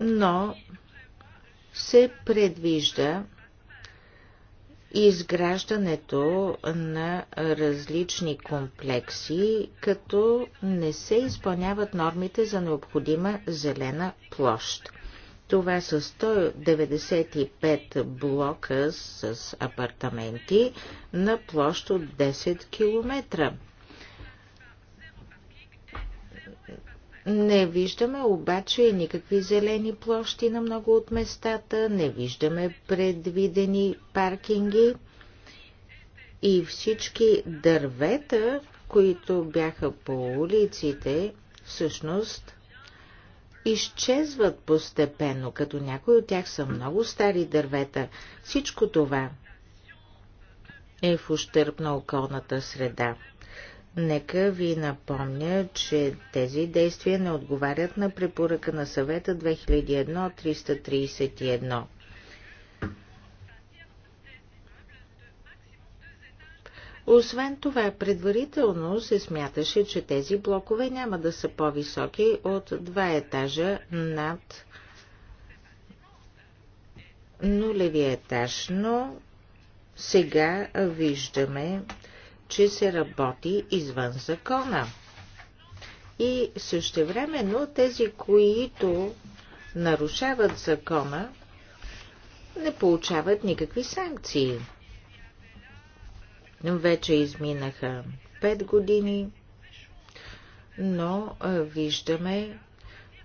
Но се предвижда изграждането на различни комплекси, като не се изпълняват нормите за необходима зелена площ. Това са 195 блока с апартаменти на площ от 10 км. Не виждаме обаче никакви зелени площи на много от местата, не виждаме предвидени паркинги и всички дървета, които бяха по улиците, всъщност изчезват постепенно, като някои от тях са много стари дървета. Всичко това е в ущърп на околната среда. Нека ви напомня, че тези действия не отговарят на препоръка на съвета 2001-331. Освен това, предварително се смяташе, че тези блокове няма да са по-високи от два етажа над нулевия етаж, но сега виждаме, че се работи извън закона. И същевременно тези, които нарушават закона, не получават никакви санкции. Вече изминаха 5 години, но виждаме,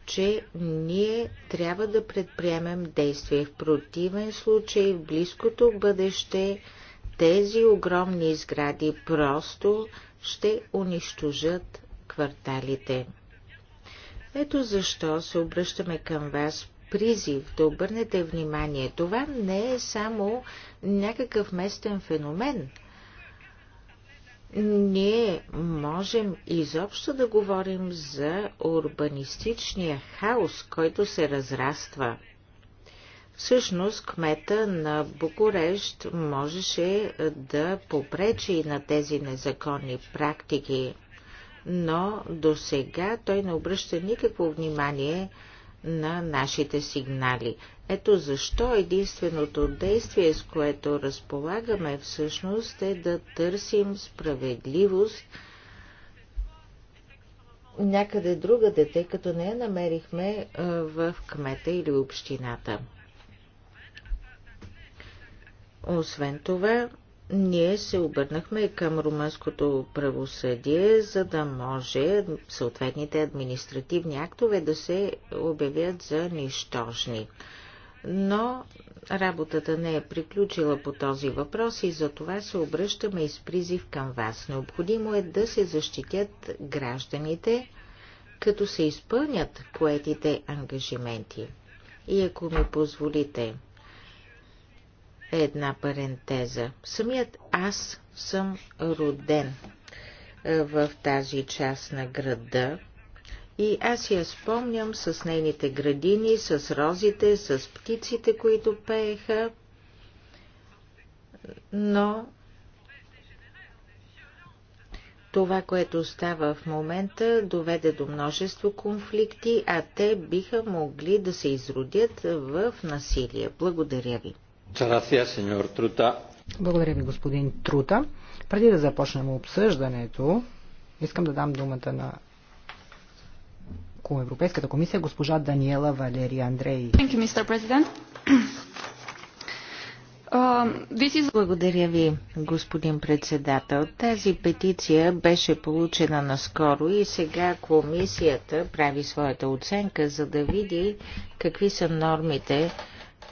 че ние трябва да предприемем действия. В противен случай в близкото бъдеще тези огромни сгради просто ще унищожат кварталите. Ето защо се обръщаме към вас призив да обърнете внимание. Това не е само някакъв местен феномен. Ние можем изобщо да говорим за урбанистичния хаос, който се разраства. Всъщност кмета на Букурещ можеше да попречи на тези незаконни практики, но до сега той не обръща никакво внимание на нашите сигнали. Ето защо единственото действие, с което разполагаме всъщност е да търсим справедливост някъде друга дете, като не я намерихме в кмета или общината. Освен това, ние се обърнахме към румънското правосъдие, за да може съответните административни актове да се обявят за нищожни. Но работата не е приключила по този въпрос и за това се обръщаме и с призив към вас. Необходимо е да се защитят гражданите, като се изпълнят поетите ангажименти. И ако ми позволите, е една парентеза. Самият аз съм роден в тази част на града и аз я спомням с нейните градини, с розите, с птиците, които пееха, но това, което става в момента, доведе до множество конфликти, а те биха могли да се изродят в насилие. Благодаря ви. Благодаря ви, господин Трута. Преди да започнем обсъждането, искам да дам думата на Европейската комисия госпожа Даниела Валерия Андрей. Um, Благодаря ви, господин председател. Тази петиция беше получена наскоро и сега комисията прави своята оценка, за да види какви са нормите,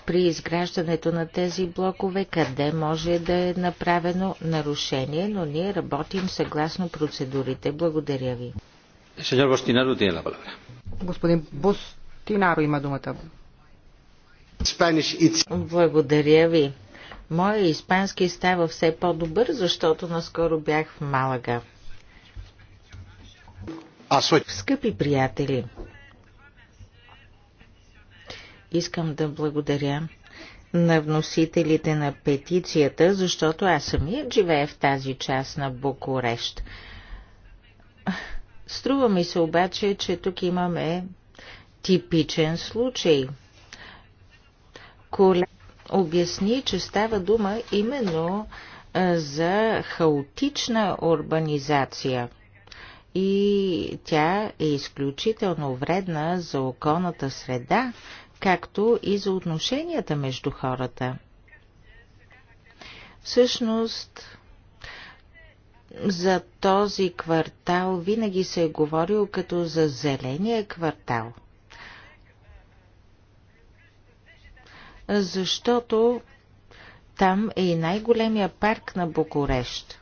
при изграждането на тези блокове, къде може да е направено нарушение, но ние работим съгласно процедурите. Благодаря ви. Господин Бустинаро има думата. Благодаря ви. Моя испански става все по-добър, защото наскоро бях в Малага. Скъпи приятели, Искам да благодаря на вносителите на петицията, защото аз самия живея в тази част на Букурещ. Струва ми се обаче, че тук имаме типичен случай. Коля обясни, че става дума именно за хаотична урбанизация и тя е изключително вредна за околната среда както и за отношенията между хората. Всъщност, за този квартал винаги се е говорил като за зеления квартал. Защото там е и най-големия парк на Букурещ.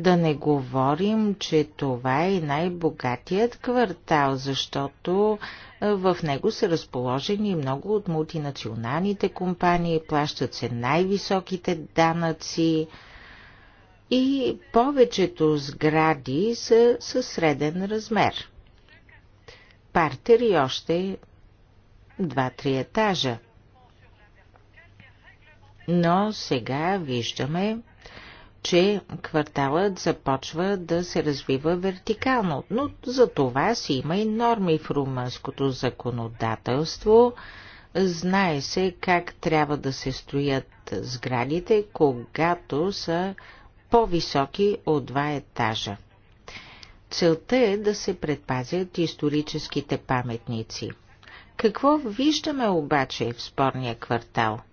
Да не говорим, че това е най-богатият квартал, защото е, в него са разположени много от мултинационалните компании, плащат се най-високите данъци и повечето сгради са със среден размер. Партер и още два-три етажа. Но сега виждаме, че кварталът започва да се развива вертикално, но за това си има и норми в румънското законодателство. Знае се как трябва да се строят сградите, когато са по-високи от два етажа. Целта е да се предпазят историческите паметници. Какво виждаме обаче в спорния квартал –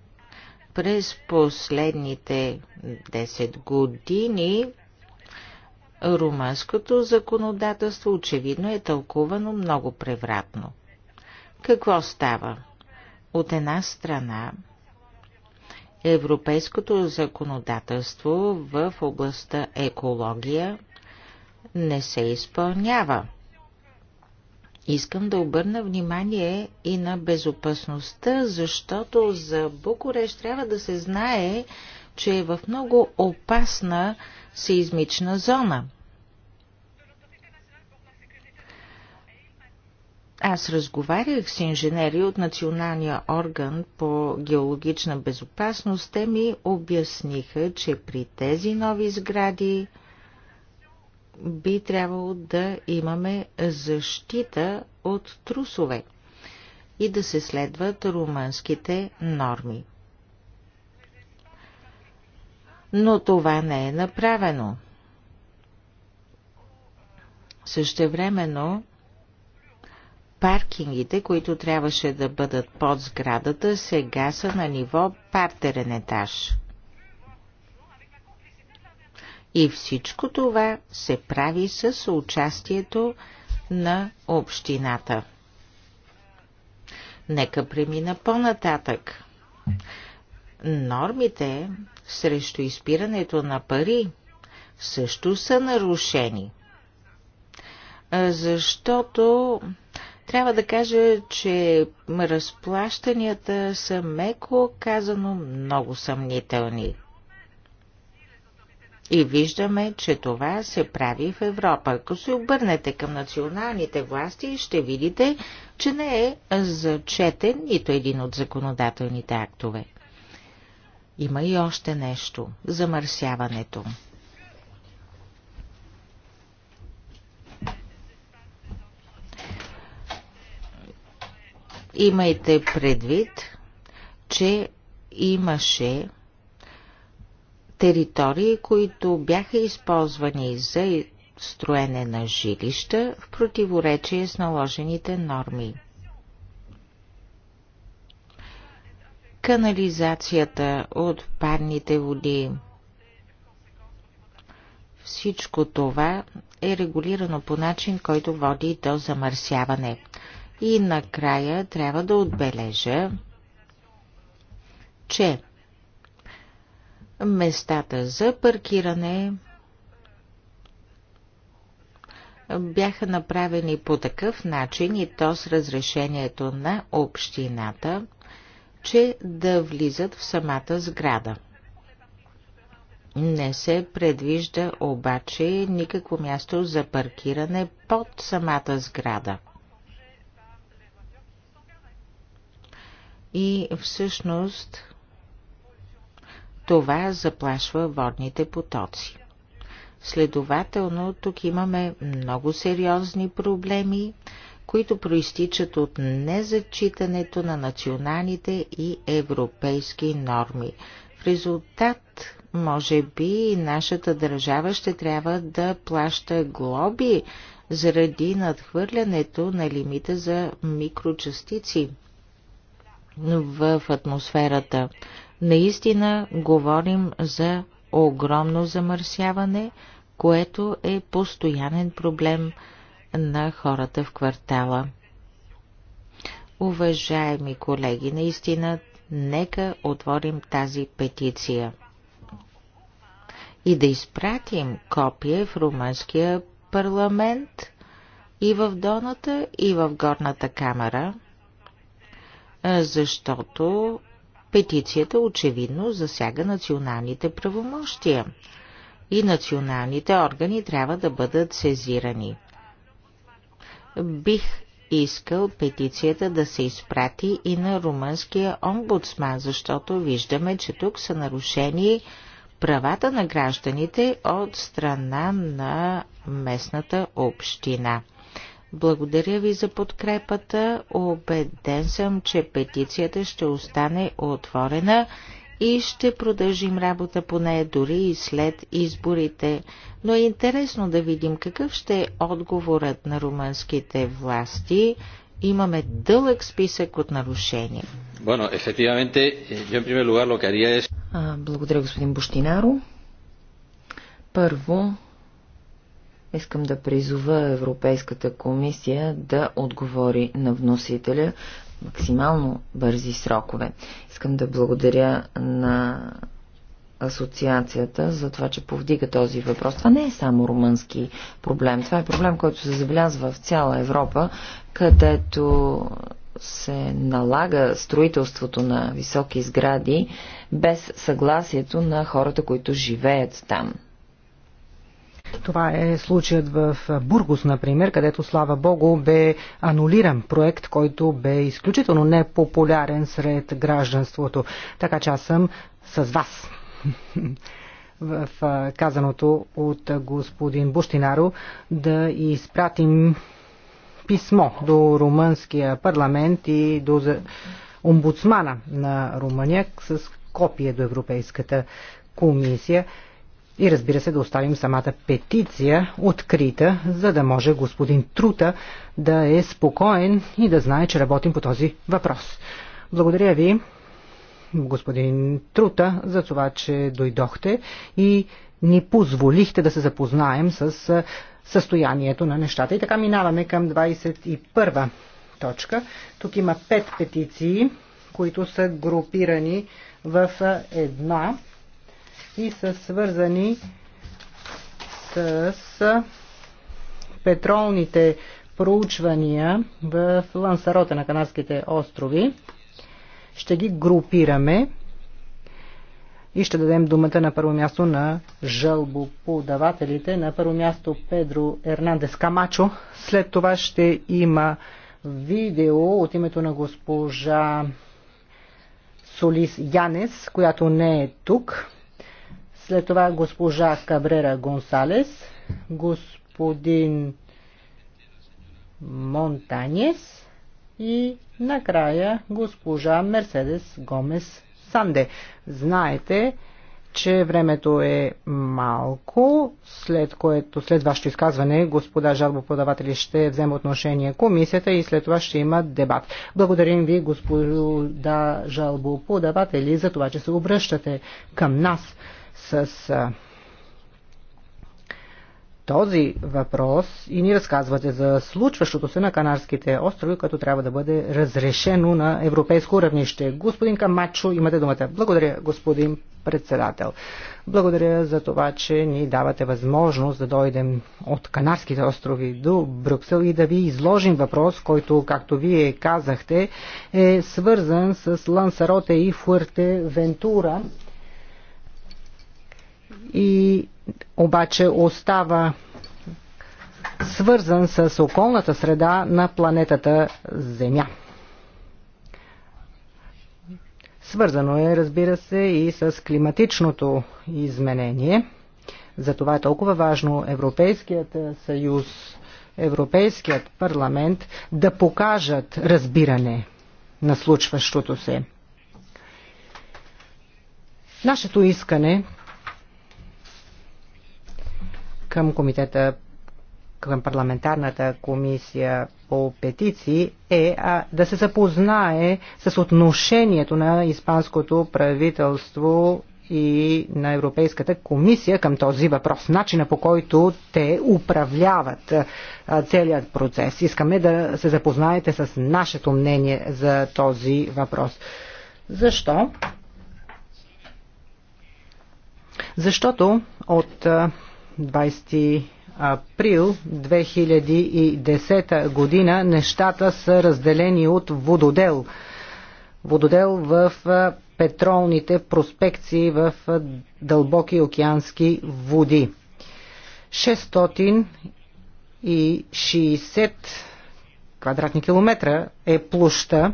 през последните 10 години румънското законодателство очевидно е тълкувано много превратно. Какво става? От една страна, европейското законодателство в областта екология не се изпълнява. Искам да обърна внимание и на безопасността, защото за Букуреш трябва да се знае, че е в много опасна сеизмична зона. Аз разговарях с инженери от Националния орган по геологична безопасност. Те ми обясниха, че при тези нови сгради би трябвало да имаме защита от трусове и да се следват румънските норми. Но това не е направено. Същевременно, паркингите, които трябваше да бъдат под сградата, сега са на ниво партерен етаж – и всичко това се прави с участието на общината. Нека премина по-нататък. Нормите срещу изпирането на пари също са нарушени. Защото трябва да кажа, че разплащанията са меко казано много съмнителни. И виждаме, че това се прави в Европа. Ако се обърнете към националните власти, ще видите, че не е зачетен нито един от законодателните актове. Има и още нещо – замърсяването. Имайте предвид, че имаше територии, които бяха използвани за строене на жилища в противоречие с наложените норми. Канализацията от парните води. Всичко това е регулирано по начин, който води до замърсяване. И накрая трябва да отбележа, че местата за паркиране бяха направени по такъв начин и то с разрешението на общината, че да влизат в самата сграда. Не се предвижда обаче никакво място за паркиране под самата сграда. И всъщност това заплашва водните потоци. Следователно, тук имаме много сериозни проблеми, които проистичат от незачитането на националните и европейски норми. В резултат, може би, нашата държава ще трябва да плаща глоби заради надхвърлянето на лимита за микрочастици в атмосферата. Наистина говорим за огромно замърсяване, което е постоянен проблем на хората в квартала. Уважаеми колеги, наистина, нека отворим тази петиция и да изпратим копие в румънския парламент и в Доната, и в Горната камера, защото петицията очевидно засяга националните правомощия и националните органи трябва да бъдат сезирани. Бих искал петицията да се изпрати и на румънския омбудсман, защото виждаме, че тук са нарушени правата на гражданите от страна на местната община. Благодаря ви за подкрепата. Обеден съм, че петицията ще остане отворена и ще продължим работа по нея дори и след изборите. Но е интересно да видим какъв ще е отговорът на румънските власти. Имаме дълъг списък от нарушения. Bueno, efectivamente, yo en primer lugar lo que haría es... Благодаря, господин Буштинаро. Първо, Искам да призова Европейската комисия да отговори на вносителя максимално бързи срокове. Искам да благодаря на асоциацията за това, че повдига този въпрос. Това не е само румънски проблем. Това е проблем, който се забелязва в цяла Европа, където се налага строителството на високи сгради без съгласието на хората, които живеят там. Това е случаят в Бургус, например, където, слава богу, бе анулиран проект, който бе изключително непопулярен сред гражданството. Така че аз съм с вас в казаното от господин Буштинаро да изпратим писмо до румънския парламент и до омбудсмана на Румъния с копие до Европейската комисия, и разбира се да оставим самата петиция открита, за да може господин Трута да е спокоен и да знае, че работим по този въпрос. Благодаря ви, господин Трута, за това, че дойдохте и ни позволихте да се запознаем с състоянието на нещата. И така минаваме към 21 точка. Тук има 5 петиции, които са групирани в една и са свързани с петролните проучвания в Лансарота на Канарските острови. Ще ги групираме и ще дадем думата на първо място на жълбоподавателите. На първо място Педро Ернандес Камачо. След това ще има видео от името на госпожа Солис Янес, която не е тук. След това госпожа Кабрера Гонсалес, господин Монтанес и накрая госпожа Мерседес Гомес Санде. Знаете, че времето е малко, след което след вашето изказване господа жалбоподаватели ще вземе отношение комисията и след това ще има дебат. Благодарим ви, господа жалбоподаватели, за това, че се обръщате към нас с този въпрос и ни разказвате за случващото се на Канарските острови, като трябва да бъде разрешено на европейско равнище. Господин Камачо, имате думата. Благодаря, господин председател. Благодаря за това, че ни давате възможност да дойдем от Канарските острови до Брюксел и да ви изложим въпрос, който, както вие казахте, е свързан с Лансароте и Фуерте Вентура и обаче остава свързан с околната среда на планетата Земя. Свързано е, разбира се, и с климатичното изменение. Затова е толкова важно Европейският съюз, Европейският парламент да покажат разбиране на случващото се. Нашето искане към комитета към парламентарната комисия по петиции е а, да се запознае с отношението на испанското правителство и на Европейската комисия към този въпрос, начина по който те управляват целият процес. Искаме да се запознаете с нашето мнение за този въпрос. Защо? Защото от 20 април 2010 година нещата са разделени от вододел. Вододел в петролните проспекции в дълбоки океански води. 660 квадратни километра е площа,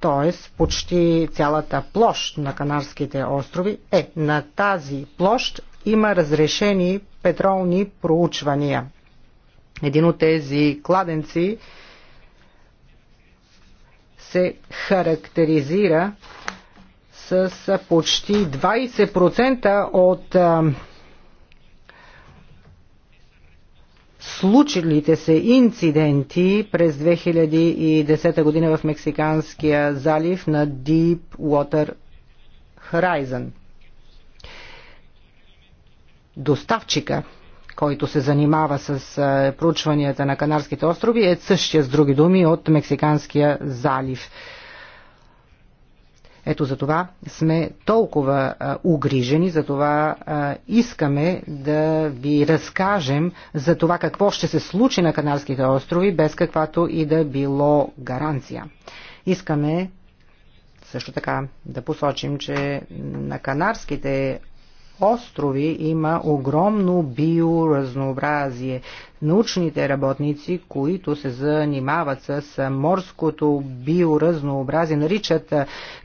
т.е. почти цялата площ на Канарските острови е на тази площ има разрешени петролни проучвания. Един от тези кладенци се характеризира с почти 20% от случилите се инциденти през 2010 година в Мексиканския залив на Deep Water Horizon доставчика, който се занимава с е, проучванията на Канарските острови, е същия с други думи от Мексиканския залив. Ето за това сме толкова а, е, угрижени, за това а, е, искаме да ви разкажем за това какво ще се случи на Канарските острови, без каквато и да било гаранция. Искаме също така да посочим, че на Канарските острови има огромно биоразнообразие. Научните работници, които се занимават с морското биоразнообразие, наричат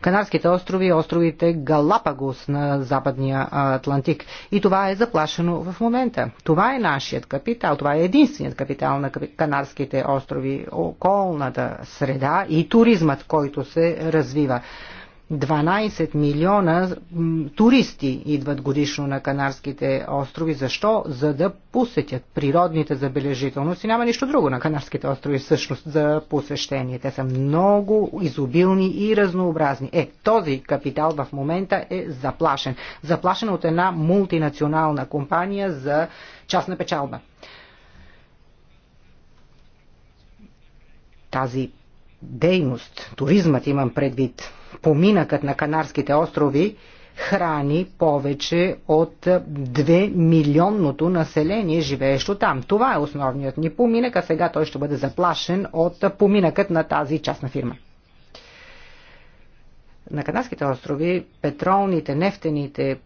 Канарските острови островите Галапагос на Западния Атлантик. И това е заплашено в момента. Това е нашият капитал, това е единственият капитал на Канарските острови, околната среда и туризмат, който се развива. 12 милиона туристи идват годишно на Канарските острови. Защо? За да посетят природните забележителности. Няма нищо друго на Канарските острови всъщност за посещение. Те са много изобилни и разнообразни. Е, този капитал в момента е заплашен. Заплашен от една мултинационална компания за частна печалба. Тази дейност, туризмът имам предвид, поминъкът на Канарските острови храни повече от 2 милионното население, живеещо там. Това е основният ни поминък, а сега той ще бъде заплашен от поминъкът на тази частна фирма. На Канадските острови петролните, нефтените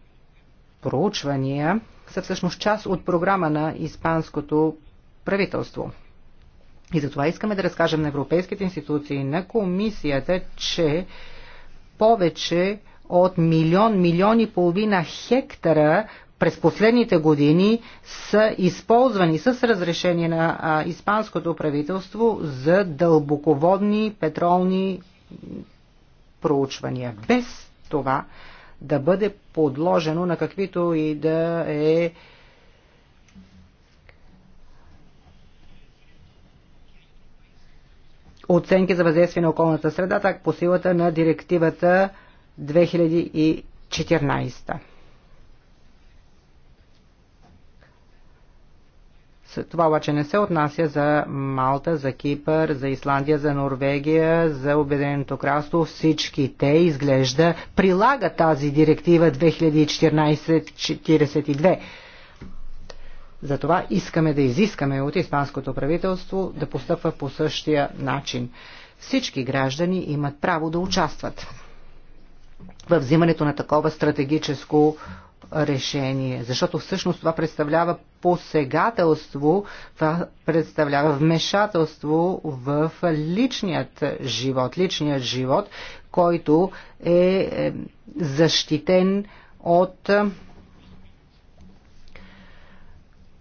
проучвания са всъщност част от програма на испанското правителство. И затова искаме да разкажем на европейските институции, на комисията, че повече от милион, милион и половина хектара през последните години са използвани с разрешение на а, испанското правителство за дълбоководни петролни проучвания. Без това да бъде подложено на каквито и да е оценки за въздействие на околната среда, так по силата на директивата 2014. Това обаче не се отнася за Малта, за Кипър, за Исландия, за Норвегия, за Обединеното кралство. Всички те изглежда прилагат тази директива 2014-42. Затова искаме да изискаме от испанското правителство да постъпва по същия начин. Всички граждани имат право да участват в взимането на такова стратегическо решение, защото всъщност това представлява посегателство, това представлява вмешателство в личният живот, личният живот, който е, е защитен от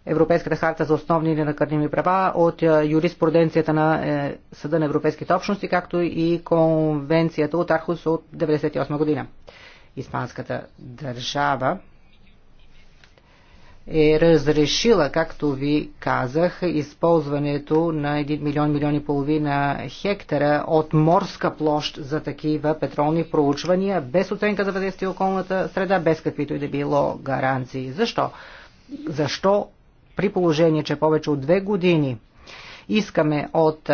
Европейската харта за основни или накърними права от е, юриспруденцията на е, Съда на Европейските общности, както и конвенцията от Архус от 1998 година. Испанската държава е разрешила, както ви казах, използването на 1 милион, милион и половина хектара от морска площ за такива петролни проучвания, без оценка за въздействие околната среда, без каквито и да било гаранции. Защо? Защо при положение, че повече от две години искаме от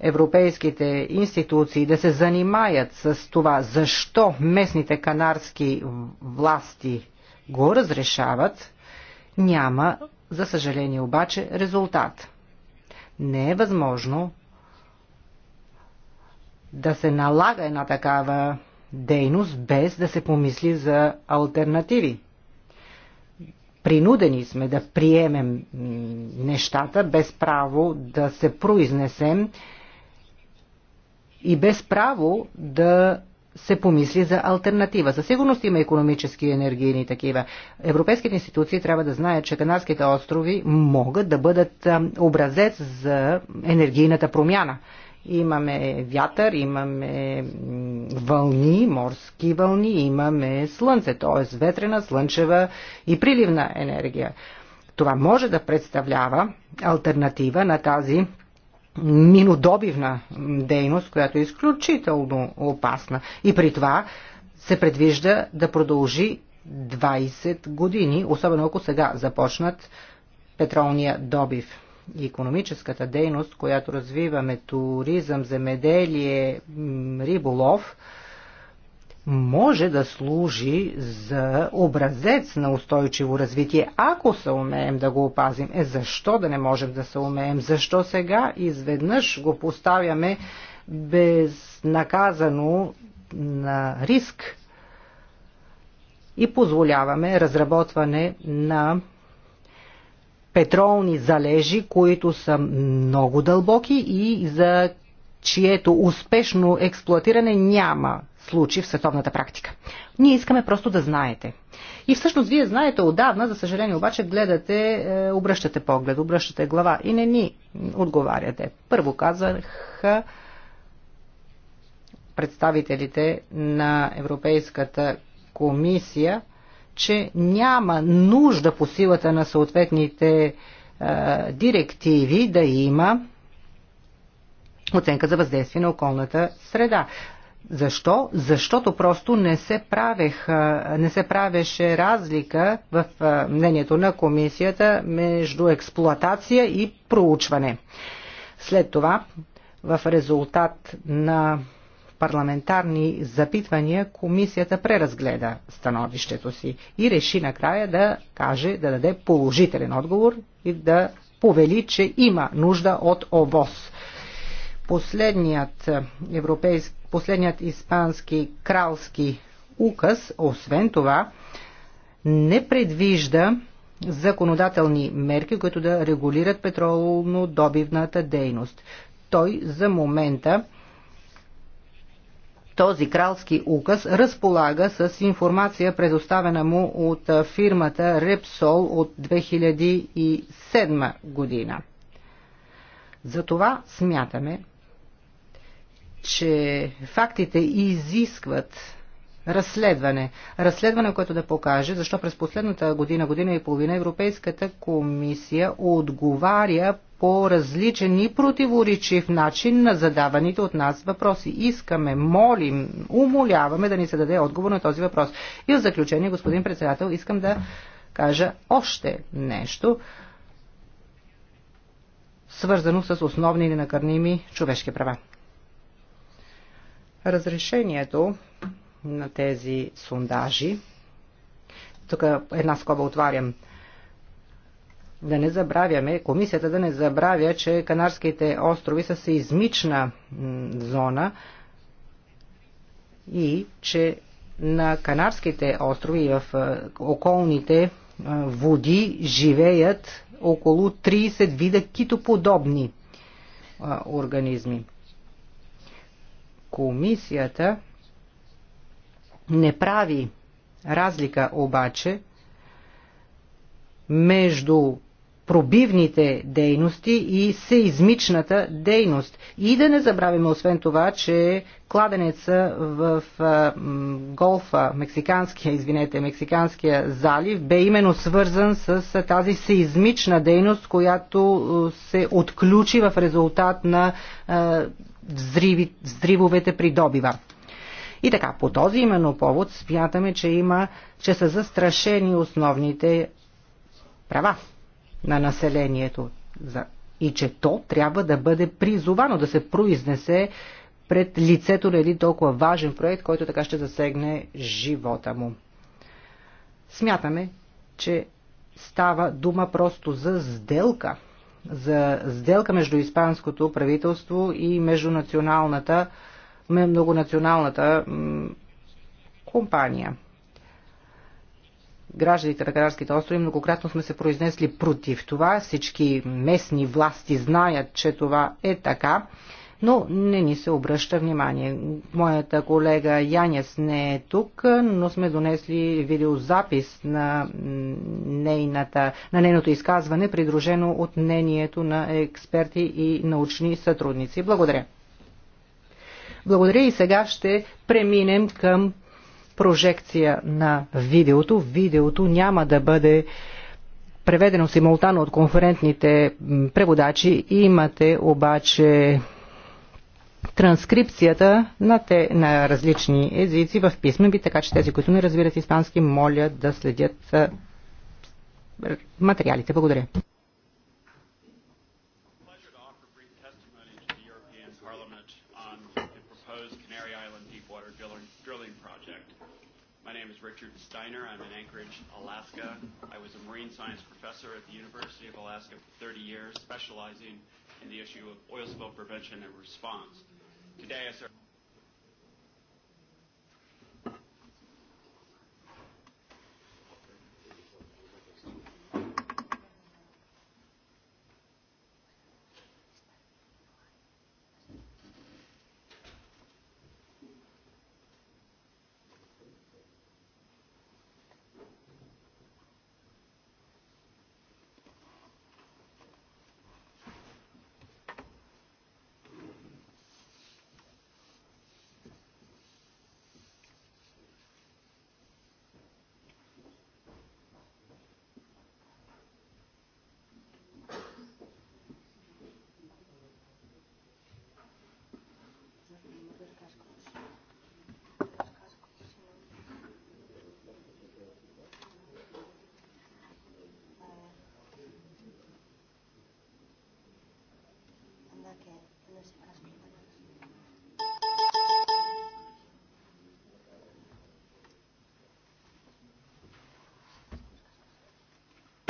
европейските институции да се занимаят с това, защо местните канарски власти го разрешават, няма, за съжаление обаче, резултат. Не е възможно да се налага една такава дейност без да се помисли за альтернативи. Принудени сме да приемем нещата без право да се произнесем и без право да се помисли за альтернатива. За сигурност има економически и енергийни такива. Европейските институции трябва да знаят, че Канарските острови могат да бъдат образец за енергийната промяна. Имаме вятър, имаме вълни, морски вълни, имаме слънце, т.е. ветрена, слънчева и приливна енергия. Това може да представлява альтернатива на тази минодобивна дейност, която е изключително опасна. И при това се предвижда да продължи 20 години, особено ако сега започнат петролния добив. И економическата дейност, която развиваме, туризъм, земеделие, риболов, може да служи за образец на устойчиво развитие, ако се умеем да го опазим. Е, защо да не можем да се умеем? Защо сега изведнъж го поставяме безнаказано на риск и позволяваме разработване на петролни залежи, които са много дълбоки и за чието успешно експлуатиране няма случай в световната практика. Ние искаме просто да знаете. И всъщност вие знаете отдавна, за съжаление обаче гледате, е, обръщате поглед, обръщате глава и не ни отговаряте. Първо казаха представителите на Европейската комисия – че няма нужда по силата на съответните а, е, директиви да има оценка за въздействие на околната среда. Защо? Защото просто не се, правех, е, не се правеше разлика в е, мнението на комисията между експлоатация и проучване. След това, в резултат на парламентарни запитвания комисията преразгледа становището си и реши накрая да каже, да даде положителен отговор и да повели, че има нужда от ОВОС. Последният, европейски, последният испански кралски указ, освен това, не предвижда законодателни мерки, които да регулират петролно-добивната дейност. Той за момента този кралски указ разполага с информация, предоставена му от фирмата Репсол от 2007 година. Затова смятаме, че фактите изискват разследване. Разследване, което да покаже защо през последната година, година и половина Европейската комисия отговаря по различен и противоречив начин на задаваните от нас въпроси. Искаме, молим, умоляваме да ни се даде отговор на този въпрос. И в заключение, господин председател, искам да кажа още нещо, свързано с основни ненакърними човешки права. Разрешението на тези сондажи, тук една скоба отварям, да не забравяме, комисията да не забравя, че Канарските острови са сеизмична зона и че на Канарските острови и в околните води живеят около 30 вида китоподобни организми. Комисията не прави разлика обаче между пробивните дейности и сеизмичната дейност. И да не забравяме освен това, че кладенеца в а, голфа, мексиканския, извинете, мексиканския залив, бе именно свързан с а, тази сеизмична дейност, която а, се отключи в резултат на а, взриви, взривовете при добива. И така, по този именно повод смятаме, че, има, че са застрашени основните права на населението и че то трябва да бъде призовано да се произнесе пред лицето на един толкова важен проект, който така ще засегне живота му. Смятаме, че става дума просто за сделка. За сделка между испанското правителство и междунационалната, многонационалната компания гражданите на Канарските острови многократно сме се произнесли против това. Всички местни власти знаят, че това е така, но не ни се обръща внимание. Моята колега Янес не е тук, но сме донесли видеозапис на, нейната, на нейното изказване, придружено от мнението на експерти и научни сътрудници. Благодаря. Благодаря и сега ще преминем към прожекция на видеото. Видеото няма да бъде преведено симултанно от конферентните преводачи. Имате обаче транскрипцията на, те, на различни езици в писмен би, така че тези, които не разбират испански, моля да следят материалите. Благодаря. Steiner. I'm in Anchorage, Alaska. I was a marine science professor at the University of Alaska for 30 years, specializing in the issue of oil spill prevention and response. Today I serve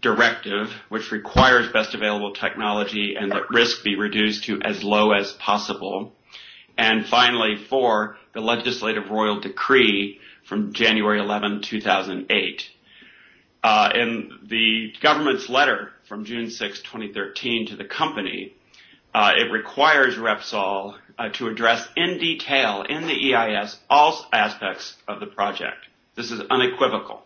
directive, which requires best available technology and that risk be reduced to as low as possible. And finally, four, the legislative royal decree from January 11, 2008. Uh, in the government's letter from June 6, 2013 to the company, uh, it requires Repsol uh, to address in detail in the EIS all aspects of the project. This is unequivocal.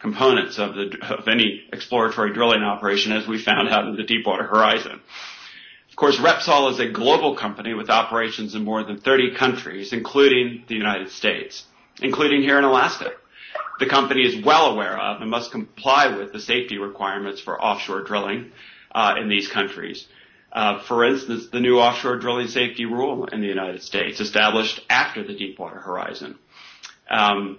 components of, the, of any exploratory drilling operation, as we found out in the Deepwater Horizon. Of course, Repsol is a global company with operations in more than 30 countries, including the United States, including here in Alaska. The company is well aware of and must comply with the safety requirements for offshore drilling uh, in these countries. Uh, for instance, the new offshore drilling safety rule in the United States, established after the Deepwater Horizon. Um,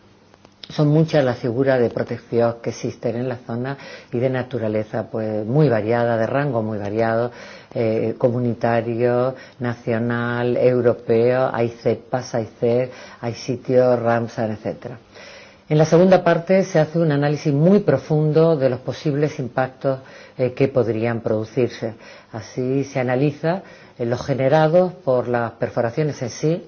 son muchas las figuras de protección que existen en la zona y de naturaleza pues muy variada, de rango muy variado, eh, comunitario, nacional, europeo, hay cepas, hay CER, hay sitios, Ramsar, etcétera. En la segunda parte se hace un análisis muy profundo de los posibles impactos eh, que podrían producirse. Así se analiza eh, los generados por las perforaciones en sí,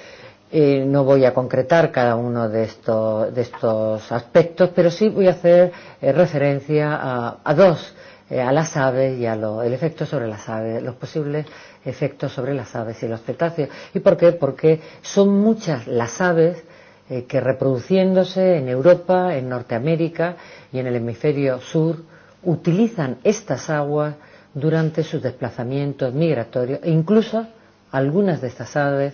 Eh, no voy a concretar cada uno de estos, de estos aspectos, pero sí voy a hacer eh, referencia a, a dos, eh, a las aves y a lo, el efecto sobre las aves, los posibles efectos sobre las aves y los cetáceos. ¿Y por qué? Porque son muchas las aves eh, que reproduciéndose en Europa, en Norteamérica y en el hemisferio sur, utilizan estas aguas durante sus desplazamientos migratorios e incluso algunas de estas aves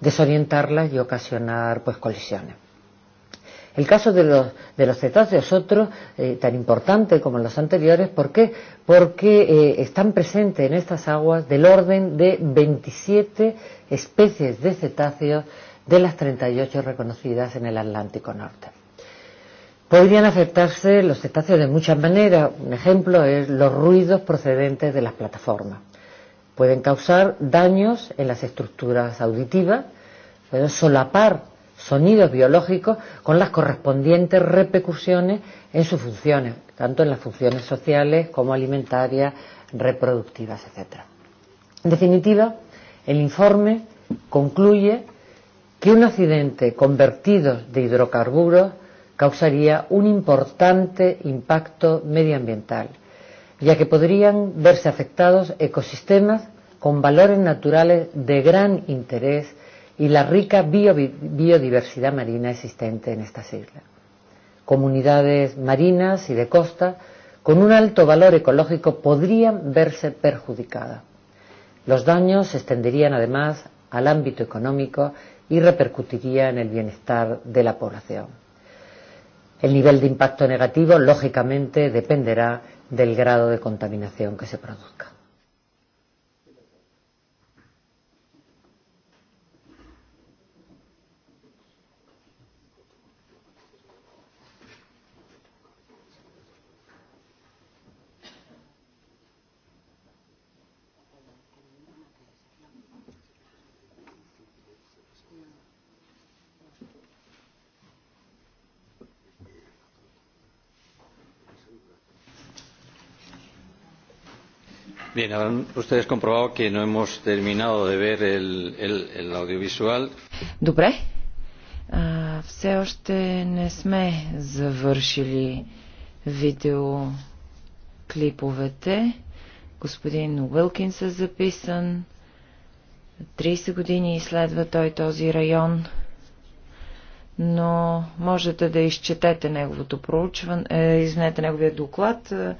desorientarlas y ocasionar pues colisiones. El caso de los, de los cetáceos, es otro eh, tan importante como los anteriores, ¿por qué? Porque eh, están presentes en estas aguas del orden de 27 especies de cetáceos de las 38 reconocidas en el Atlántico Norte. Podrían afectarse los cetáceos de muchas maneras. Un ejemplo es los ruidos procedentes de las plataformas pueden causar daños en las estructuras auditivas, pueden solapar sonidos biológicos con las correspondientes repercusiones en sus funciones, tanto en las funciones sociales como alimentarias, reproductivas, etc. En definitiva, el informe concluye que un accidente convertido de hidrocarburos causaría un importante impacto medioambiental ya que podrían verse afectados ecosistemas con valores naturales de gran interés y la rica biodiversidad marina existente en estas islas. Comunidades marinas y de costa con un alto valor ecológico podrían verse perjudicadas. Los daños se extenderían además al ámbito económico y repercutiría en el bienestar de la población. El nivel de impacto negativo, lógicamente, dependerá del grado de contaminación que se produzca. Bien, habrán ustedes comprobado que no hemos terminado de ver el, el, el audiovisual. Добре. А, все още не сме завършили видеоклиповете. Господин Уилкинс е записан. 30 години изследва той този район но можете да изчетете неговото проучване, е, извинете, неговия доклад. Е,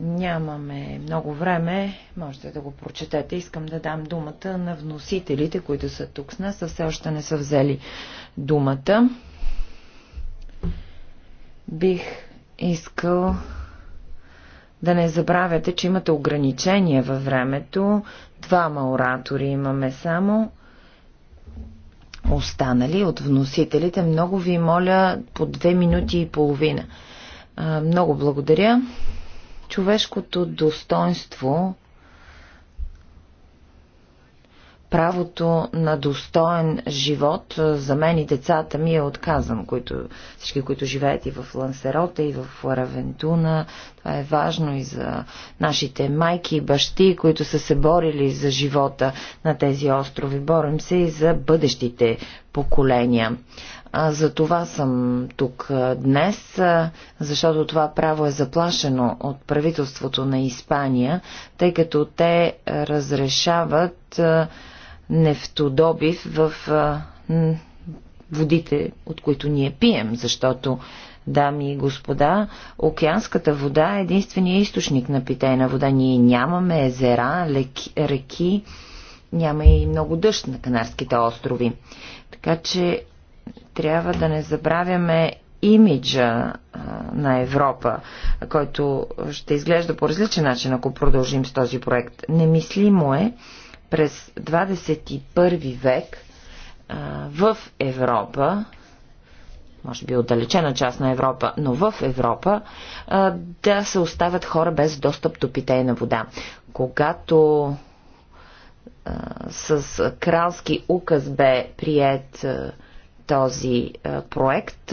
Нямаме много време, можете да го прочетете. Искам да дам думата на вносителите, които са тук с нас, а все още не са взели думата. Бих искал да не забравяте, че имате ограничения във времето. Двама оратори имаме само. Останали от вносителите, много ви моля по две минути и половина. Много благодаря човешкото достоинство, правото на достоен живот, за мен и децата ми е отказан, които, всички, които живеят и в Лансерота, и в Равентуна. Това е важно и за нашите майки и бащи, които са се борили за живота на тези острови. Борим се и за бъдещите поколения. За това съм тук днес, защото това право е заплашено от правителството на Испания, тъй като те разрешават нефтодобив в водите, от които ние пием, защото Дами и господа, океанската вода е единствения източник на питейна вода. Ние нямаме езера, леки, реки, няма и много дъжд на Канарските острови. Така че трябва да не забравяме имиджа на Европа, който ще изглежда по различен начин, ако продължим с този проект. Немислимо е през 21 век в Европа, може би отдалечена част на Европа, но в Европа, да се остават хора без достъп до питейна вода. Когато с кралски указ бе прият този проект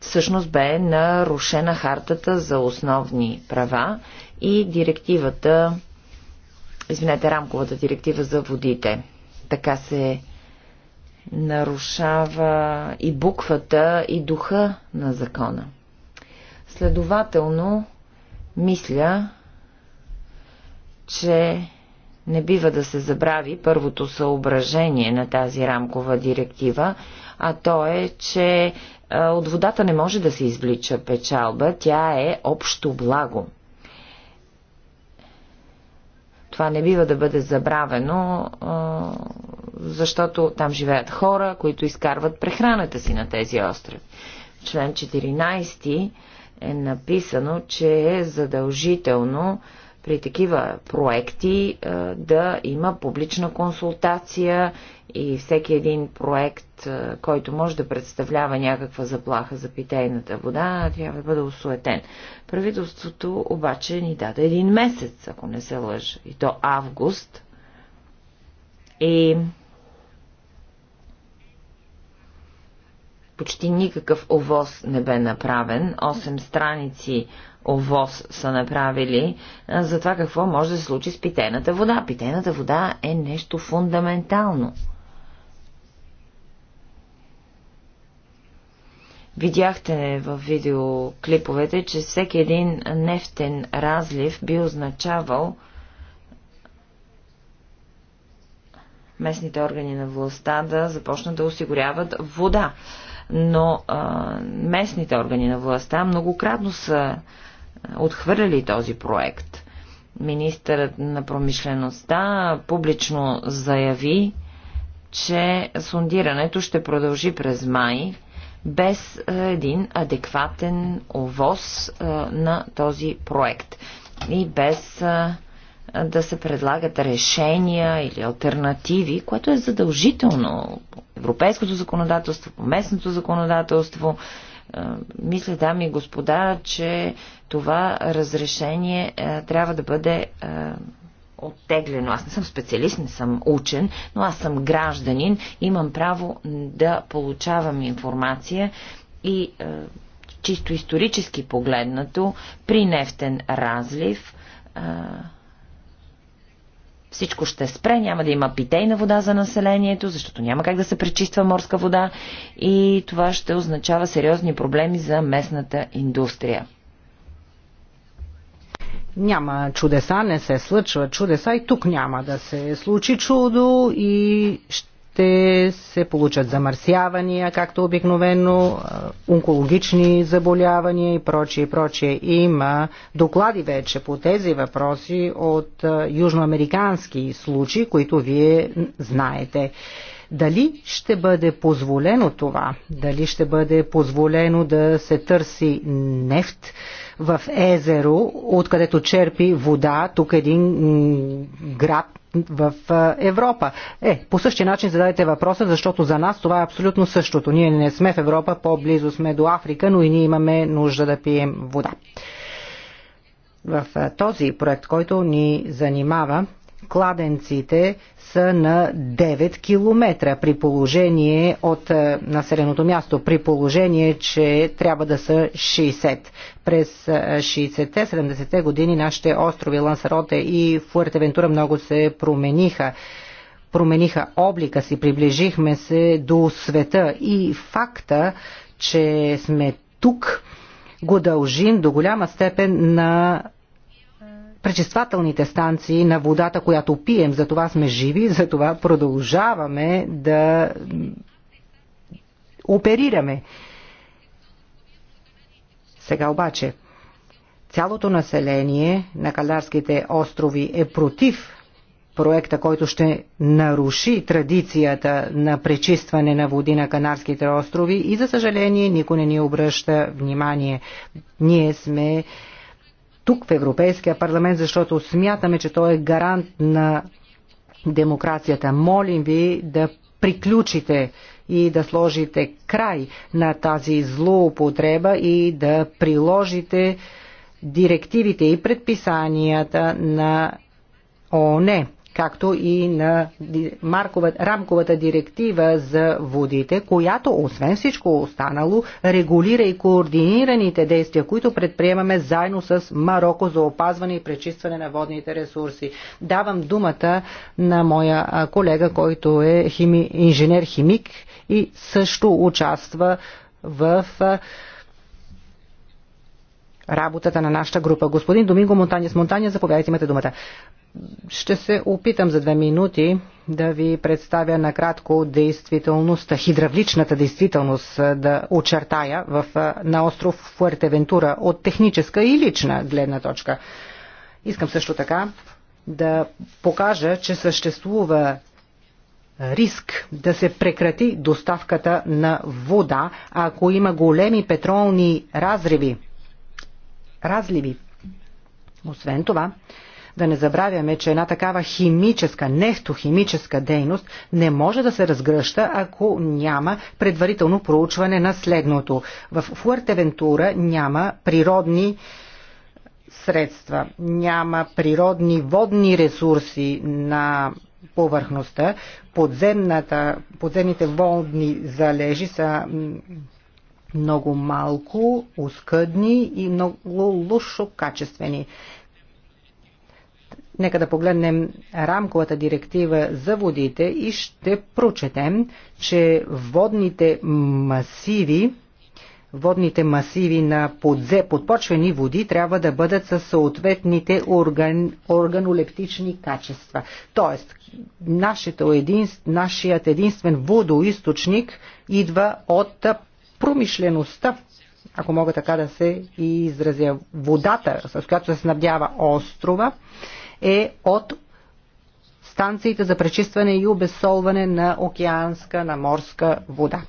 всъщност бе нарушена хартата за основни права и директивата, извинете, рамковата директива за водите. Така се нарушава и буквата, и духа на закона. Следователно, мисля, че не бива да се забрави първото съображение на тази рамкова директива, а то е, че от водата не може да се извлича печалба, тя е общо благо. Това не бива да бъде забравено, защото там живеят хора, които изкарват прехраната си на тези острови. Член 14 е написано, че е задължително при такива проекти да има публична консултация и всеки един проект, който може да представлява някаква заплаха за питейната вода, трябва да бъде осуетен. Правителството обаче ни даде един месец, ако не се лъжа, и то август. И почти никакъв овоз не бе направен. 8 страници ОВОз са направили за това какво може да се случи с питената вода. Питената вода е нещо фундаментално. Видяхте в видеоклиповете, че всеки един нефтен разлив би означавал местните органи на властта да започнат да осигуряват вода. Но а, местните органи на властта многократно са отхвърляли този проект. Министърът на промишлеността публично заяви, че сондирането ще продължи през май без е, един адекватен овоз е, на този проект и без е, да се предлагат решения или альтернативи, което е задължително. Европейското законодателство, местното законодателство е, мисля, дами и господа, че това разрешение е, трябва да бъде е, оттеглено. Аз не съм специалист, не съм учен, но аз съм гражданин, имам право да получавам информация и чисто исторически погледнато при нефтен разлив всичко ще спре, няма да има питейна вода за населението, защото няма как да се пречиства морска вода и това ще означава сериозни проблеми за местната индустрия. Няма чудеса, не се случва чудеса и тук няма да се случи чудо и ще ще се получат замърсявания, както обикновено, е, онкологични заболявания и прочие, и прочие. Има доклади вече по тези въпроси от е, южноамерикански случаи, които вие знаете. Дали ще бъде позволено това? Дали ще бъде позволено да се търси нефт в езеро, откъдето черпи вода тук един град в Европа. Е, по същия начин зададете въпроса, защото за нас това е абсолютно същото. Ние не сме в Европа, по-близо сме до Африка, но и ние имаме нужда да пием вода. В този проект, който ни занимава, кладенците са на 9 км при положение от е, населеното място, при положение, че трябва да са 60. През 60-те, е, 70-те години нашите острови Лансароте и Фуертевентура много се промениха промениха облика си, приближихме се до света и факта, че сме тук, го дължим до голяма степен на Пречествателните станции на водата, която пием. За това сме живи, за това продължаваме да оперираме. Сега обаче, цялото население на Калдарските острови е против проекта, който ще наруши традицията на пречистване на води на Канарските острови и за съжаление никой не ни обръща внимание. Ние сме тук в Европейския парламент, защото смятаме, че той е гарант на демокрацията. Молим ви да приключите и да сложите край на тази злоупотреба и да приложите директивите и предписанията на ООН както и на рамковата директива за водите, която, освен всичко останало, регулира и координираните действия, които предприемаме заедно с Марокко за опазване и пречистване на водните ресурси. Давам думата на моя колега, който е инженер-химик и също участва в работата на нашата група. Господин Доминго Монтанес Монтаня, заповядайте, имате думата. Ще се опитам за две минути да ви представя накратко действителността, хидравличната действителност да очертая в, на остров Фуертевентура от техническа и лична гледна точка. Искам също така да покажа, че съществува риск да се прекрати доставката на вода, ако има големи петролни разриви разливи. Освен това, да не забравяме, че една такава химическа, нефтохимическа дейност не може да се разгръща, ако няма предварително проучване на следното. В Фуертевентура няма природни средства, няма природни водни ресурси на повърхността, подземната, подземните водни залежи са много малко, оскъдни и много лошо качествени. Нека да погледнем рамковата директива за водите и ще прочетем, че водните масиви водните масиви на подзе, подпочвени води трябва да бъдат със съответните орган, органолептични качества. Тоест, нашият единствен водоисточник идва от промишлеността, ако мога така да се изразя, водата, с която се снабдява острова, е от станциите за пречистване и обесолване на океанска, на морска вода.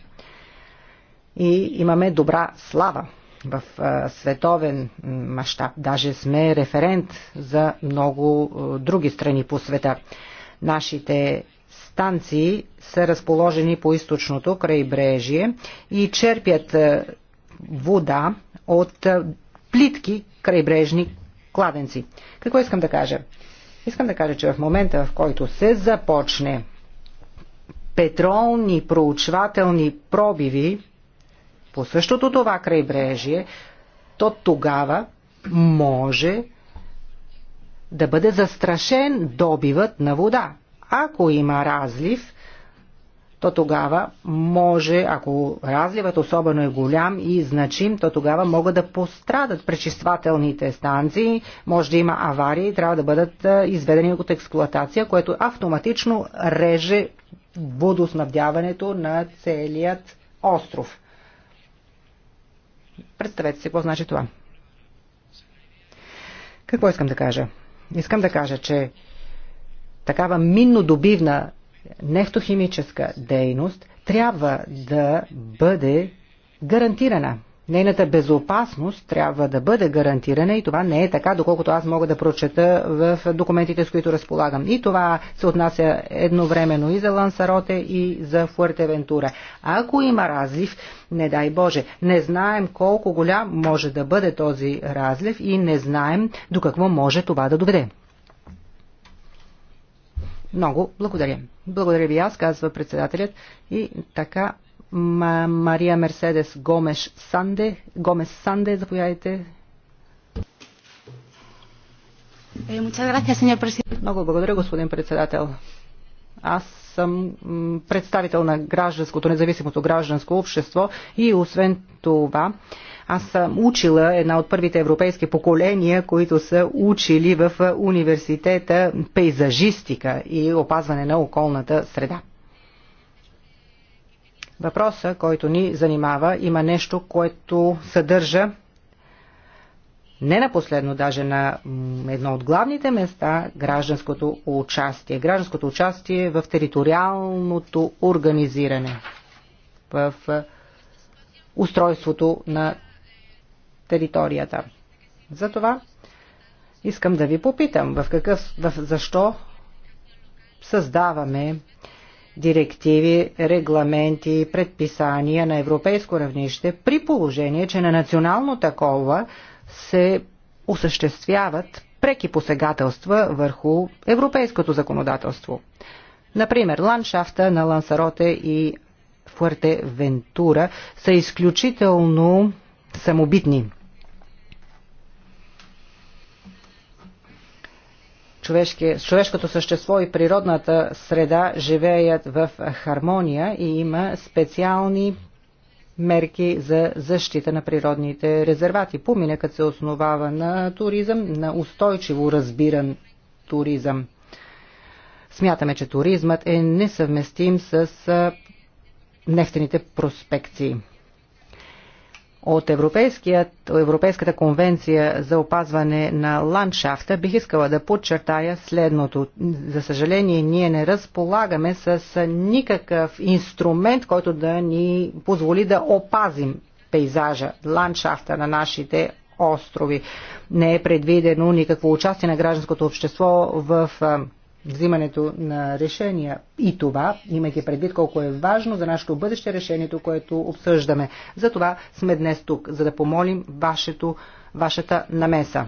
И имаме добра слава в световен мащаб. Даже сме референт за много други страни по света. Нашите станции са разположени по източното крайбрежие и черпят е, вода от е, плитки крайбрежни кладенци. Какво искам да кажа? Искам да кажа, че в момента, в който се започне петролни проучвателни пробиви по същото това крайбрежие, то тогава може да бъде застрашен добивът на вода. Ако има разлив, то тогава може, ако разливът особено е голям и значим, то тогава могат да пострадат пречиствателните станции, може да има аварии, трябва да бъдат изведени от експлоатация, което автоматично реже водоснабдяването на целият остров. Представете си какво значи това. Какво искам да кажа? Искам да кажа, че такава миннодобивна нефтохимическа дейност трябва да бъде гарантирана. Нейната безопасност трябва да бъде гарантирана и това не е така, доколкото аз мога да прочета в документите, с които разполагам. И това се отнася едновременно и за Лансароте, и за Фуертевентура. Ако има разлив, не дай Боже, не знаем колко голям може да бъде този разлив и не знаем до какво може това да доведе. Много благодаря. Благодаря ви аз, казва председателят. И така, Мария Мерседес Гомеш Санде. Гомес Санде, заповядайте. Е, Много благодаря, господин председател. Аз съм представител на гражданското, независимото гражданско общество и освен това аз съм учила една от първите европейски поколения, които са учили в университета пейзажистика и опазване на околната среда. Въпроса, който ни занимава, има нещо, което съдържа не на последно, даже на едно от главните места гражданското участие. Гражданското участие в териториалното организиране, в устройството на територията. Затова искам да ви попитам в какъв, в, защо създаваме директиви, регламенти, предписания на европейско равнище, при положение, че на национално такова се осъществяват преки посегателства върху европейското законодателство. Например, ландшафта на Лансароте и Фуерте Вентура са изключително самобитни. човешкото същество и природната среда живеят в хармония и има специални мерки за защита на природните резервати. Поминекът се основава на туризъм, на устойчиво разбиран туризъм. Смятаме, че туризмът е несъвместим с нефтените проспекции от Европейската конвенция за опазване на ландшафта, бих искала да подчертая следното. За съжаление, ние не разполагаме с никакъв инструмент, който да ни позволи да опазим пейзажа, ландшафта на нашите острови. Не е предвидено никакво участие на гражданското общество в взимането на решения. И това, имайки предвид колко е важно за нашето бъдеще решението, което обсъждаме. За това сме днес тук, за да помолим вашето, вашата намеса.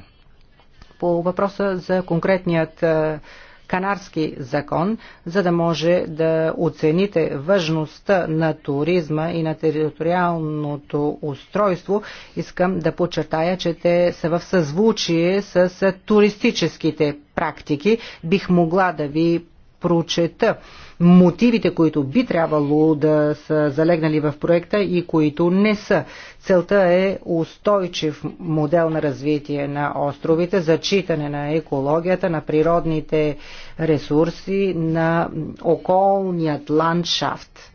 По въпроса за конкретният е, канарски закон, за да може да оцените важността на туризма и на териториалното устройство, искам да подчертая, че те са в съзвучие с туристическите практики, бих могла да ви прочета мотивите, които би трябвало да са залегнали в проекта и които не са. Целта е устойчив модел на развитие на островите, зачитане на екологията, на природните ресурси, на околният ландшафт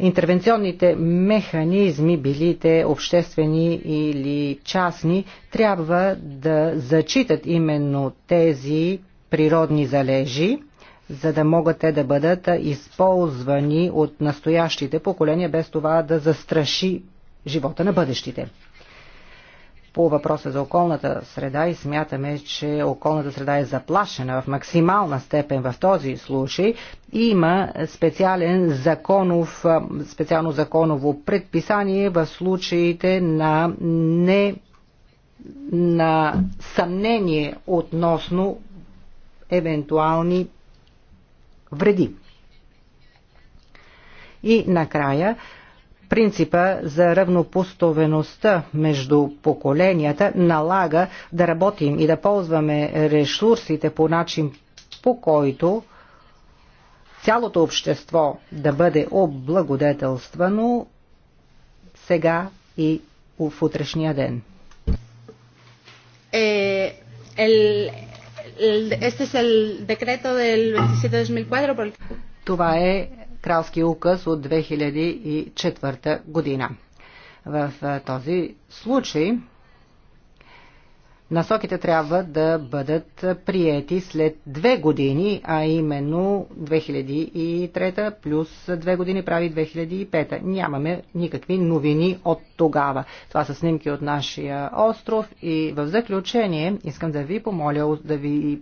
интервенционните механизми, били те обществени или частни, трябва да зачитат именно тези природни залежи, за да могат те да бъдат използвани от настоящите поколения, без това да застраши живота на бъдещите по въпроса за околната среда и смятаме, че околната среда е заплашена в максимална степен в този случай. Има специален законов, специално законово предписание в случаите на не на съмнение относно евентуални вреди. И накрая Принципа за равнопоставеността между поколенията налага да работим и да ползваме ресурсите по начин, по който цялото общество да бъде облагодетелствано сега и в утрешния ден. Е, ел, este es el decreto del 27-2004. Това е кралски указ от 2004 година. В този случай Насоките трябва да бъдат приети след две години, а именно 2003 плюс две години прави 2005. Нямаме никакви новини от тогава. Това са снимки от нашия остров и в заключение искам да ви помоля, да ви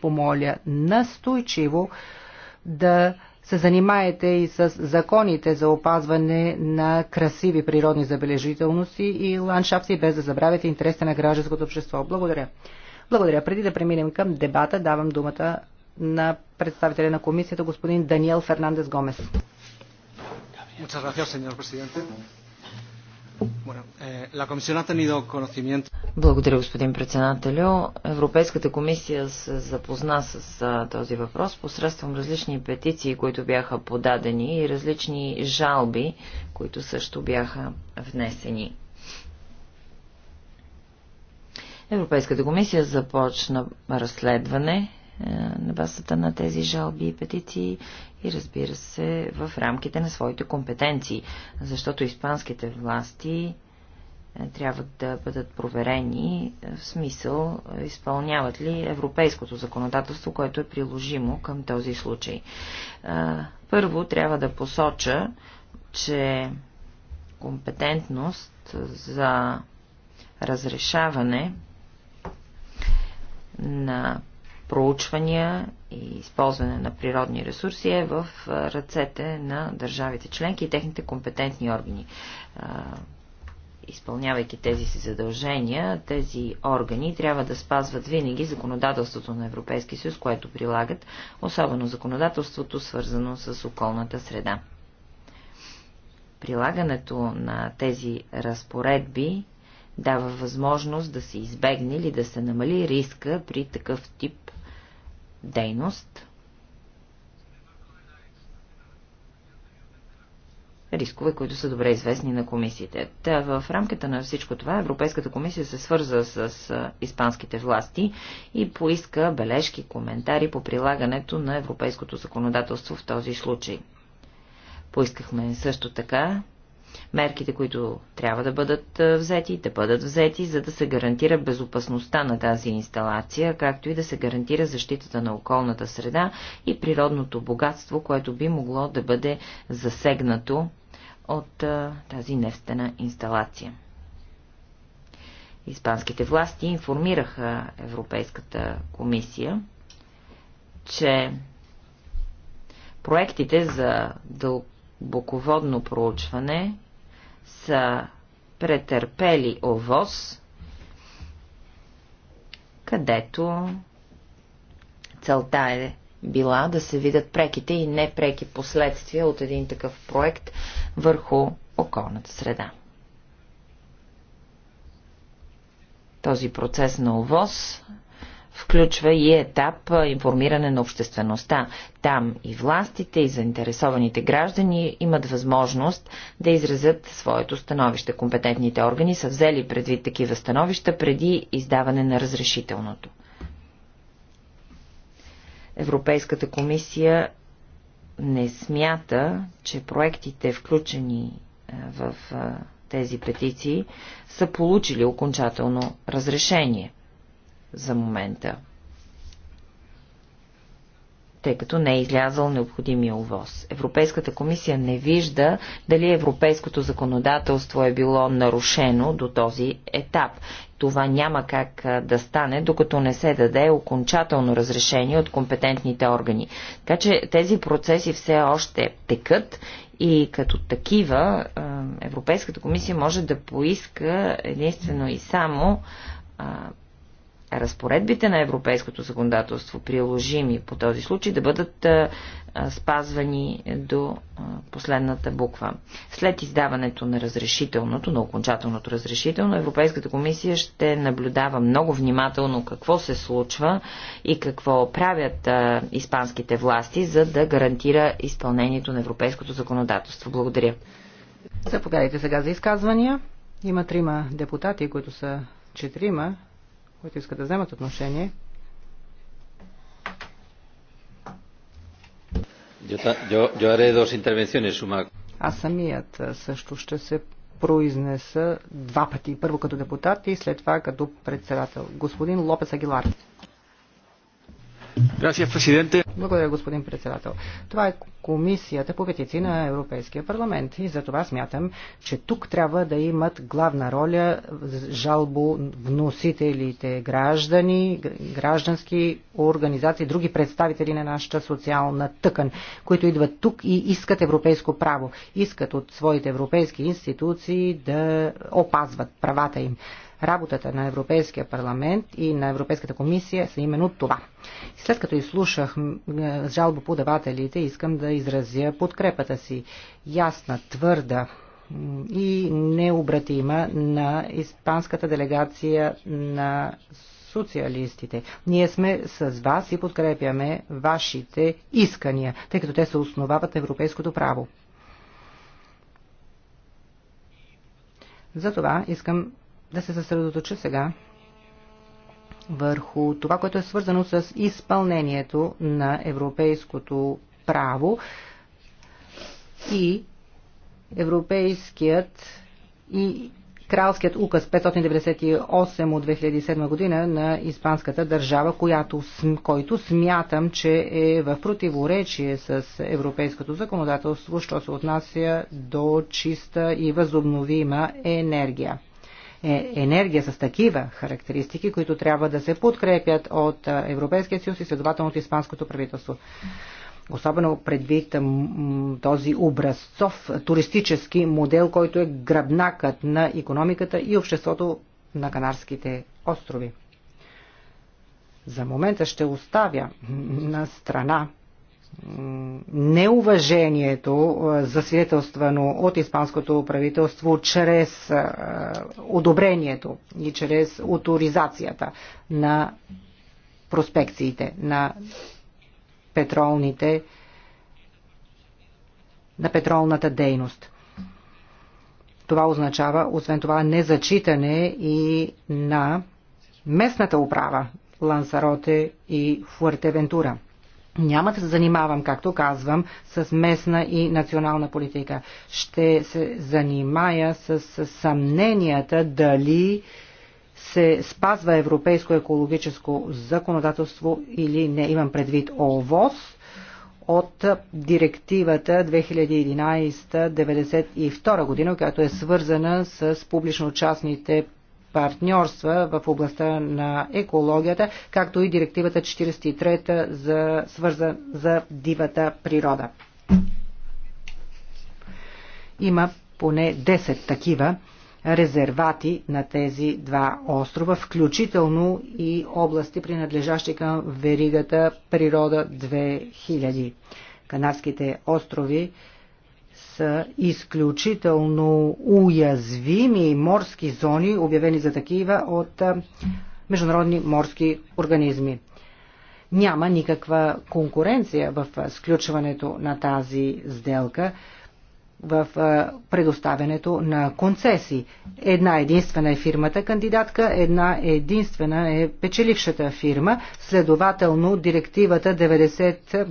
помоля настойчиво да се занимаете и с законите за опазване на красиви природни забележителности и ландшафти, без да забравяте интересите на гражданското общество. Благодаря. Благодаря. Преди да преминем към дебата, давам думата на представителя на комисията, господин Даниел Фернандес Гомес. Muchas gracias, señor presidente. Eh, Благодаря, господин председателю. Европейската комисия се запозна с този въпрос посредством различни петиции, които бяха подадени и различни жалби, които също бяха внесени. Европейската комисия започна разследване е, на базата на тези жалби и петиции и разбира се в рамките на своите компетенции, защото испанските власти е, трябва да бъдат проверени е, в смисъл изпълняват ли европейското законодателство, което е приложимо към този случай. Първо трябва да посоча, че компетентност за разрешаване на проучвания и използване на природни ресурси е в ръцете на държавите членки и техните компетентни органи. Изпълнявайки тези си задължения, тези органи трябва да спазват винаги законодателството на Европейския съюз, което прилагат, особено законодателството, свързано с околната среда. Прилагането на тези разпоредби дава възможност да се избегне или да се намали риска при такъв тип дейност, рискове, които са добре известни на комисиите. Та в рамката на всичко това Европейската комисия се свърза с испанските власти и поиска бележки, коментари по прилагането на европейското законодателство в този случай. Поискахме също така мерките, които трябва да бъдат взети, да бъдат взети, за да се гарантира безопасността на тази инсталация, както и да се гарантира защитата на околната среда и природното богатство, което би могло да бъде засегнато от тази нефтена инсталация. Испанските власти информираха Европейската комисия, че проектите за дълг буководно проучване са претърпели овоз, където целта е била да се видят преките и непреки последствия от един такъв проект върху околната среда. Този процес на овоз включва и етап информиране на обществеността. Там и властите, и заинтересованите граждани имат възможност да изразят своето становище. Компетентните органи са взели предвид такива становища преди издаване на разрешителното. Европейската комисия не смята, че проектите, включени в тези петиции, са получили окончателно разрешение за момента, тъй като не е излязъл необходимия увоз. Европейската комисия не вижда дали европейското законодателство е било нарушено до този етап. Това няма как да стане, докато не се даде окончателно разрешение от компетентните органи. Така че тези процеси все още текат и като такива Европейската комисия може да поиска единствено и само разпоредбите на европейското законодателство, приложими по този случай, да бъдат спазвани до последната буква. След издаването на разрешителното, на окончателното разрешително, Европейската комисия ще наблюдава много внимателно какво се случва и какво правят испанските власти, за да гарантира изпълнението на европейското законодателство. Благодаря. Заповядайте сега за изказвания. Има трима депутати, които са четирима които искат да вземат отношение. Аз самият също ще се произнеса два пъти. Първо като депутат и след това като председател. Господин Лопес Агилар. Благодаря, господин председател. Това е комисията по петиции на Европейския парламент и за това смятам, че тук трябва да имат главна роля жалбо вносителите, граждани, граждански организации, други представители на нашата социална тъкан, които идват тук и искат европейско право, искат от своите европейски институции да опазват правата им. Работата на Европейския парламент и на Европейската комисия са именно това. След като изслушах е, жалбоподавателите, искам да изразя подкрепата си. Ясна, твърда, и необратима на испанската делегация на социалистите. Ние сме с вас и подкрепяме вашите искания, тъй като те се основават на европейското право. Затова искам да се съсредоточа сега върху това, което е свързано с изпълнението на европейското право и европейският и кралският указ 598 от 2007 година на испанската държава, която, който смятам, че е в противоречие с европейското законодателство, що се отнася до чиста и възобновима енергия. Е енергия, с такива характеристики, които трябва да се подкрепят от Европейския съюз и следователно от Испанското правителство особено предвид този образцов туристически модел, който е гръбнакът на економиката и обществото на Канарските острови. За момента ще оставя на страна неуважението, засвидетелствано от испанското правителство, чрез одобрението и чрез авторизацията на проспекциите на петролните на петролната дейност. Това означава, освен това, незачитане и на местната управа Лансароте и Фуертевентура. Няма да се занимавам, както казвам, с местна и национална политика. Ще се занимая с съмненията дали се спазва европейско екологическо законодателство или не. Имам предвид ОВОС от директивата 2011-92 година, която е свързана с публично-частните партньорства в областта на екологията, както и директивата 43 за, свърза, за дивата природа. Има поне 10 такива резервати на тези два острова, включително и области, принадлежащи към веригата Природа 2000. канадските острови са изключително уязвими морски зони, обявени за такива от международни морски организми. Няма никаква конкуренция в сключването на тази сделка в предоставянето на концесии. Една единствена е фирмата кандидатка, една единствена е печелившата фирма. Следователно, директивата 90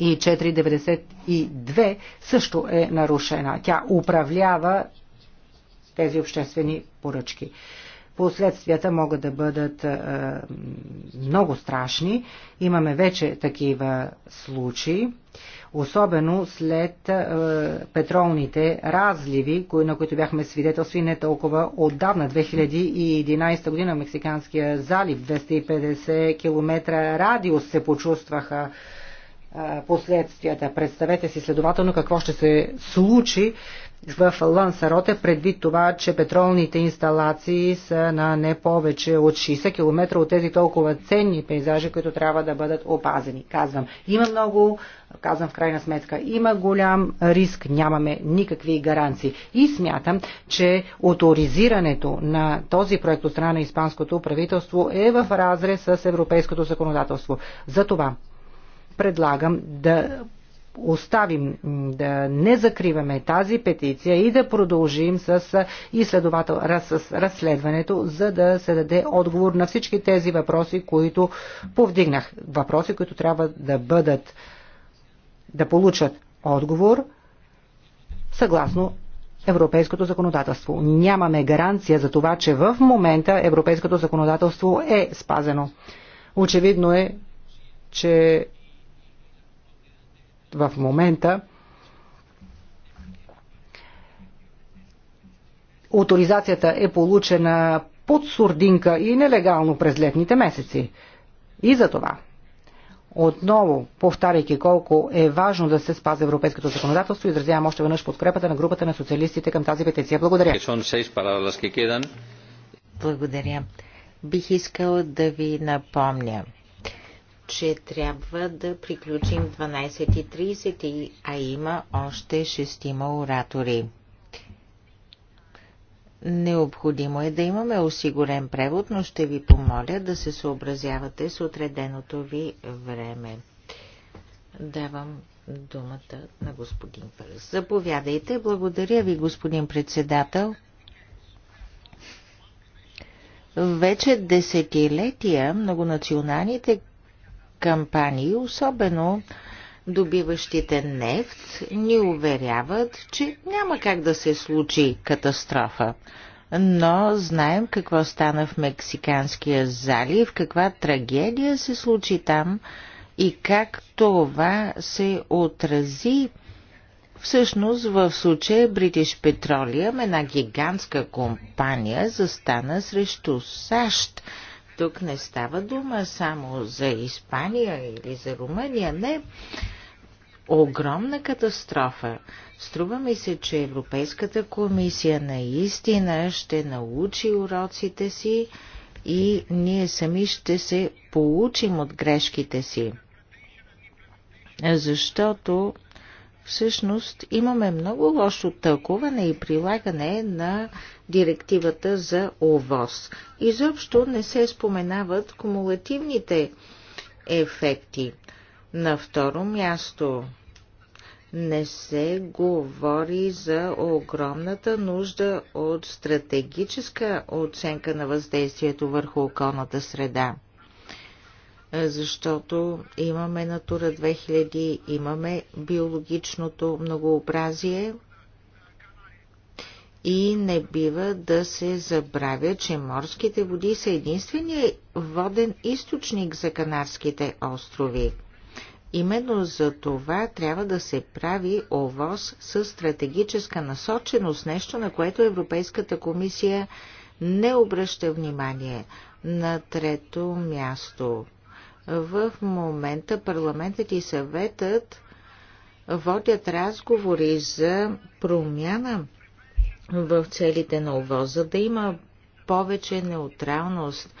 и 492 също е нарушена. Тя управлява тези обществени поръчки. Последствията могат да бъдат е, много страшни. Имаме вече такива случаи, особено след е, петролните разливи, кои, на които бяхме свидетелстви не толкова отдавна. 2011 година Мексиканския залив, 250 км радиус се почувстваха последствията. Представете си следователно какво ще се случи в Лансароте, предвид това, че петролните инсталации са на не повече от 60 км от тези толкова ценни пейзажи, които трябва да бъдат опазени. Казвам, има много, казвам в крайна сметка, има голям риск, нямаме никакви гаранции. И смятам, че авторизирането на този проект от страна на испанското правителство е в разрез с европейското законодателство. За това предлагам да оставим, да не закриваме тази петиция и да продължим с, изследовател, с разследването, за да се даде отговор на всички тези въпроси, които повдигнах. Въпроси, които трябва да бъдат, да получат отговор съгласно европейското законодателство. Нямаме гаранция за това, че в момента европейското законодателство е спазено. Очевидно е, че в момента Авторизацията е получена под сурдинка и нелегално през летните месеци. И за това, отново повтаряйки колко е важно да се спази европейското законодателство, изразявам още веднъж подкрепата на групата на социалистите към тази петиция. Благодаря. Е, Благодаря. Бих искал да ви напомня че трябва да приключим 12.30, а има още шестима оратори. Необходимо е да имаме осигурен превод, но ще ви помоля да се съобразявате с отреденото ви време. Давам думата на господин Пърс. Заповядайте. Благодаря ви, господин председател. Вече десетилетия многонационалните кампании, особено добиващите нефт, ни уверяват, че няма как да се случи катастрофа. Но знаем какво стана в Мексиканския залив, каква трагедия се случи там и как това се отрази Всъщност в случая British Petroleum, една гигантска компания, застана срещу САЩ тук не става дума само за Испания или за Румъния. Не. Огромна катастрофа. Струва ми се, че Европейската комисия наистина ще научи уроците си и ние сами ще се получим от грешките си. Защото всъщност имаме много лошо тълкуване и прилагане на директивата за ОВОз. Изобщо не се споменават кумулативните ефекти. На второ място не се говори за огромната нужда от стратегическа оценка на въздействието върху околната среда. Е, защото имаме Натура 2000, имаме биологичното многообразие и не бива да се забравя, че морските води са единствения воден източник за Канарските острови. Именно за това трябва да се прави ОВОз с стратегическа насоченост, нещо на което Европейската комисия не обръща внимание. На трето място в момента парламентът и съветът водят разговори за промяна в целите на ОВО, за да има повече неутралност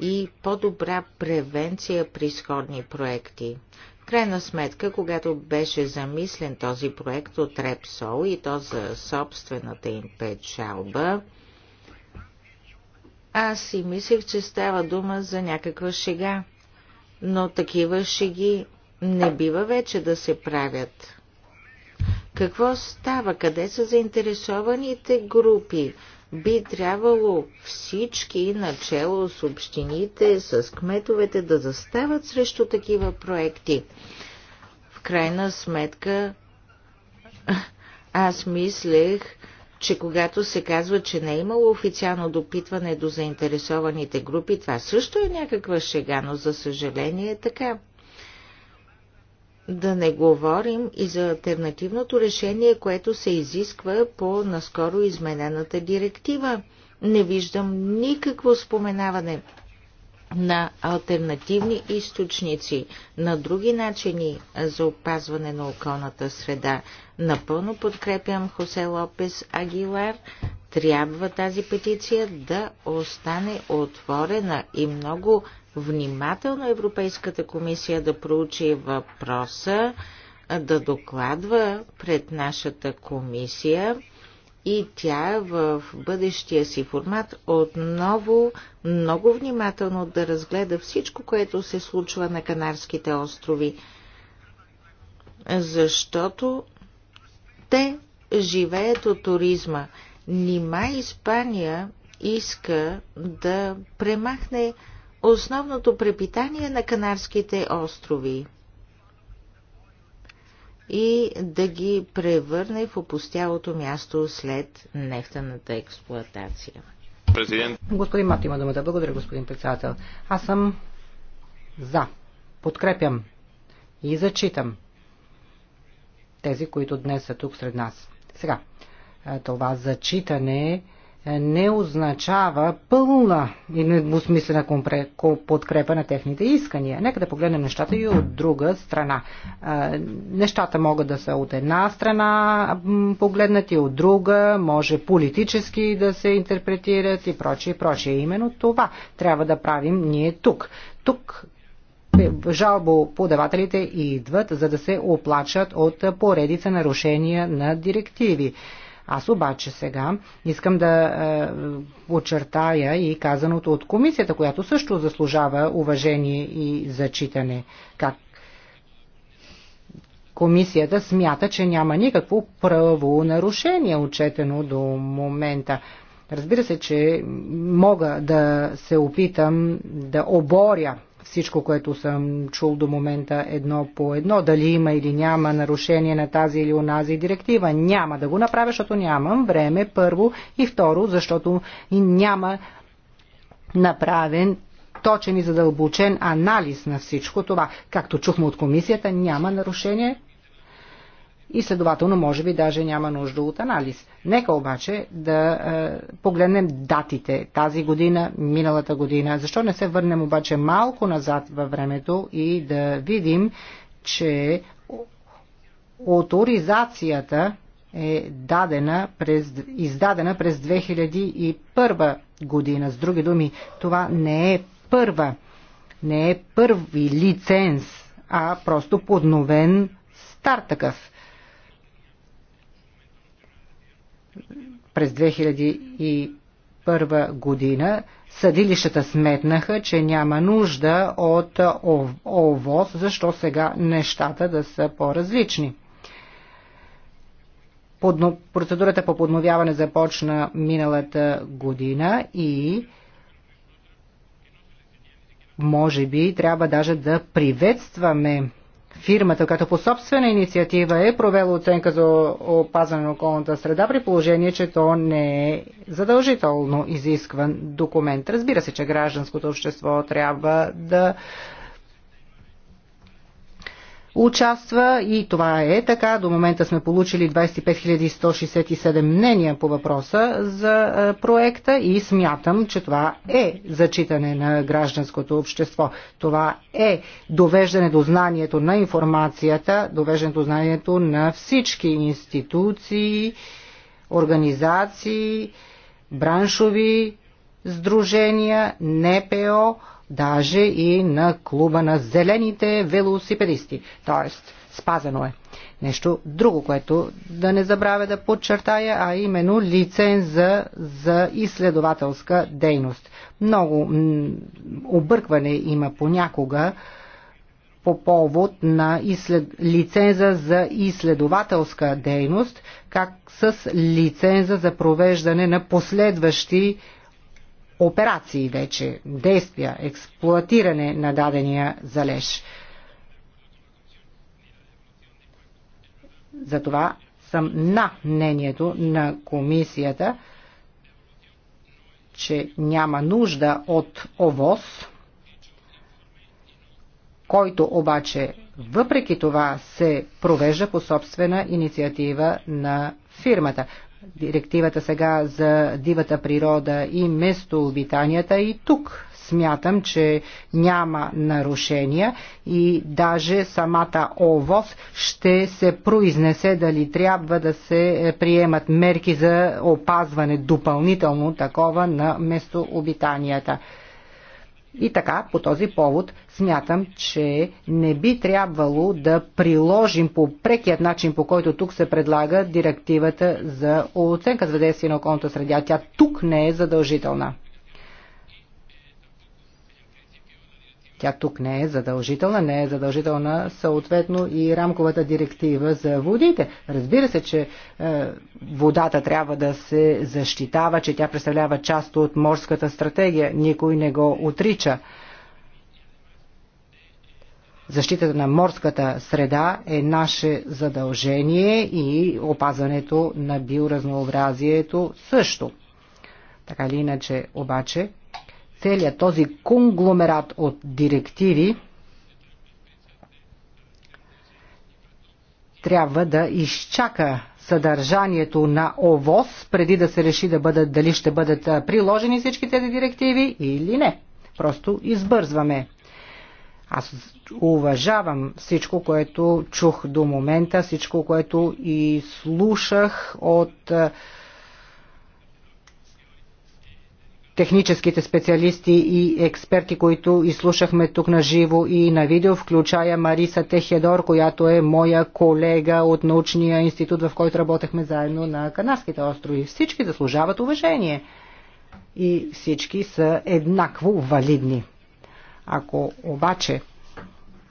и по-добра превенция при сходни проекти. В крайна сметка, когато беше замислен този проект от Репсол и то за собствената им печалба, аз си мислех, че става дума за някаква шега но такива шеги не бива вече да се правят. Какво става? Къде са заинтересованите групи? Би трябвало всички, начало с общините, с кметовете, да застават срещу такива проекти. В крайна сметка, аз мислех, че когато се казва, че не е имало официално допитване до заинтересованите групи, това също е някаква шега, но за съжаление е така. Да не говорим и за альтернативното решение, което се изисква по наскоро изменената директива. Не виждам никакво споменаване на альтернативни източници, на други начини за опазване на околната среда. Напълно подкрепям Хосе Лопес Агилар. Трябва тази петиция да остане отворена и много внимателно Европейската комисия да проучи въпроса, да докладва пред нашата комисия и тя в бъдещия си формат отново много внимателно да разгледа всичко, което се случва на Канарските острови, защото те живеят от туризма. Нима Испания иска да премахне основното препитание на Канарските острови и да ги превърне в опустялото място след нефтената експлоатация. Президент. Господин Мат има думата. Благодаря, господин председател. Аз съм за. Подкрепям и зачитам тези, които днес са тук сред нас. Сега, това зачитане е не означава пълна и недвусмислена подкрепа на техните искания. Нека да погледнем нещата и от друга страна. Нещата могат да са от една страна погледнати, от друга, може политически да се интерпретират и прочие, и прочее. Именно това трябва да правим ние тук. Тук е, жалбоподавателите идват, за да се оплачат от поредица нарушения на директиви. Аз обаче сега искам да е, очертая и казаното от комисията, която също заслужава уважение и зачитане. Как комисията смята, че няма никакво правонарушение, отчетено до момента. Разбира се, че мога да се опитам да оборя всичко, което съм чул до момента едно по едно. Дали има или няма нарушение на тази или онази директива. Няма да го направя, защото нямам време, първо. И второ, защото няма направен точен и задълбочен анализ на всичко това. Както чухме от комисията, няма нарушение и следователно може би даже няма нужда от анализ. Нека обаче да е, погледнем датите тази година, миналата година. Защо не се върнем обаче малко назад във времето и да видим, че авторизацията е дадена през, издадена през 2001 година. С други думи, това не е първа, не е първи лиценз, а просто подновен стартъкъв. такъв. през 2001 година съдилищата сметнаха, че няма нужда от ОВОз, защо сега нещата да са по-различни. Подно... Процедурата по подновяване започна миналата година и може би трябва даже да приветстваме фирмата, като по собствена инициатива е провела оценка за опазване на околната среда, при положение, че то не е задължително изискван документ. Разбира се, че гражданското общество трябва да участва и това е така. До момента сме получили 25 167 мнения по въпроса за е, проекта и смятам, че това е зачитане на гражданското общество. Това е довеждане до знанието на информацията, довеждане до знанието на всички институции, организации, браншови сдружения, НПО, даже и на клуба на зелените велосипедисти. Тоест, спазено е. Нещо друго, което да не забравя да подчертая, а именно лиценза за изследователска дейност. Много объркване има понякога по повод на изслед... лиценза за изследователска дейност, как с лиценза за провеждане на последващи операции вече, действия, експлуатиране на дадения залеж. Затова съм на мнението на комисията, че няма нужда от ОВОС, който обаче въпреки това се провежда по собствена инициатива на фирмата директивата сега за дивата природа и местообитанията и тук смятам, че няма нарушения и даже самата ОВОС ще се произнесе дали трябва да се приемат мерки за опазване допълнително такова на местообитанията. И така, по този повод, смятам, че не би трябвало да приложим по прекият начин, по който тук се предлага директивата за оценка за въздействие на околната среда. Тя тук не е задължителна. Тя тук не е задължителна, не е задължителна съответно и рамковата директива за водите. Разбира се, че е, водата трябва да се защитава, че тя представлява част от морската стратегия. Никой не го отрича. Защитата на морската среда е наше задължение и опазването на биоразнообразието също. Така или иначе, обаче, целият този конгломерат от директиви трябва да изчака съдържанието на ОВОз, преди да се реши да бъдат, дали ще бъдат приложени всички тези директиви или не. Просто избързваме. Аз уважавам всичко, което чух до момента, всичко, което и слушах от техническите специалисти и експерти, които изслушахме тук на живо и на видео, включая Мариса Техедор, която е моя колега от научния институт, в който работехме заедно на Канарските острови. Всички заслужават уважение и всички са еднакво валидни. Ако обаче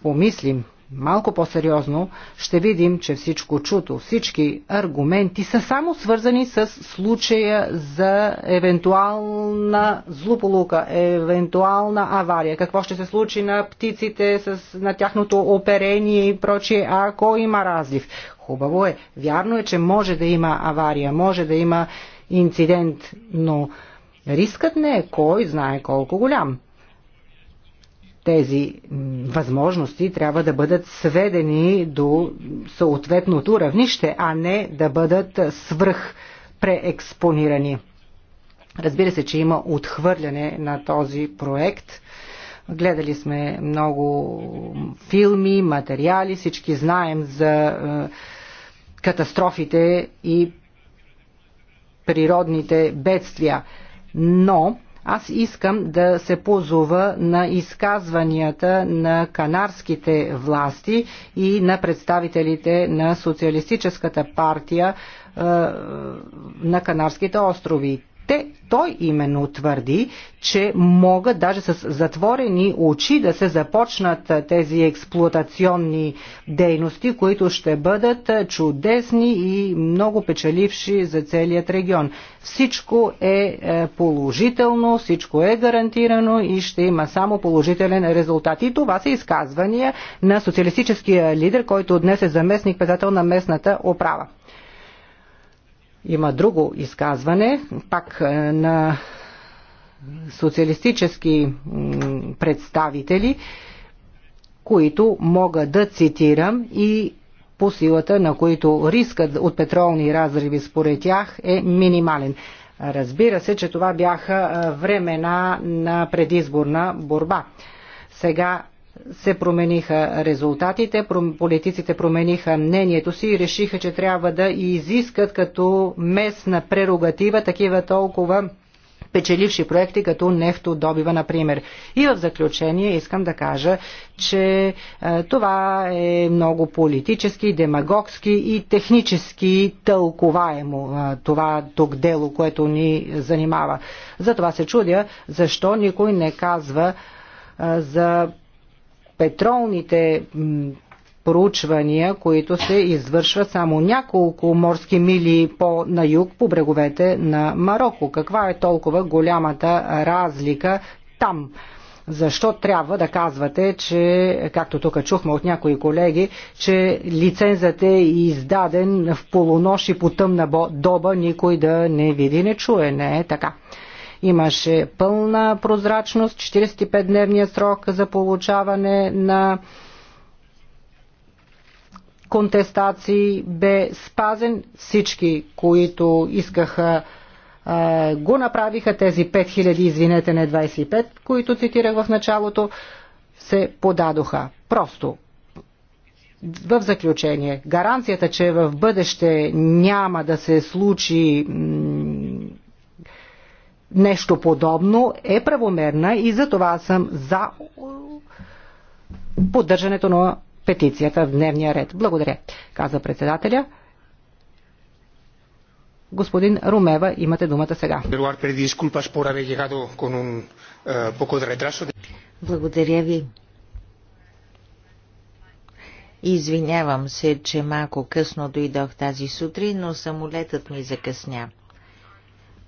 помислим малко по-сериозно, ще видим, че всичко чуто, всички аргументи са само свързани с случая за евентуална злополука, евентуална авария. Какво ще се случи на птиците, с, на тяхното оперение и прочие, ако има разлив. Хубаво е. Вярно е, че може да има авария, може да има инцидент, но рискът не е кой знае колко голям тези възможности трябва да бъдат сведени до съответното равнище, а не да бъдат свръх преекспонирани. Разбира се, че има отхвърляне на този проект. Гледали сме много филми, материали, всички знаем за е, катастрофите и природните бедствия. Но аз искам да се позова на изказванията на канарските власти и на представителите на Социалистическата партия на Канарските острови. Те, той именно твърди, че могат даже с затворени очи да се започнат тези експлуатационни дейности, които ще бъдат чудесни и много печеливши за целият регион. Всичко е, е положително, всичко е гарантирано и ще има само положителен резултат. И това са изказвания на социалистическия лидер, който днес е заместник председател на местната управа. Има друго изказване, пак е, на социалистически представители, които мога да цитирам и по силата на които рискът от петролни разриви според тях е минимален. Разбира се, че това бяха е, времена на предизборна борба. Сега се промениха резултатите, политиците промениха мнението си и решиха, че трябва да изискат като местна прерогатива такива толкова печеливши проекти, като нефтодобива, например. И в заключение искам да кажа, че е, това е много политически, демагогски и технически тълковаемо е, това тук дело, което ни занимава. Затова се чудя, защо никой не казва е, за петролните проучвания, които се извършват само няколко морски мили по на юг по бреговете на Марокко. Каква е толкова голямата разлика там? Защо трябва да казвате, че, както тук чухме от някои колеги, че лицензът е издаден в полунощ и по тъмна доба, никой да не види, не чуе. Не е така. Имаше пълна прозрачност, 45-дневния срок за получаване на контестации бе спазен. Всички, които искаха го направиха тези 5000, извинете, не 25, които цитирах в началото, се подадоха. Просто в заключение, гаранцията, че в бъдеще няма да се случи нещо подобно е правомерна и за това съм за поддържането на петицията в дневния ред. Благодаря, каза председателя. Господин Румева, имате думата сега. Е, Благодаря ви. Извинявам се, че малко късно дойдох тази сутрин, но самолетът ми закъсня.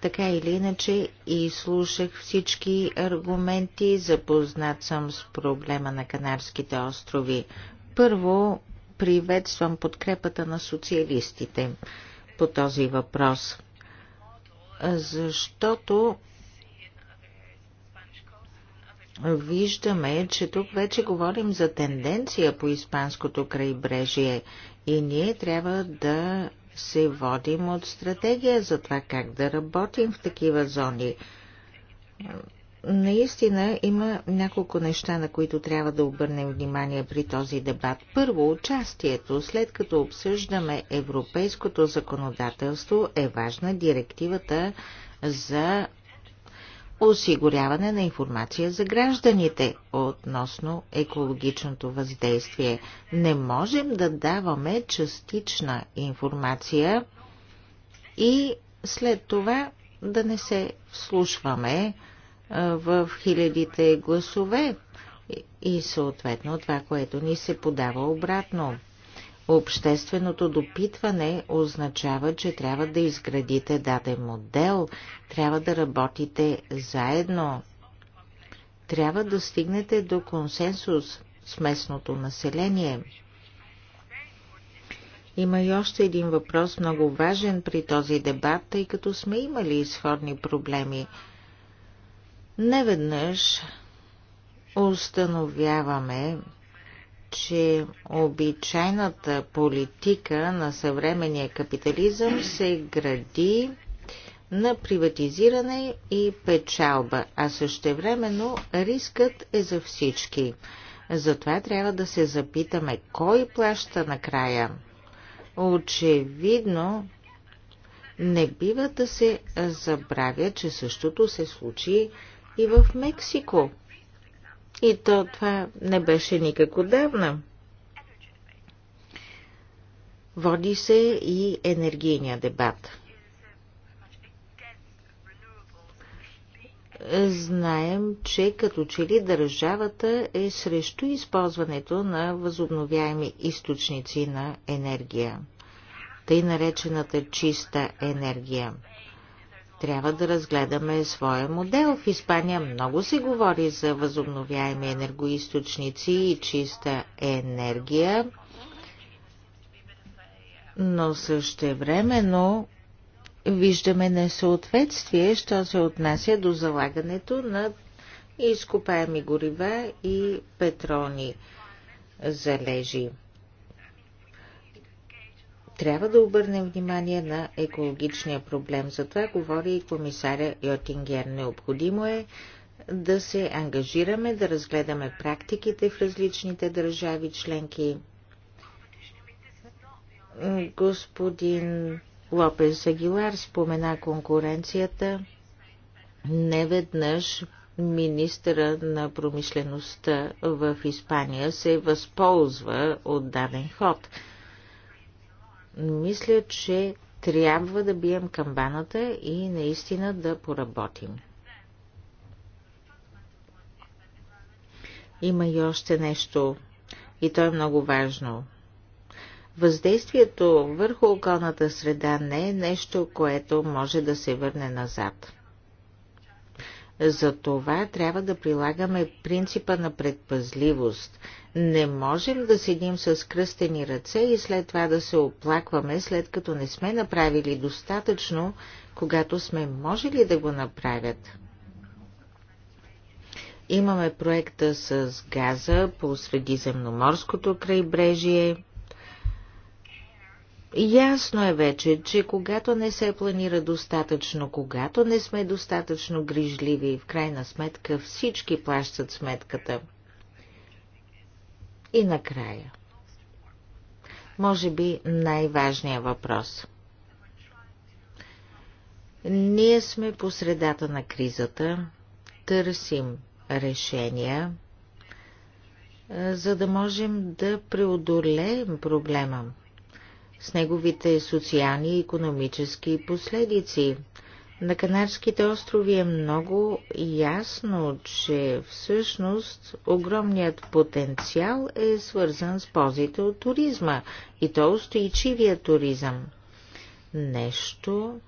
Така или иначе и слушах всички аргументи, запознат съм с проблема на Канарските острови. Първо, приветствам подкрепата на социалистите по този въпрос, защото виждаме, че тук вече говорим за тенденция по Испанското крайбрежие и ние трябва да се водим от стратегия за това как да работим в такива зони. Наистина има няколко неща, на които трябва да обърнем внимание при този дебат. Първо, участието. След като обсъждаме европейското законодателство, е важна директивата за осигуряване на информация за гражданите относно екологичното въздействие. Не можем да даваме частична информация и след това да не се вслушваме в хилядите гласове и съответно това, което ни се подава обратно. Общественото допитване означава, че трябва да изградите даден модел, трябва да работите заедно, трябва да стигнете до консенсус с местното население. Има и още един въпрос, много важен при този дебат, тъй като сме имали изходни проблеми. Неведнъж установяваме, че обичайната политика на съвременния капитализъм се гради на приватизиране и печалба, а същевременно рискът е за всички. Затова трябва да се запитаме кой плаща накрая. Очевидно, не бива да се забравя, че същото се случи и в Мексико. И то това не беше никак отдавна. Води се и енергийния дебат. Знаем, че като че ли държавата е срещу използването на възобновяеми източници на енергия, тъй наречената чиста енергия – трябва да разгледаме своя модел. В Испания много се говори за възобновяеми енергоисточници и чиста енергия, но също времено виждаме несъответствие, що се отнася до залагането на изкопаеми горива и петролни залежи трябва да обърнем внимание на екологичния проблем. За това говори и комисаря Йотингер. Необходимо е да се ангажираме, да разгледаме практиките в различните държави членки. Господин Лопес Агилар спомена конкуренцията. Неведнъж министъра на промишлеността в Испания се възползва от даден ход – мисля, че трябва да бием камбаната и наистина да поработим. Има и още нещо, и то е много важно. Въздействието върху околната среда не е нещо, което може да се върне назад. За това трябва да прилагаме принципа на предпазливост – не можем да седим с кръстени ръце и след това да се оплакваме, след като не сме направили достатъчно, когато сме можели да го направят. Имаме проекта с газа по Средиземноморското крайбрежие. Ясно е вече, че когато не се планира достатъчно, когато не сме достатъчно грижливи, в крайна сметка всички плащат сметката – и накрая, може би най-важният въпрос. Ние сме по средата на кризата, търсим решения, за да можем да преодолеем проблема с неговите социални и економически последици – на Канарските острови е много ясно, че всъщност огромният потенциал е свързан с ползите от туризма и то устойчивия туризъм. Нещо,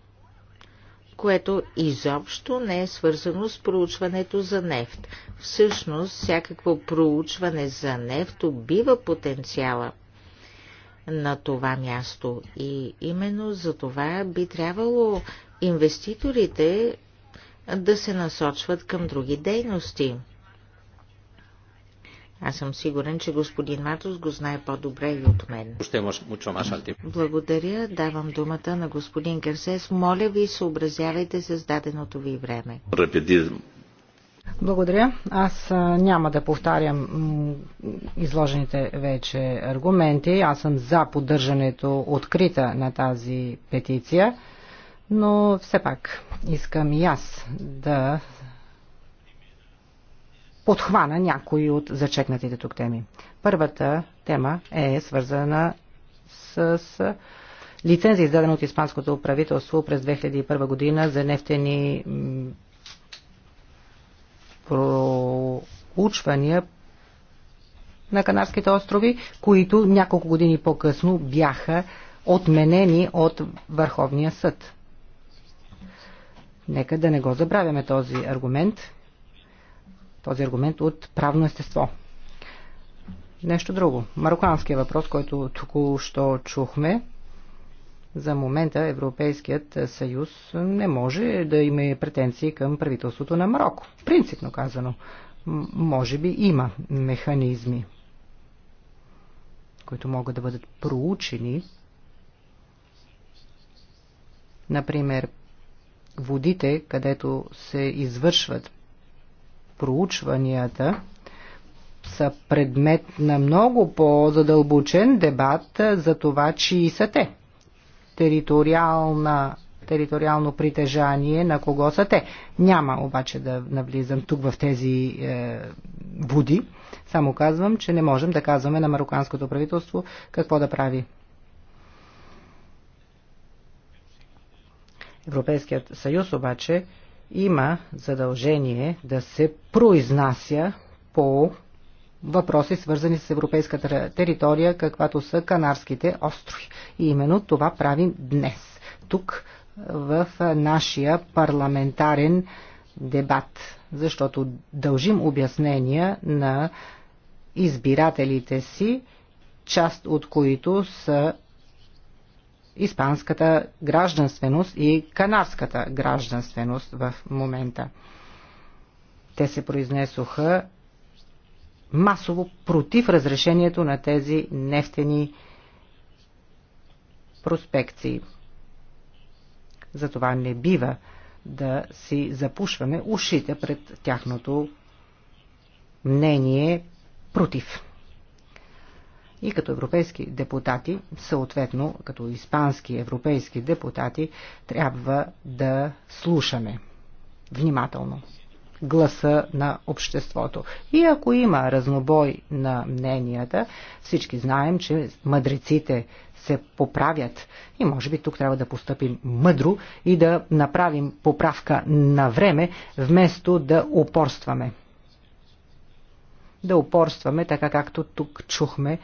което изобщо не е свързано с проучването за нефт. Всъщност, всякакво проучване за нефт убива потенциала на това място. И именно за това би трябвало инвеститорите да се насочват към други дейности. Аз съм сигурен, че господин Матус го знае по-добре и от мен. Благодаря. Давам думата на господин Керсес. Моля ви, съобразявайте с даденото ви време. Благодаря. Аз няма да повтарям изложените вече аргументи. Аз съм за поддържането открита на тази петиция но все пак искам и аз да подхвана някои от зачекнатите тук теми. Първата тема е свързана с лицензия, издадена от Испанското правителство през 2001 година за нефтени проучвания на Канарските острови, които няколко години по-късно бяха отменени от Върховния съд. Нека да не го забравяме този аргумент, този аргумент от правно естество. Нещо друго. Марокканският въпрос, който току-що чухме, за момента Европейският съюз не може да има претенции към правителството на Марокко. Принципно казано, може би има механизми, които могат да бъдат проучени. Например, водите, където се извършват проучванията, са предмет на много по-задълбочен дебат за това, чии са те. Териториална, териториално притежание на кого са те. Няма обаче да навлизам тук в тези е, води. Само казвам, че не можем да казваме на мароканското правителство какво да прави. Европейският съюз обаче има задължение да се произнася по въпроси, свързани с европейската територия, каквато са Канарските острови. И именно това правим днес, тук в нашия парламентарен дебат, защото дължим обяснения на избирателите си, част от които са испанската гражданственост и канадската гражданственост в момента. Те се произнесоха масово против разрешението на тези нефтени проспекции. Затова не бива да си запушваме ушите пред тяхното мнение против и като европейски депутати, съответно като испански европейски депутати, трябва да слушаме внимателно гласа на обществото. И ако има разнобой на мненията, всички знаем, че мъдреците се поправят. И може би тук трябва да поступим мъдро и да направим поправка на време, вместо да упорстваме. Да упорстваме, така както тук чухме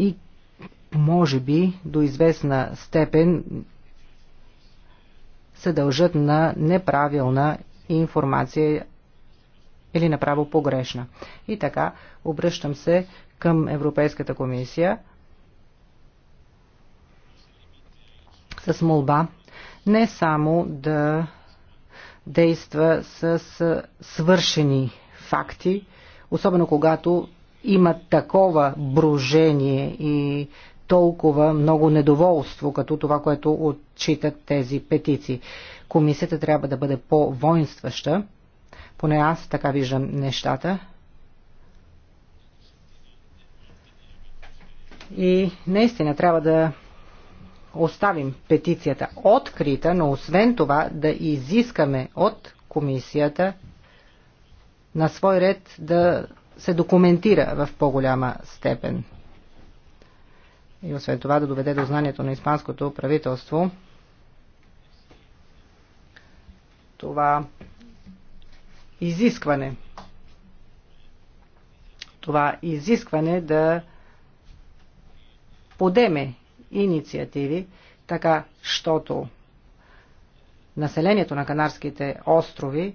и може би до известна степен се дължат на неправилна информация или направо погрешна. И така, обръщам се към Европейската комисия с молба не само да действа с свършени факти, особено когато има такова брожение и толкова много недоволство, като това, което отчитат тези петиции. Комисията трябва да бъде по-воинстваща, поне аз така виждам нещата. И наистина трябва да оставим петицията открита, но освен това да изискаме от комисията на свой ред да се документира в по-голяма степен. И освен това да доведе до знанието на испанското правителство това изискване. Това изискване да подеме инициативи, така щото населението на Канарските острови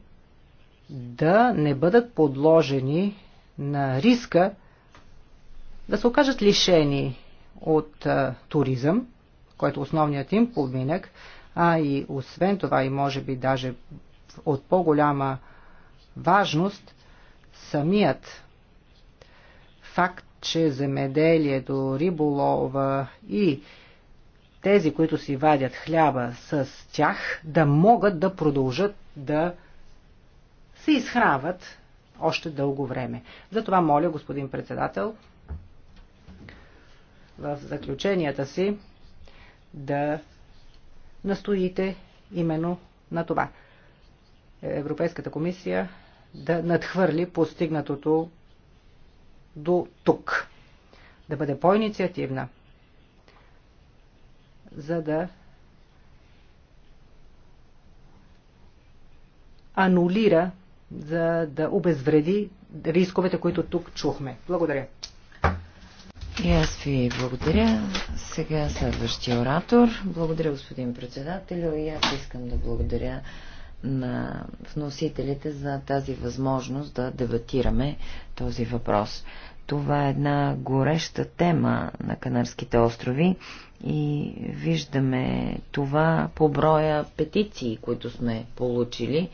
да не бъдат подложени на риска да се окажат лишени от а, туризъм, който е основният им поминък, а и освен това и може би даже от по-голяма важност самият факт, че земеделието, риболова и тези, които си вадят хляба с тях, да могат да продължат да се изхрават още дълго време. Затова моля, господин председател, в заключенията си да настоите именно на това. Европейската комисия да надхвърли постигнатото до тук. Да бъде по-инициативна, за да анулира за да обезвреди рисковете, които тук чухме. Благодаря. И аз ви благодаря. Сега следващия оратор. Благодаря, господин председател, И аз искам да благодаря на вносителите за тази възможност да дебатираме този въпрос. Това е една гореща тема на Канарските острови и виждаме това по броя петиции, които сме получили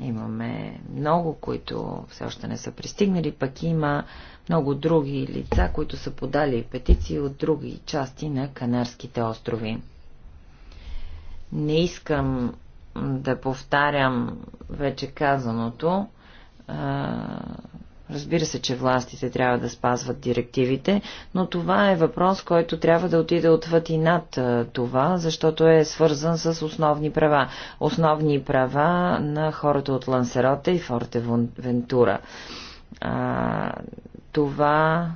Имаме много, които все още не са пристигнали, пък има много други лица, които са подали петиции от други части на Канарските острови. Не искам да повтарям вече казаното. Разбира се, че властите трябва да спазват директивите, но това е въпрос, който трябва да отиде отвъд и над това, защото е свързан с основни права. Основни права на хората от Лансерота и Форте Вентура. А, това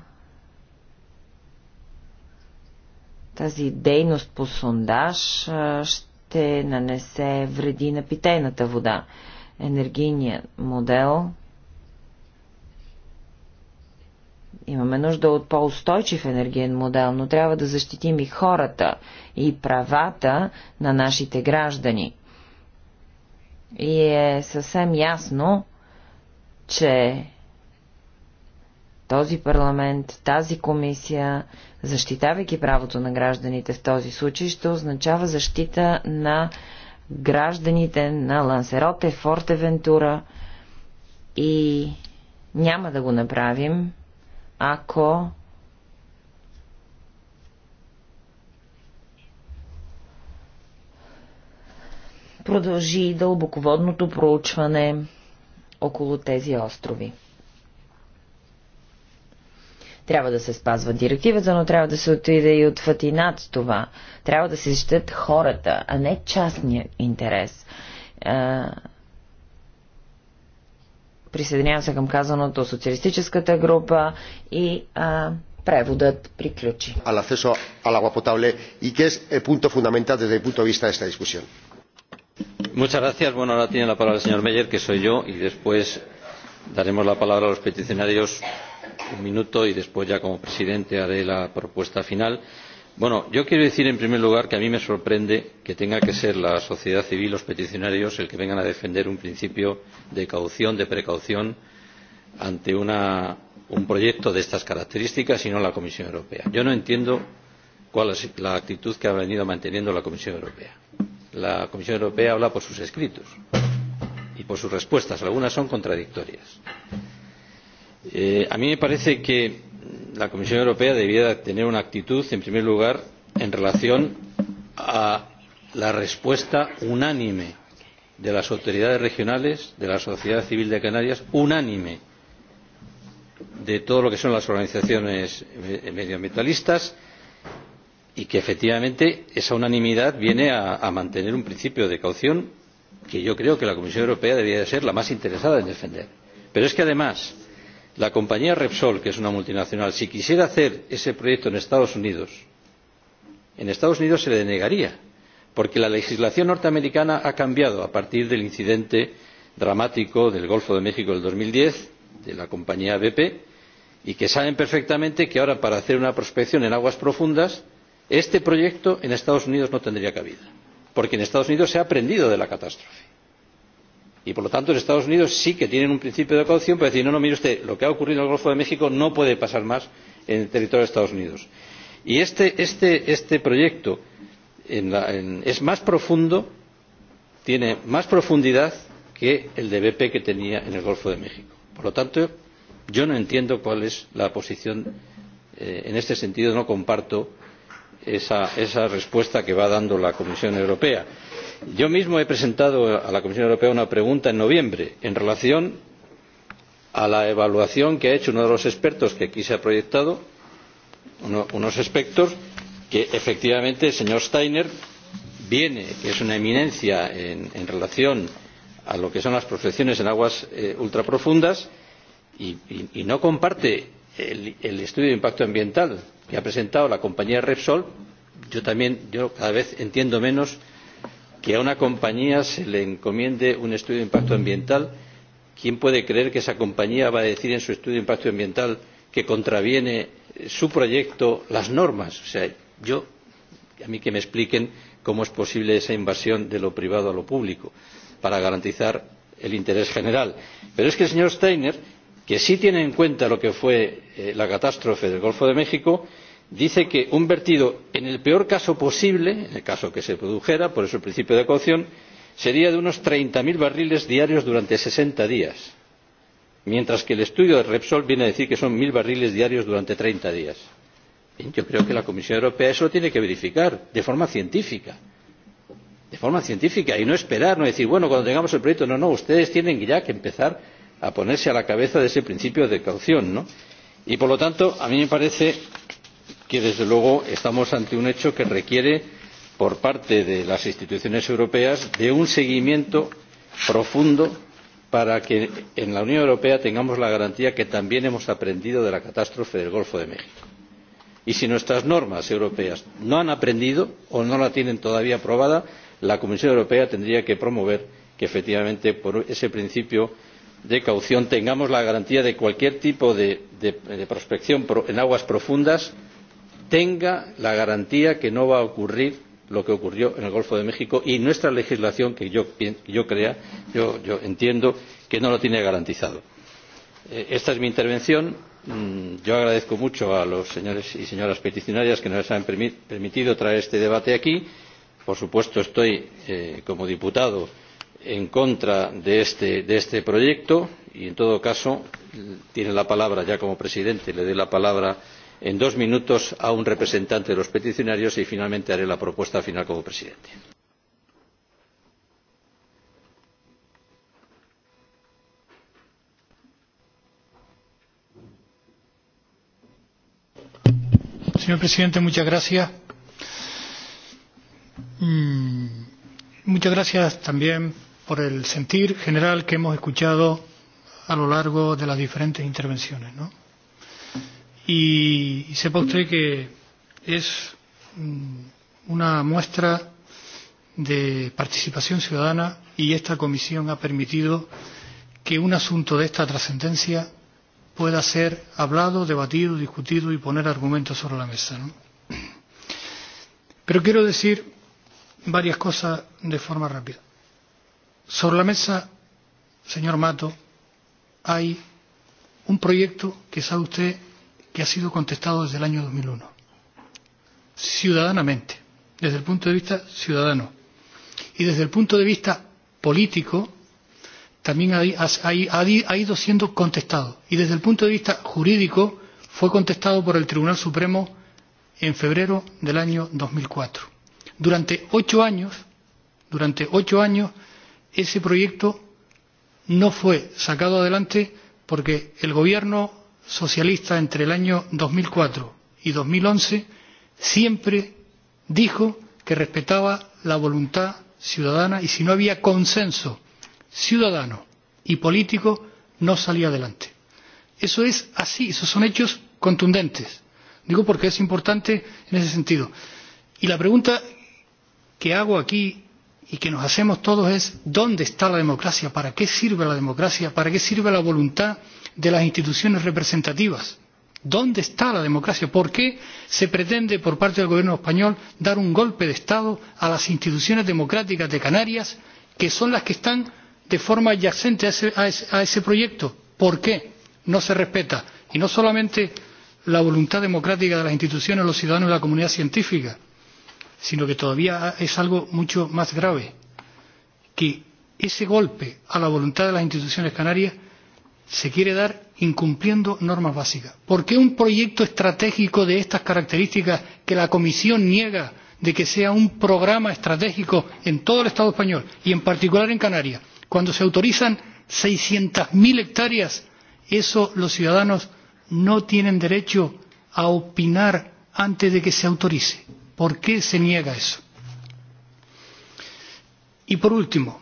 тази дейност по сондаж ще нанесе вреди на питейната вода. Енергийният модел Имаме нужда от по-устойчив енергиен модел, но трябва да защитим и хората, и правата на нашите граждани. И е съвсем ясно, че този парламент, тази комисия, защитавайки правото на гражданите в този случай, ще означава защита на гражданите на Лансероте, Фортевентура и няма да го направим, ако продължи дълбоководното проучване около тези острови. Трябва да се спазва директивата, но трябва да се отиде и от Фатинат това. Трябва да се защитят хората, а не частния интерес. Присъединявам се към казаното социалистическата група и а, преводът приключи. Muchas gracias. Bueno, ahora tiene la palabra el señor Meyer, que soy yo, y después daremos la palabra a los peticionarios un minuto y después ya como presidente haré la propuesta final yo quiero decir en primer lugar que a mí me sorprende que tenga que ser la sociedad civil los peticionarios los que vengan a defender un principio de caución de precaución ante un proyecto de estas características y no la comisión europea. yo no entiendo cuál es la actitud que ha venido manteniendo la comisión europea. la comisión europea habla por sus escritos y por sus respuestas algunas son contradictorias. a mí me parece que la Comisión Europea debiera tener una actitud, en primer lugar, en relación a la respuesta unánime de las autoridades regionales, de la sociedad civil de Canarias, unánime de todo lo que son las organizaciones medioambientalistas y que efectivamente esa unanimidad viene a, mantener un principio de caución que yo creo que la Comisión Europea debería ser la más interesada en defender. Pero es que además la compañía repsol que es una multinacional si quisiera hacer ese proyecto en los estados unidos en estados unidos se le denegaría porque la legislación norteamericana ha cambiado a partir del incidente dramático del golfo de méxico de dos mil diez de la compañía bp y que saben perfectamente que ahora para hacer una prospección en aguas profundas este proyecto en los estados unidos no tendría cabida porque en los estados unidos se ha aprendido de la catástrofe y por lo tanto los estados unidos sí que tienen un principio de precaución para decir no no mire usted lo que ha ocurrido en el golfo de méxico no puede pasar más en el territorio de los estados unidos. y este proyecto es más profundo tiene más profundidad que el de bp que tenía en el golfo de méxico. por lo tanto yo no entiendo cuál es la posición en este sentido no comparto esa respuesta que va dando la comisión europea yo mismo he presentado a la comisión europea una pregunta en noviembre en relación con la evaluación que ha hecho uno de los expertos que aquí se ha proyectado unos expertos que efectivamente el señor steiner viene que es una eminencia en relación con lo que son las prospecciones en aguas ultraprofundas y no comparte el estudio de impacto ambiental que ha presentado la compañía repsol yo también cada vez entiendo menos que a una compañía se le encomiende un estudio de impacto ambiental quién puede creer que esa compañía va a decir en su estudio de impacto ambiental que contraviene su proyecto las normas? o sea yo a mí que me expliquen cómo es posible esa invasión de lo privado a lo público para garantizar el interés general. pero es que el señor steiner que sí tiene en cuenta lo que fue la catástrofe del golfo de méxico dice que un vertido en el peor caso posible en el caso de que se produjera por eso el principio de cautela sería de unos treinta cero barriles diarios durante sesenta días mientras que el estudio de repsol viene a decir que son uno cero barriles diarios durante treinta días. yo creo que la comisión europea eso lo tiene que verificar de forma científica de forma científica y no esperar no decir bueno cuando tengamos el proyecto no no ustedes tienen ya que empezar a ponerse a la cabeza de ese principio de precaución y por lo tanto a mí me parece que desde luego estamos ante un hecho que requiere por parte de las instituciones europeas de un seguimiento profundo para que en la unión europea tengamos la garantía de que también hemos aprendido de la catástrofe del golfo de méxico. y si nuestras normas europeas no han aprendido o no la tienen todavía aprobada la comisión europea tendría que promover que efectivamente por ese principio de caución tengamos la garantía de cualquier tipo de prospección en aguas profundas tenga la garantía de que no va a ocurrir lo que ocurrió en el golfo de méxico y nuestra legislación que yo entiendo que no lo tiene garantizado. esta es mi intervención. yo agradezco mucho a los señores y señoras peticionarias que nos hayan permitido traer este debate aquí. por supuesto estoy como diputado en contra de este proyecto y en todo caso tiene la palabra ya como presidente le doy la palabra en dos minutos a un representante de los peticionarios y finalmente haré la propuesta final como presidente. Señor presidente, muchas gracias. Muchas gracias también por el sentir general que hemos escuchado a lo largo de las diferentes intervenciones. ¿no? Y sepa usted que es una muestra de participación ciudadana y esta comisión ha permitido que un asunto de esta trascendencia pueda ser hablado, debatido, discutido y poner argumentos sobre la mesa. ¿no? Pero quiero decir varias cosas de forma rápida. Sobre la mesa, señor Mato, hay un proyecto que sabe usted que ha sido contestado desde el año 2001, ciudadanamente, desde el punto de vista ciudadano. Y desde el punto de vista político, también ha, ha, ha ido siendo contestado. Y desde el punto de vista jurídico, fue contestado por el Tribunal Supremo en febrero del año 2004. Durante ocho años, durante ocho años, ese proyecto no fue sacado adelante porque el gobierno socialista entre el año dos mil cuatro y dos mil once siempre dijo que respetaba la voluntad ciudadana y si no había consenso ciudadano y político no salía adelante. Eso es así, esos son hechos contundentes. Digo porque es importante en ese sentido. Y la pregunta que hago aquí y que nos hacemos todos es ¿dónde está la democracia? ¿Para qué sirve la democracia? ¿Para qué sirve la voluntad de las instituciones representativas. ¿Dónde está la democracia? ¿Por qué se pretende por parte del gobierno español dar un golpe de Estado a las instituciones democráticas de Canarias, que son las que están de forma adyacente a ese, a ese proyecto? ¿Por qué no se respeta? Y no solamente la voluntad democrática de las instituciones, los ciudadanos y la comunidad científica, sino que todavía es algo mucho más grave, que ese golpe a la voluntad de las instituciones canarias se quiere dar incumpliendo normas básicas. ¿Por qué un proyecto estratégico de estas características que la Comisión niega de que sea un programa estratégico en todo el Estado español y en particular en Canarias, cuando se autorizan 600.000 hectáreas, eso los ciudadanos no tienen derecho a opinar antes de que se autorice? ¿Por qué se niega eso? Y por último,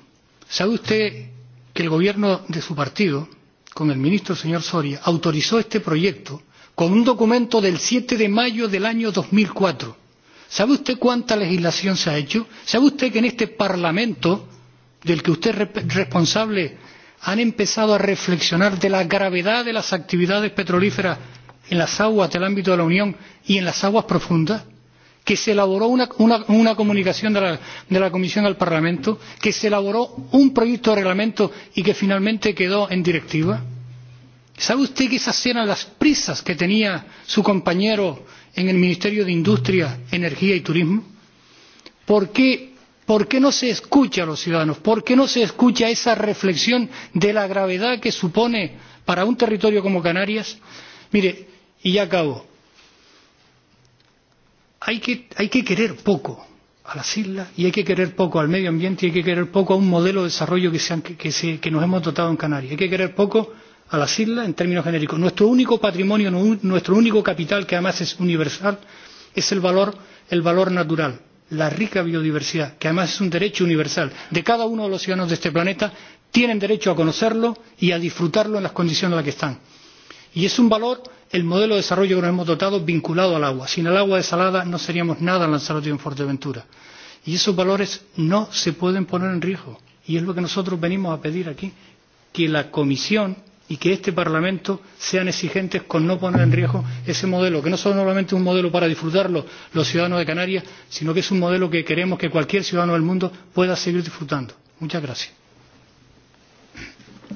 ¿sabe usted que el gobierno de su partido con el ministro señor Soria, autorizó este proyecto con un documento del siete de mayo del año dos mil cuatro. ¿Sabe usted cuánta legislación se ha hecho? ¿Sabe usted que en este Parlamento, del que usted es responsable, han empezado a reflexionar de la gravedad de las actividades petrolíferas en las aguas del ámbito de la Unión y en las aguas profundas? que se elaboró una, comunicación de la, Comisión al Parlamento, que se elaboró un proyecto de reglamento y que finalmente quedó en directiva? ¿Sabe usted que esas eran las prisas que tenía su compañero en el Ministerio de Industria, Energía y Turismo? ¿Por qué, no se escucha a los ciudadanos? ¿Por qué no se escucha esa reflexión de la gravedad que supone para un territorio como Canarias? Mire, y ya acabo hay que, hay que querer poco a las islas y hay que querer poco al medio ambiente y hay que querer poco a un modelo de desarrollo que, sean, que, se, que nos hemos dotado en Canarias. Hay que querer poco a las islas en términos genéricos. Nuestro único patrimonio, nuestro único capital, que además es universal, es el valor, el valor natural, la rica biodiversidad, que además es un derecho universal de cada uno de los ciudadanos de este planeta, tienen derecho a conocerlo y a disfrutarlo en las condiciones en las que están. Y es un valor el modelo de desarrollo que nos hemos dotado vinculado al agua. Sin el agua desalada no seríamos nada en Lanzarote y en Fuerteventura. Y esos valores no se pueden poner en riesgo. Y es lo que nosotros venimos a pedir aquí, que la Comisión y que este Parlamento sean exigentes con no poner en riesgo ese modelo, que no solamente es un modelo para disfrutarlo los ciudadanos de Canarias, sino que es un modelo que queremos que cualquier ciudadano del mundo pueda seguir disfrutando. Muchas gracias.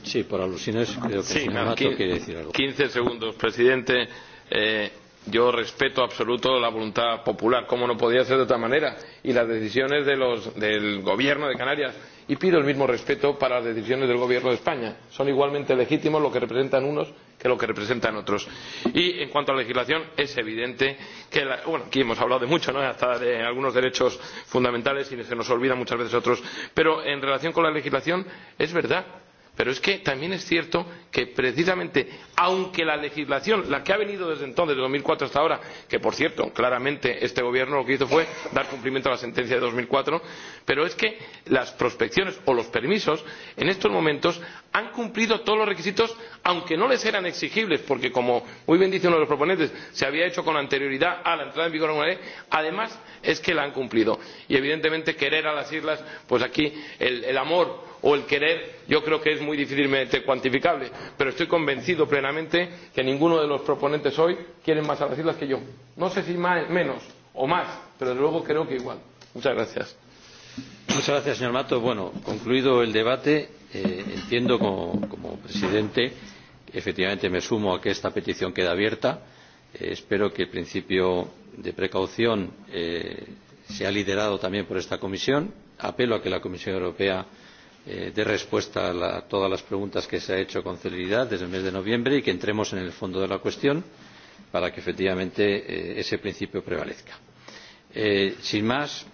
Sí, por alusiones creo que sí, señor quiere decir algo. 15 segundos, presidente. Eh, yo respeto absoluto la voluntad popular, como no podía ser de otra manera, y las decisiones de los, del gobierno de Canarias. Y pido el mismo respeto para las decisiones del gobierno de España. Son igualmente legítimos lo que representan unos que lo que representan otros. Y en cuanto a la legislación, es evidente que, la, bueno, aquí hemos hablado de mucho, ¿no? hasta de algunos derechos fundamentales y se nos olvidan muchas veces otros, pero en relación con la legislación, es verdad Pero es que también es cierto que precisamente, aunque la legislación, la que ha venido desde entonces, de cuatro hasta ahora, que por cierto, claramente este gobierno lo que hizo fue dar cumplimiento a la sentencia de dos mil cuatro, pero es que las prospecciones o los permisos en estos momentos han cumplido todos los requisitos, aunque no les eran exigibles, porque como muy bien dice uno de los proponentes, se había hecho con anterioridad a la entrada en vigor de una ley, además es que la han cumplido. Y evidentemente querer a las islas, pues aquí el, el amor o el querer yo creo que es muy difícilmente cuantificable pero estoy convencido plenamente de que ninguno de los proponentes hoy quiere más a las islas que yo no sé si menos o más pero desde luego creo que igual. muchas gracias. Muchas gracias, señor Mato. Bueno, concluido el debate, eh, entiendo como, como presidente, efectivamente me sumo a que esta petición queda abierta. Eh, espero que el principio de precaución eh, sea liderado también por esta comisión. Apelo a que la Comisión Europea dé respuesta a todas las preguntas que se han hecho con celeridad desde el mes de noviembre y que entremos en el fondo de la cuestión para que efectivamente ese principio prevalezca. sin más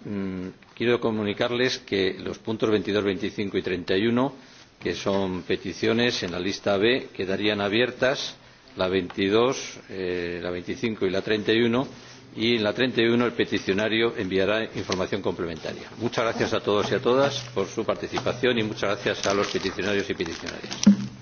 quiero comunicarles que los puntos veintidós veinticinco y treinta y uno que son peticiones en la lista b quedarían abiertas la veintidós la veinticinco y la treinta y uno y en la treinta y uno el peticionario enviará información complementaria. muchas gracias a todos y a todas por su participación y muchas gracias a los peticionarios y peticionarias.